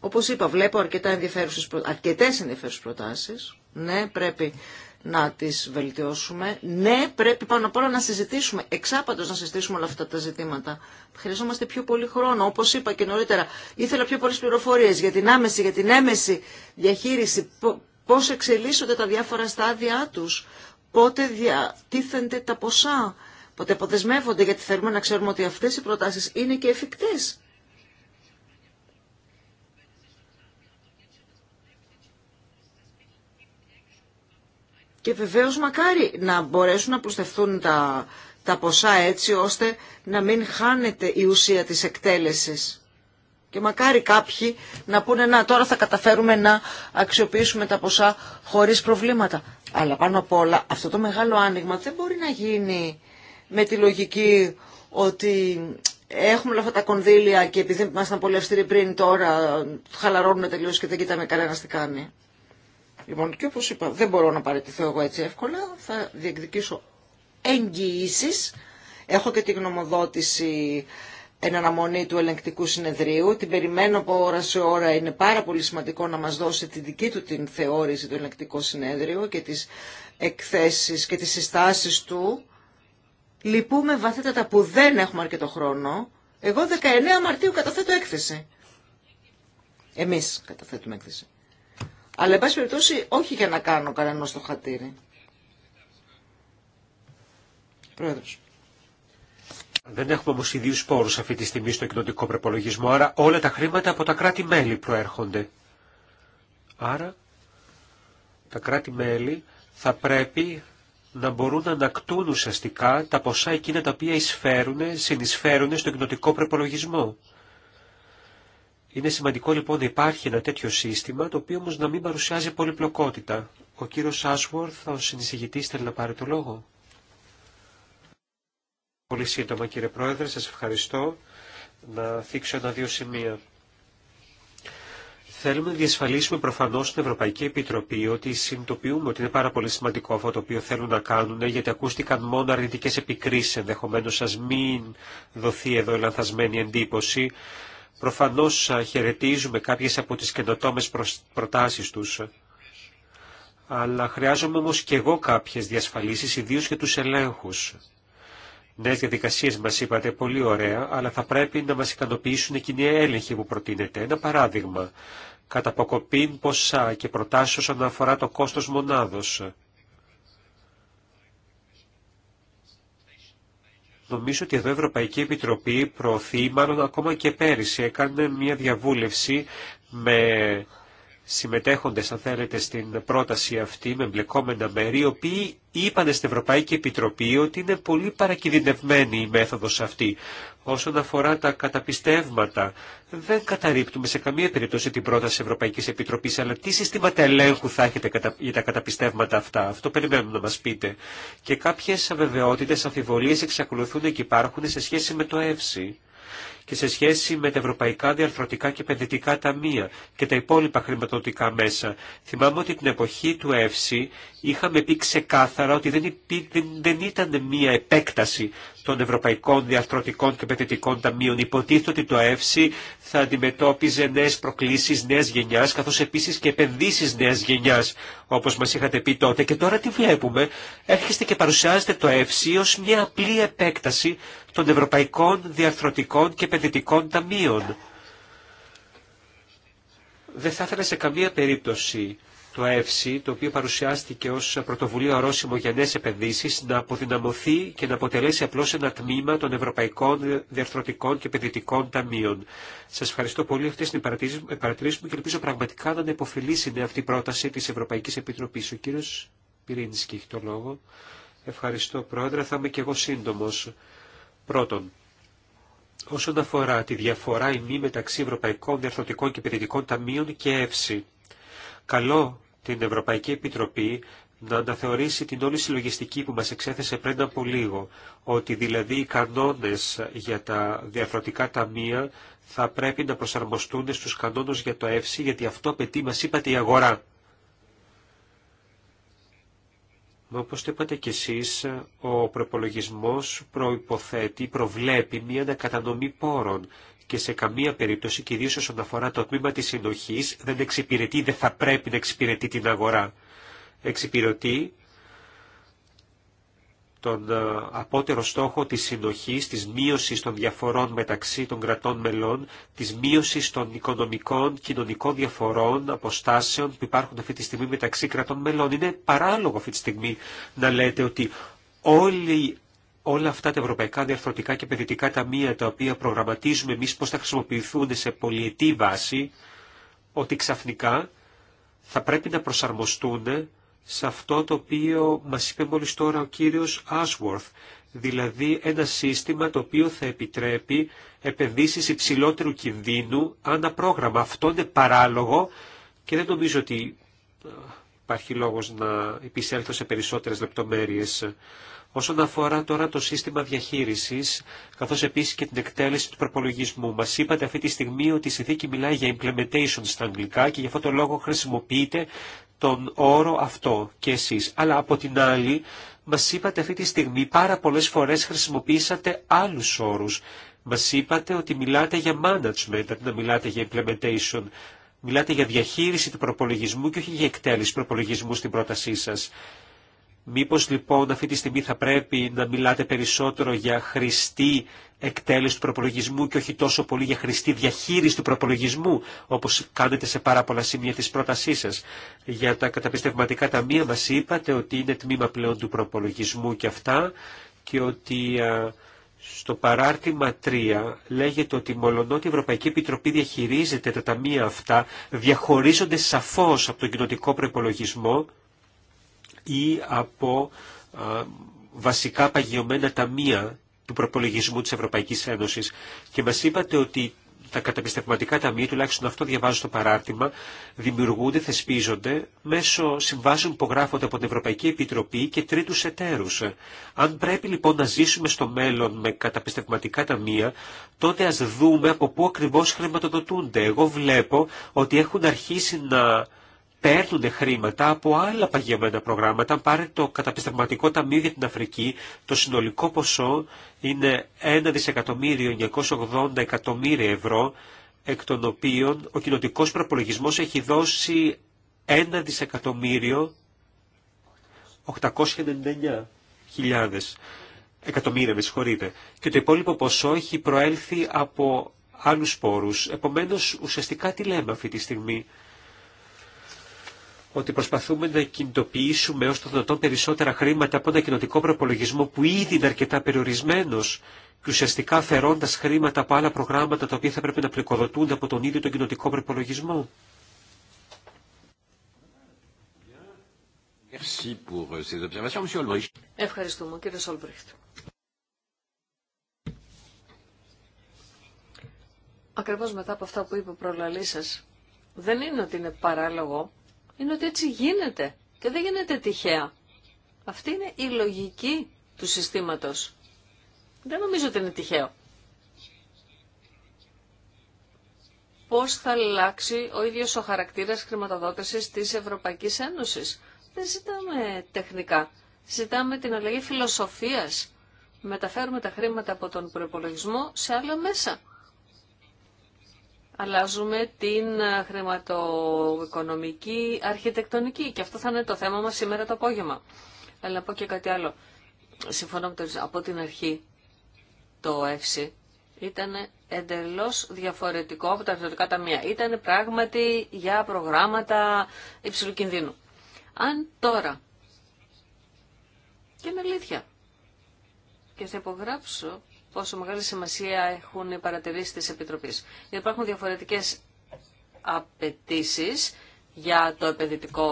C: Όπως είπα, βλέπω αρκετά ενδιαφέρουσες, αρκετές ενδιαφέρουσες προτάσεις. Ναι, πρέπει να τις βελτιώσουμε. Ναι, πρέπει πάνω απ' όλα να συζητήσουμε, εξάπατος να συζητήσουμε όλα αυτά τα ζητήματα. Χρειαζόμαστε πιο πολύ χρόνο, όπως είπα και νωρίτερα. Ήθελα πιο πολλές πληροφορίες για την άμεση, για την έμεση διαχείριση, πώς εξελίσσονται τα διάφορα στάδια τους, πότε διατίθενται τα ποσά, πότε αποδεσμεύονται, γιατί θέλουμε να ξέρουμε ότι αυτές οι προτάσεις είναι και εφικτές. Και βεβαίω μακάρι να μπορέσουν να πλουστευτούν τα, τα ποσά έτσι ώστε να μην χάνεται η ουσία της εκτέλεσης. Και μακάρι κάποιοι να πούνε να τώρα θα καταφέρουμε να αξιοποιήσουμε τα ποσά χωρίς προβλήματα. Αλλά πάνω απ' όλα αυτό το μεγάλο άνοιγμα δεν μπορεί να γίνει με τη λογική ότι έχουμε όλα αυτά τα κονδύλια και επειδή ήμασταν πολύ αυστηροί πριν τώρα χαλαρώνουμε τελείως και δεν κοιτάμε κανένα τι κάνει. Λοιπόν, και όπως είπα, δεν μπορώ να παραιτηθώ εγώ έτσι εύκολα, θα διεκδικήσω εγγυήσει. Έχω και τη γνωμοδότηση εν αναμονή του ελεγκτικού συνεδρίου. Την περιμένω από ώρα σε ώρα. Είναι πάρα πολύ σημαντικό να μας δώσει τη δική του την θεώρηση του ελεγκτικού συνέδριου και τις εκθέσεις και τις συστάσεις του. Λυπούμε βαθύτατα που δεν έχουμε αρκετό χρόνο. Εγώ 19 Μαρτίου καταθέτω έκθεση. Εμείς καταθέτουμε έκθεση. Αλλά, εν πάση περιπτώσει, όχι για να κάνω κανένα στο χατήρι.
A: Πρόεδρος. Δεν έχουμε όμω ιδίου πόρου αυτή τη στιγμή στο κοινοτικό προπολογισμό, άρα όλα τα χρήματα από τα κράτη-μέλη προέρχονται. Άρα τα κράτη-μέλη θα πρέπει να μπορούν να ανακτούν ουσιαστικά τα ποσά εκείνα τα οποία εισφέρουν, συνεισφέρουν στο κοινοτικό προπολογισμό. Είναι σημαντικό λοιπόν να υπάρχει ένα τέτοιο σύστημα, το οποίο όμω να μην παρουσιάζει πολυπλοκότητα. Ο κύριο Άσουορθ, ο συνεισηγητή, θέλει να πάρει το λόγο. Πολύ σύντομα κύριε Πρόεδρε, σας ευχαριστώ να θίξω ένα-δύο σημεία. Θέλουμε να διασφαλίσουμε προφανώ στην Ευρωπαϊκή Επιτροπή ότι συνειδητοποιούμε ότι είναι πάρα πολύ σημαντικό αυτό το οποίο θέλουν να κάνουν, γιατί ακούστηκαν μόνο αρνητικέ επικρίσει. Ενδεχομένω σα μην δοθεί εδώ λανθασμένη εντύπωση. Προφανώς χαιρετίζουμε κάποιες από τις καινοτόμες προτάσεις τους, αλλά χρειάζομαι όμως και εγώ κάποιες διασφαλίσεις, ιδίως για τους ελέγχους. Νέε διαδικασίε μας είπατε πολύ ωραία, αλλά θα πρέπει να μας ικανοποιήσουν και οι νέοι έλεγχοι που προτείνεται. Ένα παράδειγμα. Κατά αποκοπήν ποσά και προτάσει όσον αφορά το κόστος μονάδος. Νομίζω ότι εδώ η Ευρωπαϊκή Επιτροπή προωθεί, μάλλον ακόμα και πέρυσι έκανε μια διαβούλευση με συμμετέχοντες, αν θέλετε, στην πρόταση αυτή με μπλεκόμενα μέρη, οι οποίοι είπαν στην Ευρωπαϊκή Επιτροπή ότι είναι πολύ παρακινδυνευμένη η μέθοδος αυτή. Όσον αφορά τα καταπιστεύματα, δεν καταρρύπτουμε σε καμία περίπτωση την πρόταση Ευρωπαϊκής Επιτροπής, αλλά τι συστήματα ελέγχου θα έχετε για τα καταπιστεύματα αυτά. Αυτό περιμένουμε να μας πείτε. Και κάποιες αβεβαιότητες, αμφιβολίες εξακολουθούν και υπάρχουν σε σχέση με το ΕΦΣΥ και σε σχέση με τα ευρωπαϊκά διαρθρωτικά και επενδυτικά ταμεία και τα υπόλοιπα χρηματοδοτικά μέσα. Θυμάμαι ότι την εποχή του ΕΦΣΥ είχαμε πει ξεκάθαρα ότι δεν ήταν μία επέκταση των Ευρωπαϊκών Διαρθρωτικών και παιδιτικών Ταμείων. Υποτίθεται ότι το ΕΦΣΥ θα αντιμετώπιζε νέε προκλήσει νέα γενιά, καθώ επίση και επενδύσει νέα γενιά, όπω μα είχατε πει τότε. Και τώρα τι βλέπουμε. Έρχεστε και παρουσιάζετε το ΕΦΣΥ ω μια απλή επέκταση των Ευρωπαϊκών Διαρθρωτικών και Επενδυτικών Ταμείων. Δεν θα ήθελα σε καμία περίπτωση το ΕΦΣΥ, το οποίο παρουσιάστηκε ως πρωτοβουλίο ορόσημο για νέες επενδύσεις, να αποδυναμωθεί και να αποτελέσει απλώς ένα τμήμα των Ευρωπαϊκών Διαρθρωτικών και Επενδυτικών Ταμείων. Σας ευχαριστώ πολύ αυτές την παρατηρήσεις μου και ελπίζω πραγματικά να επωφελήσει ναι, αυτή η πρόταση της Ευρωπαϊκής Επιτροπής. Ο κύριος Πυρίνσκι έχει το λόγο. Ευχαριστώ Πρόεδρε, θα είμαι και εγώ σύντομος. Πρώτον, όσον αφορά τη διαφορά ημί μεταξύ Ευρωπαϊκών Διαρθρωτικών και Επενδυτικών Ταμείων και ΕΦΣΥ, καλό την Ευρωπαϊκή Επιτροπή να αναθεωρήσει την όλη συλλογιστική που μας εξέθεσε πριν από λίγο, ότι δηλαδή οι κανόνες για τα διαφορετικά ταμεία θα πρέπει να προσαρμοστούν στους κανόνες για το ΕΦΣΥ, γιατί αυτό απαιτεί, μας είπατε, η αγορά. Μα όπως το είπατε κι εσείς, ο προπολογισμός προϋποθέτει, προβλέπει μια ανακατανομή πόρων και σε καμία περίπτωση, και ιδίω όσον αφορά το τμήμα τη συνοχή, δεν εξυπηρετεί, δεν θα πρέπει να εξυπηρετεί την αγορά. Εξυπηρετεί τον ε, απότερο στόχο της συνοχής, της μείωσης των διαφορών μεταξύ των κρατών μελών, της μείωσης των οικονομικών, κοινωνικών διαφορών, αποστάσεων που υπάρχουν αυτή τη στιγμή μεταξύ κρατών μελών. Είναι παράλογο αυτή τη στιγμή να λέτε ότι όλοι όλα αυτά τα ευρωπαϊκά διαρθρωτικά και επενδυτικά ταμεία τα οποία προγραμματίζουμε εμείς πώς θα χρησιμοποιηθούν σε πολιετή βάση, ότι ξαφνικά θα πρέπει να προσαρμοστούν σε αυτό το οποίο μας είπε μόλις τώρα ο κύριος Ashworth, δηλαδή ένα σύστημα το οποίο θα επιτρέπει επενδύσεις υψηλότερου κινδύνου ανά πρόγραμμα. Αυτό είναι παράλογο και δεν νομίζω ότι ε, υπάρχει λόγος να επισέλθω σε περισσότερες λεπτομέρειες. Όσον αφορά τώρα το σύστημα διαχείριση, καθώ επίση και την εκτέλεση του προπολογισμού, μα είπατε αυτή τη στιγμή ότι η συνθήκη μιλάει για implementation στα αγγλικά και γι' αυτό το λόγο χρησιμοποιείτε τον όρο αυτό και εσεί. Αλλά από την άλλη, μα είπατε αυτή τη στιγμή πάρα πολλέ φορέ χρησιμοποίησατε άλλου όρου. Μα είπατε ότι μιλάτε για management, αντί να μιλάτε για implementation. Μιλάτε για διαχείριση του προπολογισμού και όχι για εκτέλεση προπολογισμού στην πρότασή σας. Μήπως λοιπόν αυτή τη στιγμή θα πρέπει να μιλάτε περισσότερο για χρηστή εκτέλεση του προπολογισμού και όχι τόσο πολύ για χρηστή διαχείριση του προπολογισμού όπως κάνετε σε πάρα πολλά σημεία της πρότασής σας. Για τα καταπιστευματικά ταμεία μας είπατε ότι είναι τμήμα πλέον του προπολογισμού και αυτά και ότι στο παράρτημα 3 λέγεται ότι μολονότι η Ευρωπαϊκή Επιτροπή διαχειρίζεται τα ταμεία αυτά, διαχωρίζονται σαφώς από τον κοινοτικό προπολογισμό ή από ε, βασικά παγιωμένα ταμεία του προπολογισμού της Ευρωπαϊκής Ένωσης. Και μας είπατε ότι τα καταπιστευματικά ταμεία, τουλάχιστον αυτό διαβάζω στο παράρτημα, δημιουργούνται, θεσπίζονται μέσω συμβάσεων που γράφονται από την Ευρωπαϊκή Επιτροπή και τρίτους εταίρους. Αν πρέπει λοιπόν να ζήσουμε στο μέλλον με καταπιστευματικά ταμεία, τότε ας δούμε από πού ακριβώς χρηματοδοτούνται. Εγώ βλέπω ότι έχουν αρχίσει να παίρνουν χρήματα από άλλα παγιωμένα προγράμματα. Αν πάρει το καταπιστευματικό ταμείο για την Αφρική, το συνολικό ποσό είναι 1 δισεκατομμύριο 980 εκατομμύρια ευρώ, εκ των οποίων ο κοινοτικό προπολογισμό έχει δώσει 1 δισεκατομμύριο 899 εκατομμύρια, με συγχωρείτε. Και το υπόλοιπο ποσό έχει προέλθει από άλλους πόρους. Επομένως, ουσιαστικά τι λέμε αυτή τη στιγμή ότι προσπαθούμε να κινητοποιήσουμε ως το δυνατόν περισσότερα χρήματα από ένα κοινοτικό προπολογισμό που ήδη είναι αρκετά περιορισμένος και ουσιαστικά φερώντας χρήματα από άλλα προγράμματα τα οποία θα πρέπει να πληκοδοτούνται από τον ίδιο τον κοινοτικό προπολογισμό. Euh,
B: Ευχαριστούμε, κύριε Σόλμπριχτ. Ακριβώς μετά από αυτά που είπε ο προλαλής σας, δεν είναι ότι είναι παράλογο είναι ότι έτσι γίνεται και δεν γίνεται τυχαία. Αυτή είναι η λογική του συστήματος. Δεν νομίζω ότι είναι τυχαίο. Πώς θα αλλάξει ο ίδιος ο χαρακτήρας χρηματοδότησης της Ευρωπαϊκής Ένωσης. Δεν ζητάμε τεχνικά. Ζητάμε την αλλαγή φιλοσοφίας. Μεταφέρουμε τα χρήματα από τον προπολογισμό σε άλλα μέσα αλλάζουμε την ε, χρηματοοικονομική αρχιτεκτονική και αυτό θα είναι το θέμα μας σήμερα το απόγευμα. Αλλά να πω και κάτι άλλο. Συμφωνώ με από την αρχή το ΕΦΣΥ ήταν εντελώς διαφορετικό από τα αρχιτεκτονικά ταμεία. Ήταν πράγματι για προγράμματα υψηλού κινδύνου. Αν τώρα, και είναι αλήθεια, και θα υπογράψω πόσο μεγάλη σημασία έχουν οι παρατηρήσει τη επιτροπή. Υπάρχουν διαφορετικές απαιτήσει για το επενδυτικό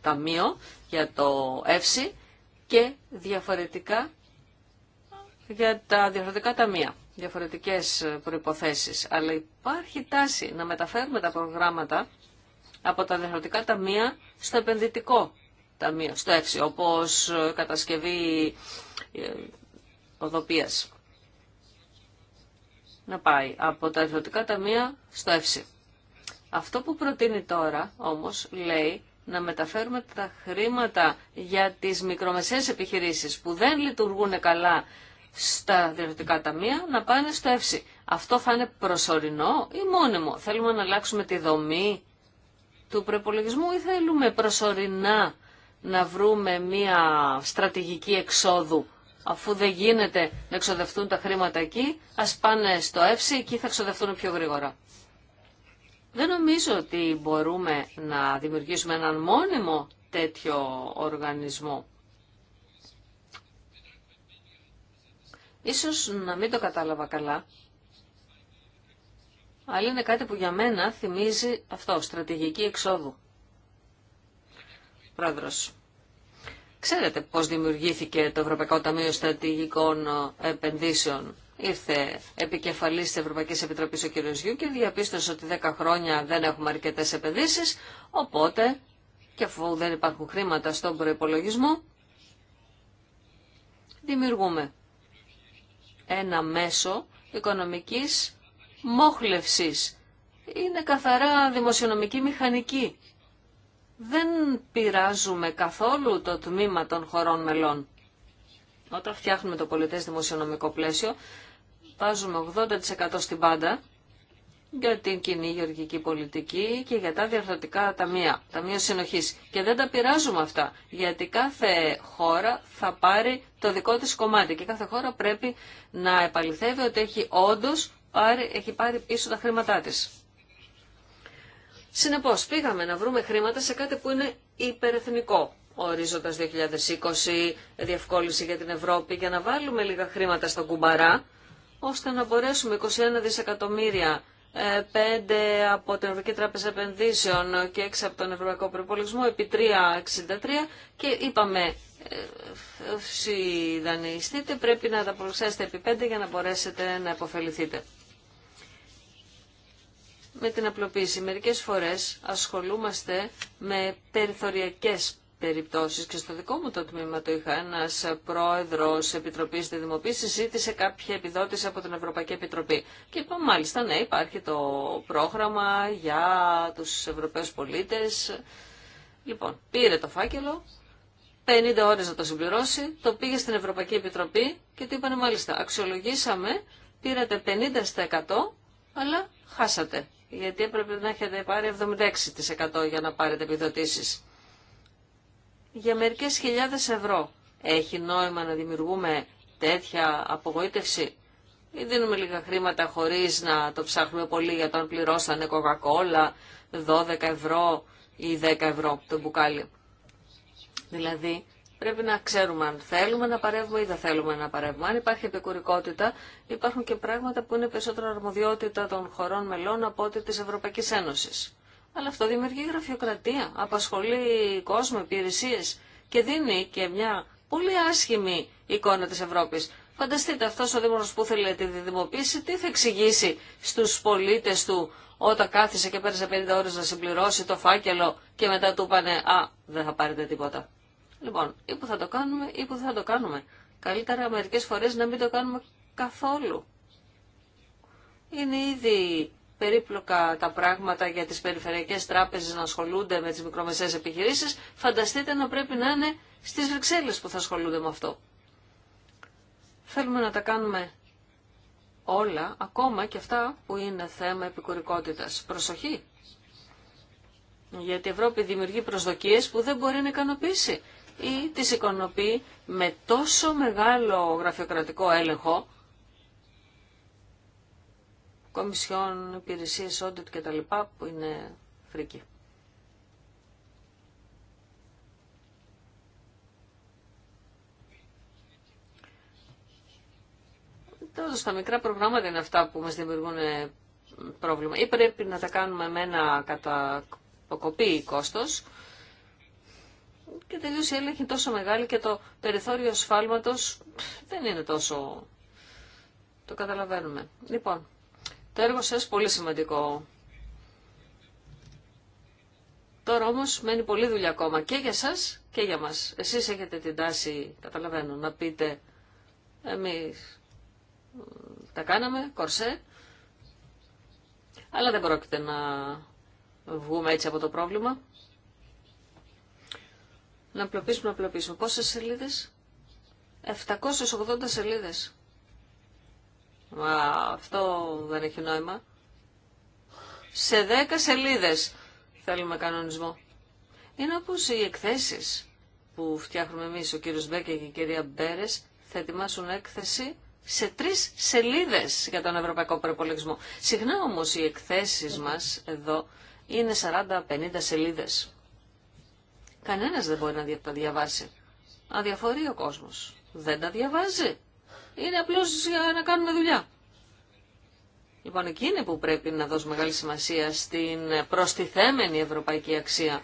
B: ταμείο, για το ΕΦΣΥ και διαφορετικά για τα διαφορετικά ταμεία, διαφορετικές προϋποθέσεις. Αλλά υπάρχει τάση να μεταφέρουμε τα προγράμματα από τα διαφορετικά ταμεία στο επενδυτικό ταμείο, στο ΕΦΣΥ, όπως κατασκευή ε, οδοπίας να πάει από τα ιδιωτικά ταμεία στο ΕΦΣΥ. Αυτό που προτείνει τώρα όμως λέει να μεταφέρουμε τα χρήματα για τις μικρομεσαίες επιχειρήσεις που δεν λειτουργούν καλά στα διευθυντικά ταμεία να πάνε στο ΕΦΣΥ. Αυτό θα είναι προσωρινό ή μόνιμο. Θέλουμε να αλλάξουμε τη δομή του προπολογισμού ή θέλουμε προσωρινά να βρούμε μια στρατηγική εξόδου αφού δεν γίνεται να εξοδευτούν τα χρήματα εκεί, ας πάνε στο ΕΦΣΙ, εκεί θα εξοδευτούν πιο γρήγορα. Δεν νομίζω ότι μπορούμε να δημιουργήσουμε έναν μόνιμο τέτοιο οργανισμό. Ίσως να μην το κατάλαβα καλά, αλλά είναι κάτι που για μένα θυμίζει αυτό, στρατηγική εξόδου. Πρόεδρος. Ξέρετε πώς δημιουργήθηκε το Ευρωπαϊκό Ταμείο Στρατηγικών ε, Επενδύσεων. Ήρθε επικεφαλής της Ευρωπαϊκής Επιτροπής ο κ. και διαπίστωσε ότι 10 χρόνια δεν έχουμε αρκετές επενδύσεις, οπότε και αφού δεν υπάρχουν χρήματα στον προϋπολογισμό, δημιουργούμε ένα μέσο οικονομικής μόχλευσης. Είναι καθαρά δημοσιονομική μηχανική δεν πειράζουμε καθόλου το τμήμα των χωρών μελών. Όταν φτιάχνουμε το πολιτές δημοσιονομικό πλαίσιο, βάζουμε 80% στην πάντα για την κοινή γεωργική πολιτική και για τα διαρθρωτικά ταμεία, ταμεία συνοχής. Και δεν τα πειράζουμε αυτά, γιατί κάθε χώρα θα πάρει το δικό της κομμάτι και κάθε χώρα πρέπει να επαληθεύει ότι έχει όντως πάρει, έχει πάρει πίσω τα χρήματά της. Συνεπώς, πήγαμε να βρούμε χρήματα σε κάτι που είναι υπερεθνικό. Ορίζοντας 2020, διευκόλυνση για την Ευρώπη, για να βάλουμε λίγα χρήματα στον κουμπαρά, ώστε να μπορέσουμε 21 δισεκατομμύρια, 5 από την Ευρωπαϊκή Τράπεζα Επενδύσεων και 6 από τον Ευρωπαϊκό Προπολογισμό, επί 3,63 και είπαμε, όσοι δανειστείτε πρέπει να τα προσθέσετε επί 5 για να μπορέσετε να αποφεληθείτε με την απλοποίηση. Μερικές φορές ασχολούμαστε με περιθωριακές περιπτώσεις και στο δικό μου το τμήμα το είχα ένας πρόεδρος Επιτροπής Δημοποίησης ζήτησε κάποια επιδότηση από την Ευρωπαϊκή Επιτροπή και είπα μάλιστα ναι υπάρχει το πρόγραμμα για τους Ευρωπαίους πολίτες λοιπόν πήρε το φάκελο 50 ώρες να το συμπληρώσει, το πήγε στην Ευρωπαϊκή Επιτροπή και του είπανε μάλιστα αξιολογήσαμε, πήρατε 50% αλλά χάσατε γιατί έπρεπε να έχετε πάρει 76% για να πάρετε επιδοτήσεις. Για μερικέ. χιλιάδες ευρώ έχει νόημα να δημιουργούμε τέτοια απογοήτευση ή δίνουμε λίγα χρήματα χωρίς να το ψάχνουμε πολύ για το αν πληρώσανε κοκακόλα 12 ευρώ ή 10 ευρώ το μπουκάλι. Δηλαδή Πρέπει να ξέρουμε αν θέλουμε να παρεύουμε ή δεν θέλουμε να παρεύουμε. Αν υπάρχει επικουρικότητα, υπάρχουν και πράγματα που είναι περισσότερο αρμοδιότητα των χωρών μελών από ό,τι τη Ευρωπαϊκή Ένωση. Αλλά αυτό δημιουργεί γραφειοκρατία, απασχολεί κόσμο, υπηρεσίε και δίνει και μια πολύ άσχημη εικόνα τη Ευρώπη. Φανταστείτε αυτό ο Δήμαρχο που ήθελε τη δημοποίηση, τι θα εξηγήσει στου πολίτε του όταν κάθισε και πέρασε 50 ώρε να συμπληρώσει το φάκελο και μετά του είπανε Α, δεν θα πάρετε τίποτα. Λοιπόν, ή που θα το κάνουμε ή που δεν θα το κάνουμε. Καλύτερα μερικέ φορέ να μην το κάνουμε καθόλου. Είναι ήδη περίπλοκα τα πράγματα για τις περιφερειακές τράπεζες να ασχολούνται με τις μικρομεσαίες επιχειρήσεις. Φανταστείτε να πρέπει να είναι στις Βρυξέλλες που θα ασχολούνται με αυτό. Θέλουμε να τα κάνουμε όλα, ακόμα και αυτά που είναι θέμα επικουρικότητας. Προσοχή! Γιατί η Ευρώπη δημιουργεί προσδοκίες που δεν μπορεί να ικανοποιήσει ή τις εικονοποιεί με τόσο μεγάλο γραφειοκρατικό έλεγχο, κομισιών, υπηρεσίες, τα λοιπά που είναι φρίκη. τα μικρά προγράμματα είναι αυτά που μας δημιουργούν ε, πρόβλημα. Ή πρέπει να τα κάνουμε με ένα κατακοπή κόστος, και τελείως η έλεγχη είναι τόσο μεγάλη και το περιθώριο σφάλματος δεν είναι τόσο... Το καταλαβαίνουμε. Λοιπόν, το έργο σας πολύ σημαντικό. Τώρα όμως μένει πολλή δουλειά ακόμα και για σας και για μας. Εσείς έχετε την τάση, καταλαβαίνω, να πείτε εμείς τα κάναμε, κορσέ, αλλά δεν πρόκειται να βγούμε έτσι από το πρόβλημα. Να απλοποιήσουμε, να απλοποιήσουμε. Πόσες σελίδες? 780 σελίδες. Μα, αυτό δεν έχει νόημα. Σε 10 σελίδες θέλουμε κανονισμό. Είναι όπως οι εκθέσεις που φτιάχνουμε εμείς, ο κύριος Μπέκε και η κυρία Μπέρες, θα ετοιμάσουν έκθεση σε τρει σελίδε για τον ευρωπαϊκό προπολογισμό. Συχνά όμω οι εκθέσει μα εδώ είναι 40-50 σελίδε. Κανένας δεν μπορεί να τα διαβάσει. Αδιαφορεί ο κόσμος. Δεν τα διαβάζει. Είναι απλώς για να κάνουμε δουλειά. Λοιπόν, εκεί είναι που πρέπει να δώσει μεγάλη σημασία στην προστιθέμενη ευρωπαϊκή αξία.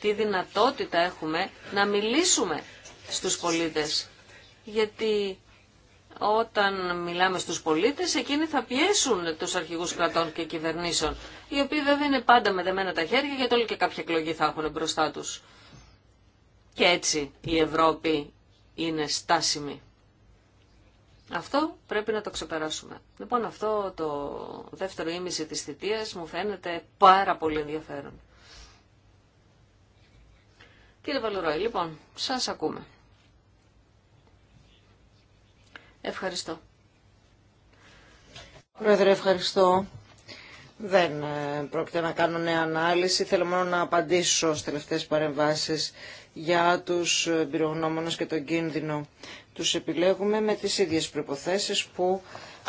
B: Τι δυνατότητα έχουμε να μιλήσουμε στους πολίτες. Γιατί όταν μιλάμε στους πολίτες, εκείνοι θα πιέσουν τους αρχηγούς κρατών και κυβερνήσεων, οι οποίοι βέβαια είναι πάντα με δεμένα τα χέρια, γιατί όλοι και κάποια εκλογή θα έχουν μπροστά τους και έτσι η Ευρώπη είναι στάσιμη. Αυτό πρέπει να το ξεπεράσουμε. Λοιπόν, αυτό το δεύτερο ήμιση της θητείας μου φαίνεται πάρα πολύ ενδιαφέρον. Κύριε Βαλουρόη, λοιπόν, σας ακούμε. Ευχαριστώ.
C: Πρόεδρε, ευχαριστώ. Δεν ε, πρόκειται να κάνω νέα ανάλυση. Θέλω μόνο να απαντήσω στις τελευταίες παρεμβάσεις για τους πυρογνώμονες και τον κίνδυνο. Τους επιλέγουμε με τις ίδιες προϋποθέσεις που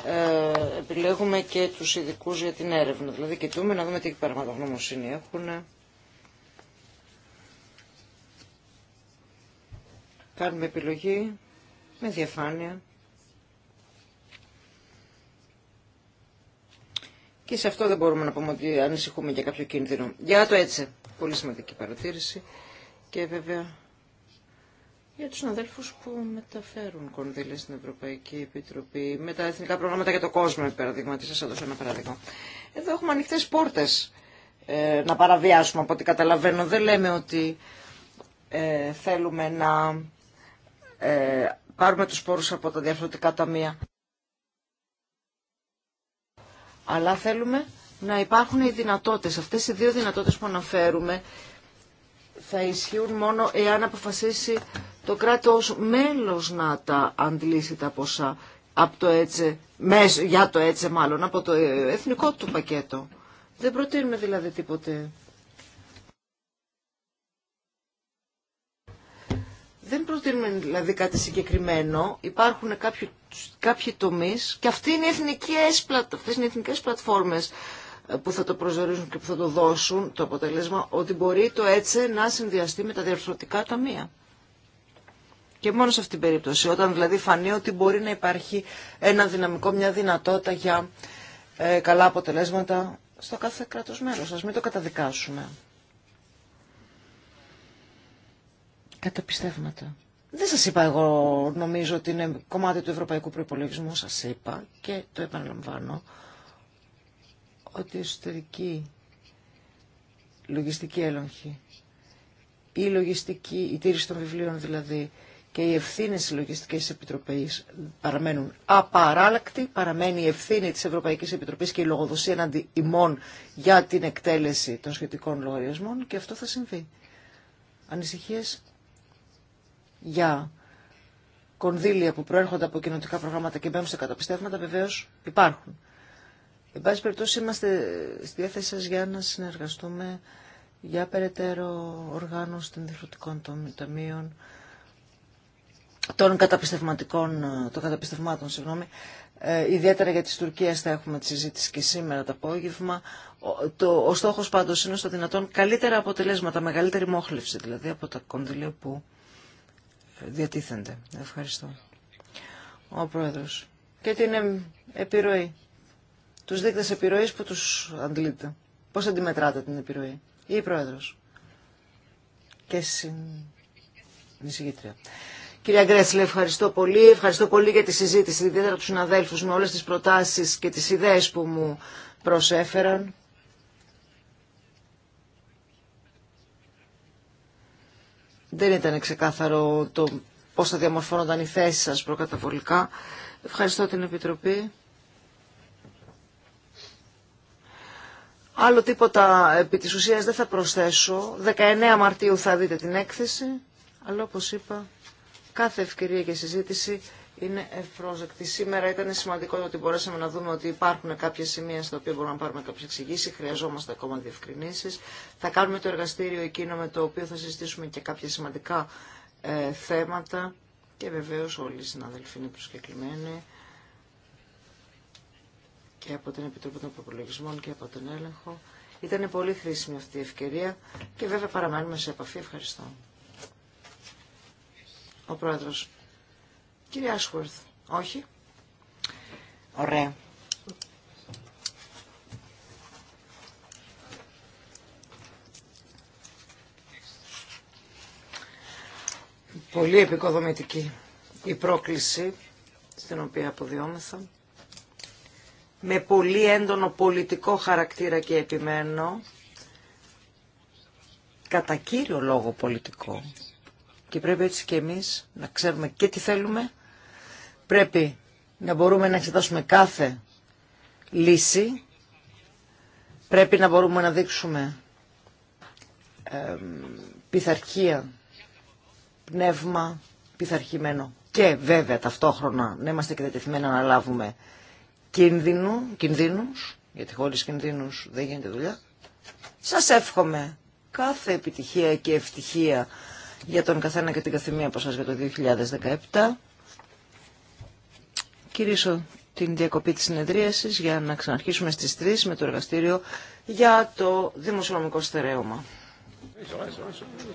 C: ε, επιλέγουμε και τους ειδικού για την έρευνα. Δηλαδή κοιτούμε να δούμε τι παραγματογνωμοσύνη έχουν. Κάνουμε επιλογή με διαφάνεια. Και σε αυτό δεν μπορούμε να πούμε ότι ανησυχούμε για κάποιο κίνδυνο. Για το έτσι. Πολύ σημαντική παρατήρηση και βέβαια για τους αδέλφους που μεταφέρουν κονδύλια στην Ευρωπαϊκή Επιτροπή με τα εθνικά προγράμματα για το κόσμο, παραδείγμα, σας έδωσα ένα παράδειγμα. Εδώ έχουμε ανοιχτές πόρτες ε, να παραβιάσουμε από ό,τι καταλαβαίνω. Δεν λέμε ότι ε, θέλουμε να ε, πάρουμε τους πόρους από τα διαφορετικά ταμεία. Αλλά θέλουμε να υπάρχουν οι δυνατότητες, αυτές οι δύο δυνατότητες που αναφέρουμε, θα ισχύουν μόνο εάν αποφασίσει το κράτος μέλος να τα αντλήσει τα ποσά από το έτσι, μέσω, για το έτσι μάλλον, από το εθνικό του πακέτο. Δεν προτείνουμε δηλαδή τίποτε. Δεν προτείνουμε δηλαδή κάτι συγκεκριμένο. Υπάρχουν κάποιοι, κάποιοι τομείς και αυτή είναι οι αυτές εθνικές πλατφόρμες που θα το προσδιορίζουν και που θα το δώσουν το αποτέλεσμα ότι μπορεί το έτσι να συνδυαστεί με τα διαρθρωτικά ταμεία. Και μόνο σε αυτήν την περίπτωση, όταν δηλαδή φανεί ότι μπορεί να υπάρχει ένα δυναμικό, μια δυνατότητα για ε, καλά αποτελέσματα στο κάθε κράτος μέρος, Ας μην το καταδικάσουμε. Καταπιστεύματα. Δεν σας είπα εγώ νομίζω ότι είναι κομμάτι του ευρωπαϊκού προϋπολογισμού, σας είπα και το επαναλαμβάνω ότι η εσωτερική λογιστική έλεγχη, η λογιστική, η τήρηση των βιβλίων δηλαδή και οι ευθύνε τη Λογιστική Επιτροπή παραμένουν απαράλλακτοι. Παραμένει η ευθύνη τη Ευρωπαϊκή Επιτροπή και η λογοδοσία εναντί ημών για την εκτέλεση των σχετικών λογαριασμών και αυτό θα συμβεί. Ανησυχίε για κονδύλια που προέρχονται από κοινοτικά προγράμματα και μπαίνουν σε καταπιστεύματα βεβαίω υπάρχουν. Εν πάση περιπτώσει είμαστε στη διάθεση σας για να συνεργαστούμε για περαιτέρω οργάνωση των διευθυντικών ταμείων των καταπιστευματικών, των καταπιστευμάτων, συγγνώμη. Ε, ιδιαίτερα για τις Τουρκία θα έχουμε τη συζήτηση και σήμερα το απόγευμα. Ο, το, ο στόχος πάντως είναι στο δυνατόν καλύτερα αποτελέσματα, μεγαλύτερη μόχλευση δηλαδή από τα κονδυλία που ε, διατίθενται. Ευχαριστώ. Ο Πρόεδρος. Και την επιρροή τους δείκτες επιρροής που τους αντλείτε. Πώς αντιμετράτε την επιρροή. Ή η Πρόεδρος. Και συν... Κυρία Γκρέσλε, ευχαριστώ πολύ. Ευχαριστώ πολύ για τη συζήτηση, ιδιαίτερα του συναδέλφου με όλες τις προτάσεις και τις ιδέες που μου προσέφεραν. Δεν ήταν ξεκάθαρο το πώς θα διαμορφώνονταν οι θέσεις σας προκαταβολικά. Ευχαριστώ την Επιτροπή. Άλλο τίποτα επί της ουσίας δεν θα προσθέσω. 19 Μαρτίου θα δείτε την έκθεση, αλλά όπως είπα κάθε ευκαιρία και συζήτηση είναι ευπρόζεκτη. Σήμερα ήταν σημαντικό ότι μπορέσαμε να δούμε ότι υπάρχουν κάποια σημεία στα οποία μπορούμε να πάρουμε κάποιε εξηγήσει. Χρειαζόμαστε ακόμα διευκρινήσει. Θα κάνουμε το εργαστήριο εκείνο με το οποίο θα συζητήσουμε και κάποια σημαντικά ε, θέματα. Και βεβαίω όλοι οι συναδελφοί είναι προσκεκλημένοι και από την Επιτροπή των Προπολογισμών και από τον έλεγχο. Ήταν πολύ χρήσιμη αυτή η ευκαιρία και βέβαια παραμένουμε σε επαφή. Ευχαριστώ. Ο Πρόεδρος. Κύριε Άσχουρθ. Όχι. Ωραία. Πολύ επικοδομητική η πρόκληση στην οποία αποδιόμεθα με πολύ έντονο πολιτικό χαρακτήρα και επιμένω, κατά κύριο λόγο πολιτικό. Και πρέπει έτσι και εμείς να ξέρουμε και τι θέλουμε. Πρέπει να μπορούμε να εξετάσουμε κάθε λύση. Πρέπει να μπορούμε να δείξουμε ε, πειθαρχία, πνεύμα πειθαρχημένο. Και βέβαια ταυτόχρονα να είμαστε και να αναλάβουμε κίνδυνου, κινδύνους, γιατί χωρίς κινδύνους δεν γίνεται δουλειά. Σας εύχομαι κάθε επιτυχία και ευτυχία για τον καθένα και την καθημεία από σας για το 2017. Κυρίσω την διακοπή της συνεδρίασης για να ξαναρχίσουμε στις 3 με το εργαστήριο για το δημοσιονομικό στερέωμα.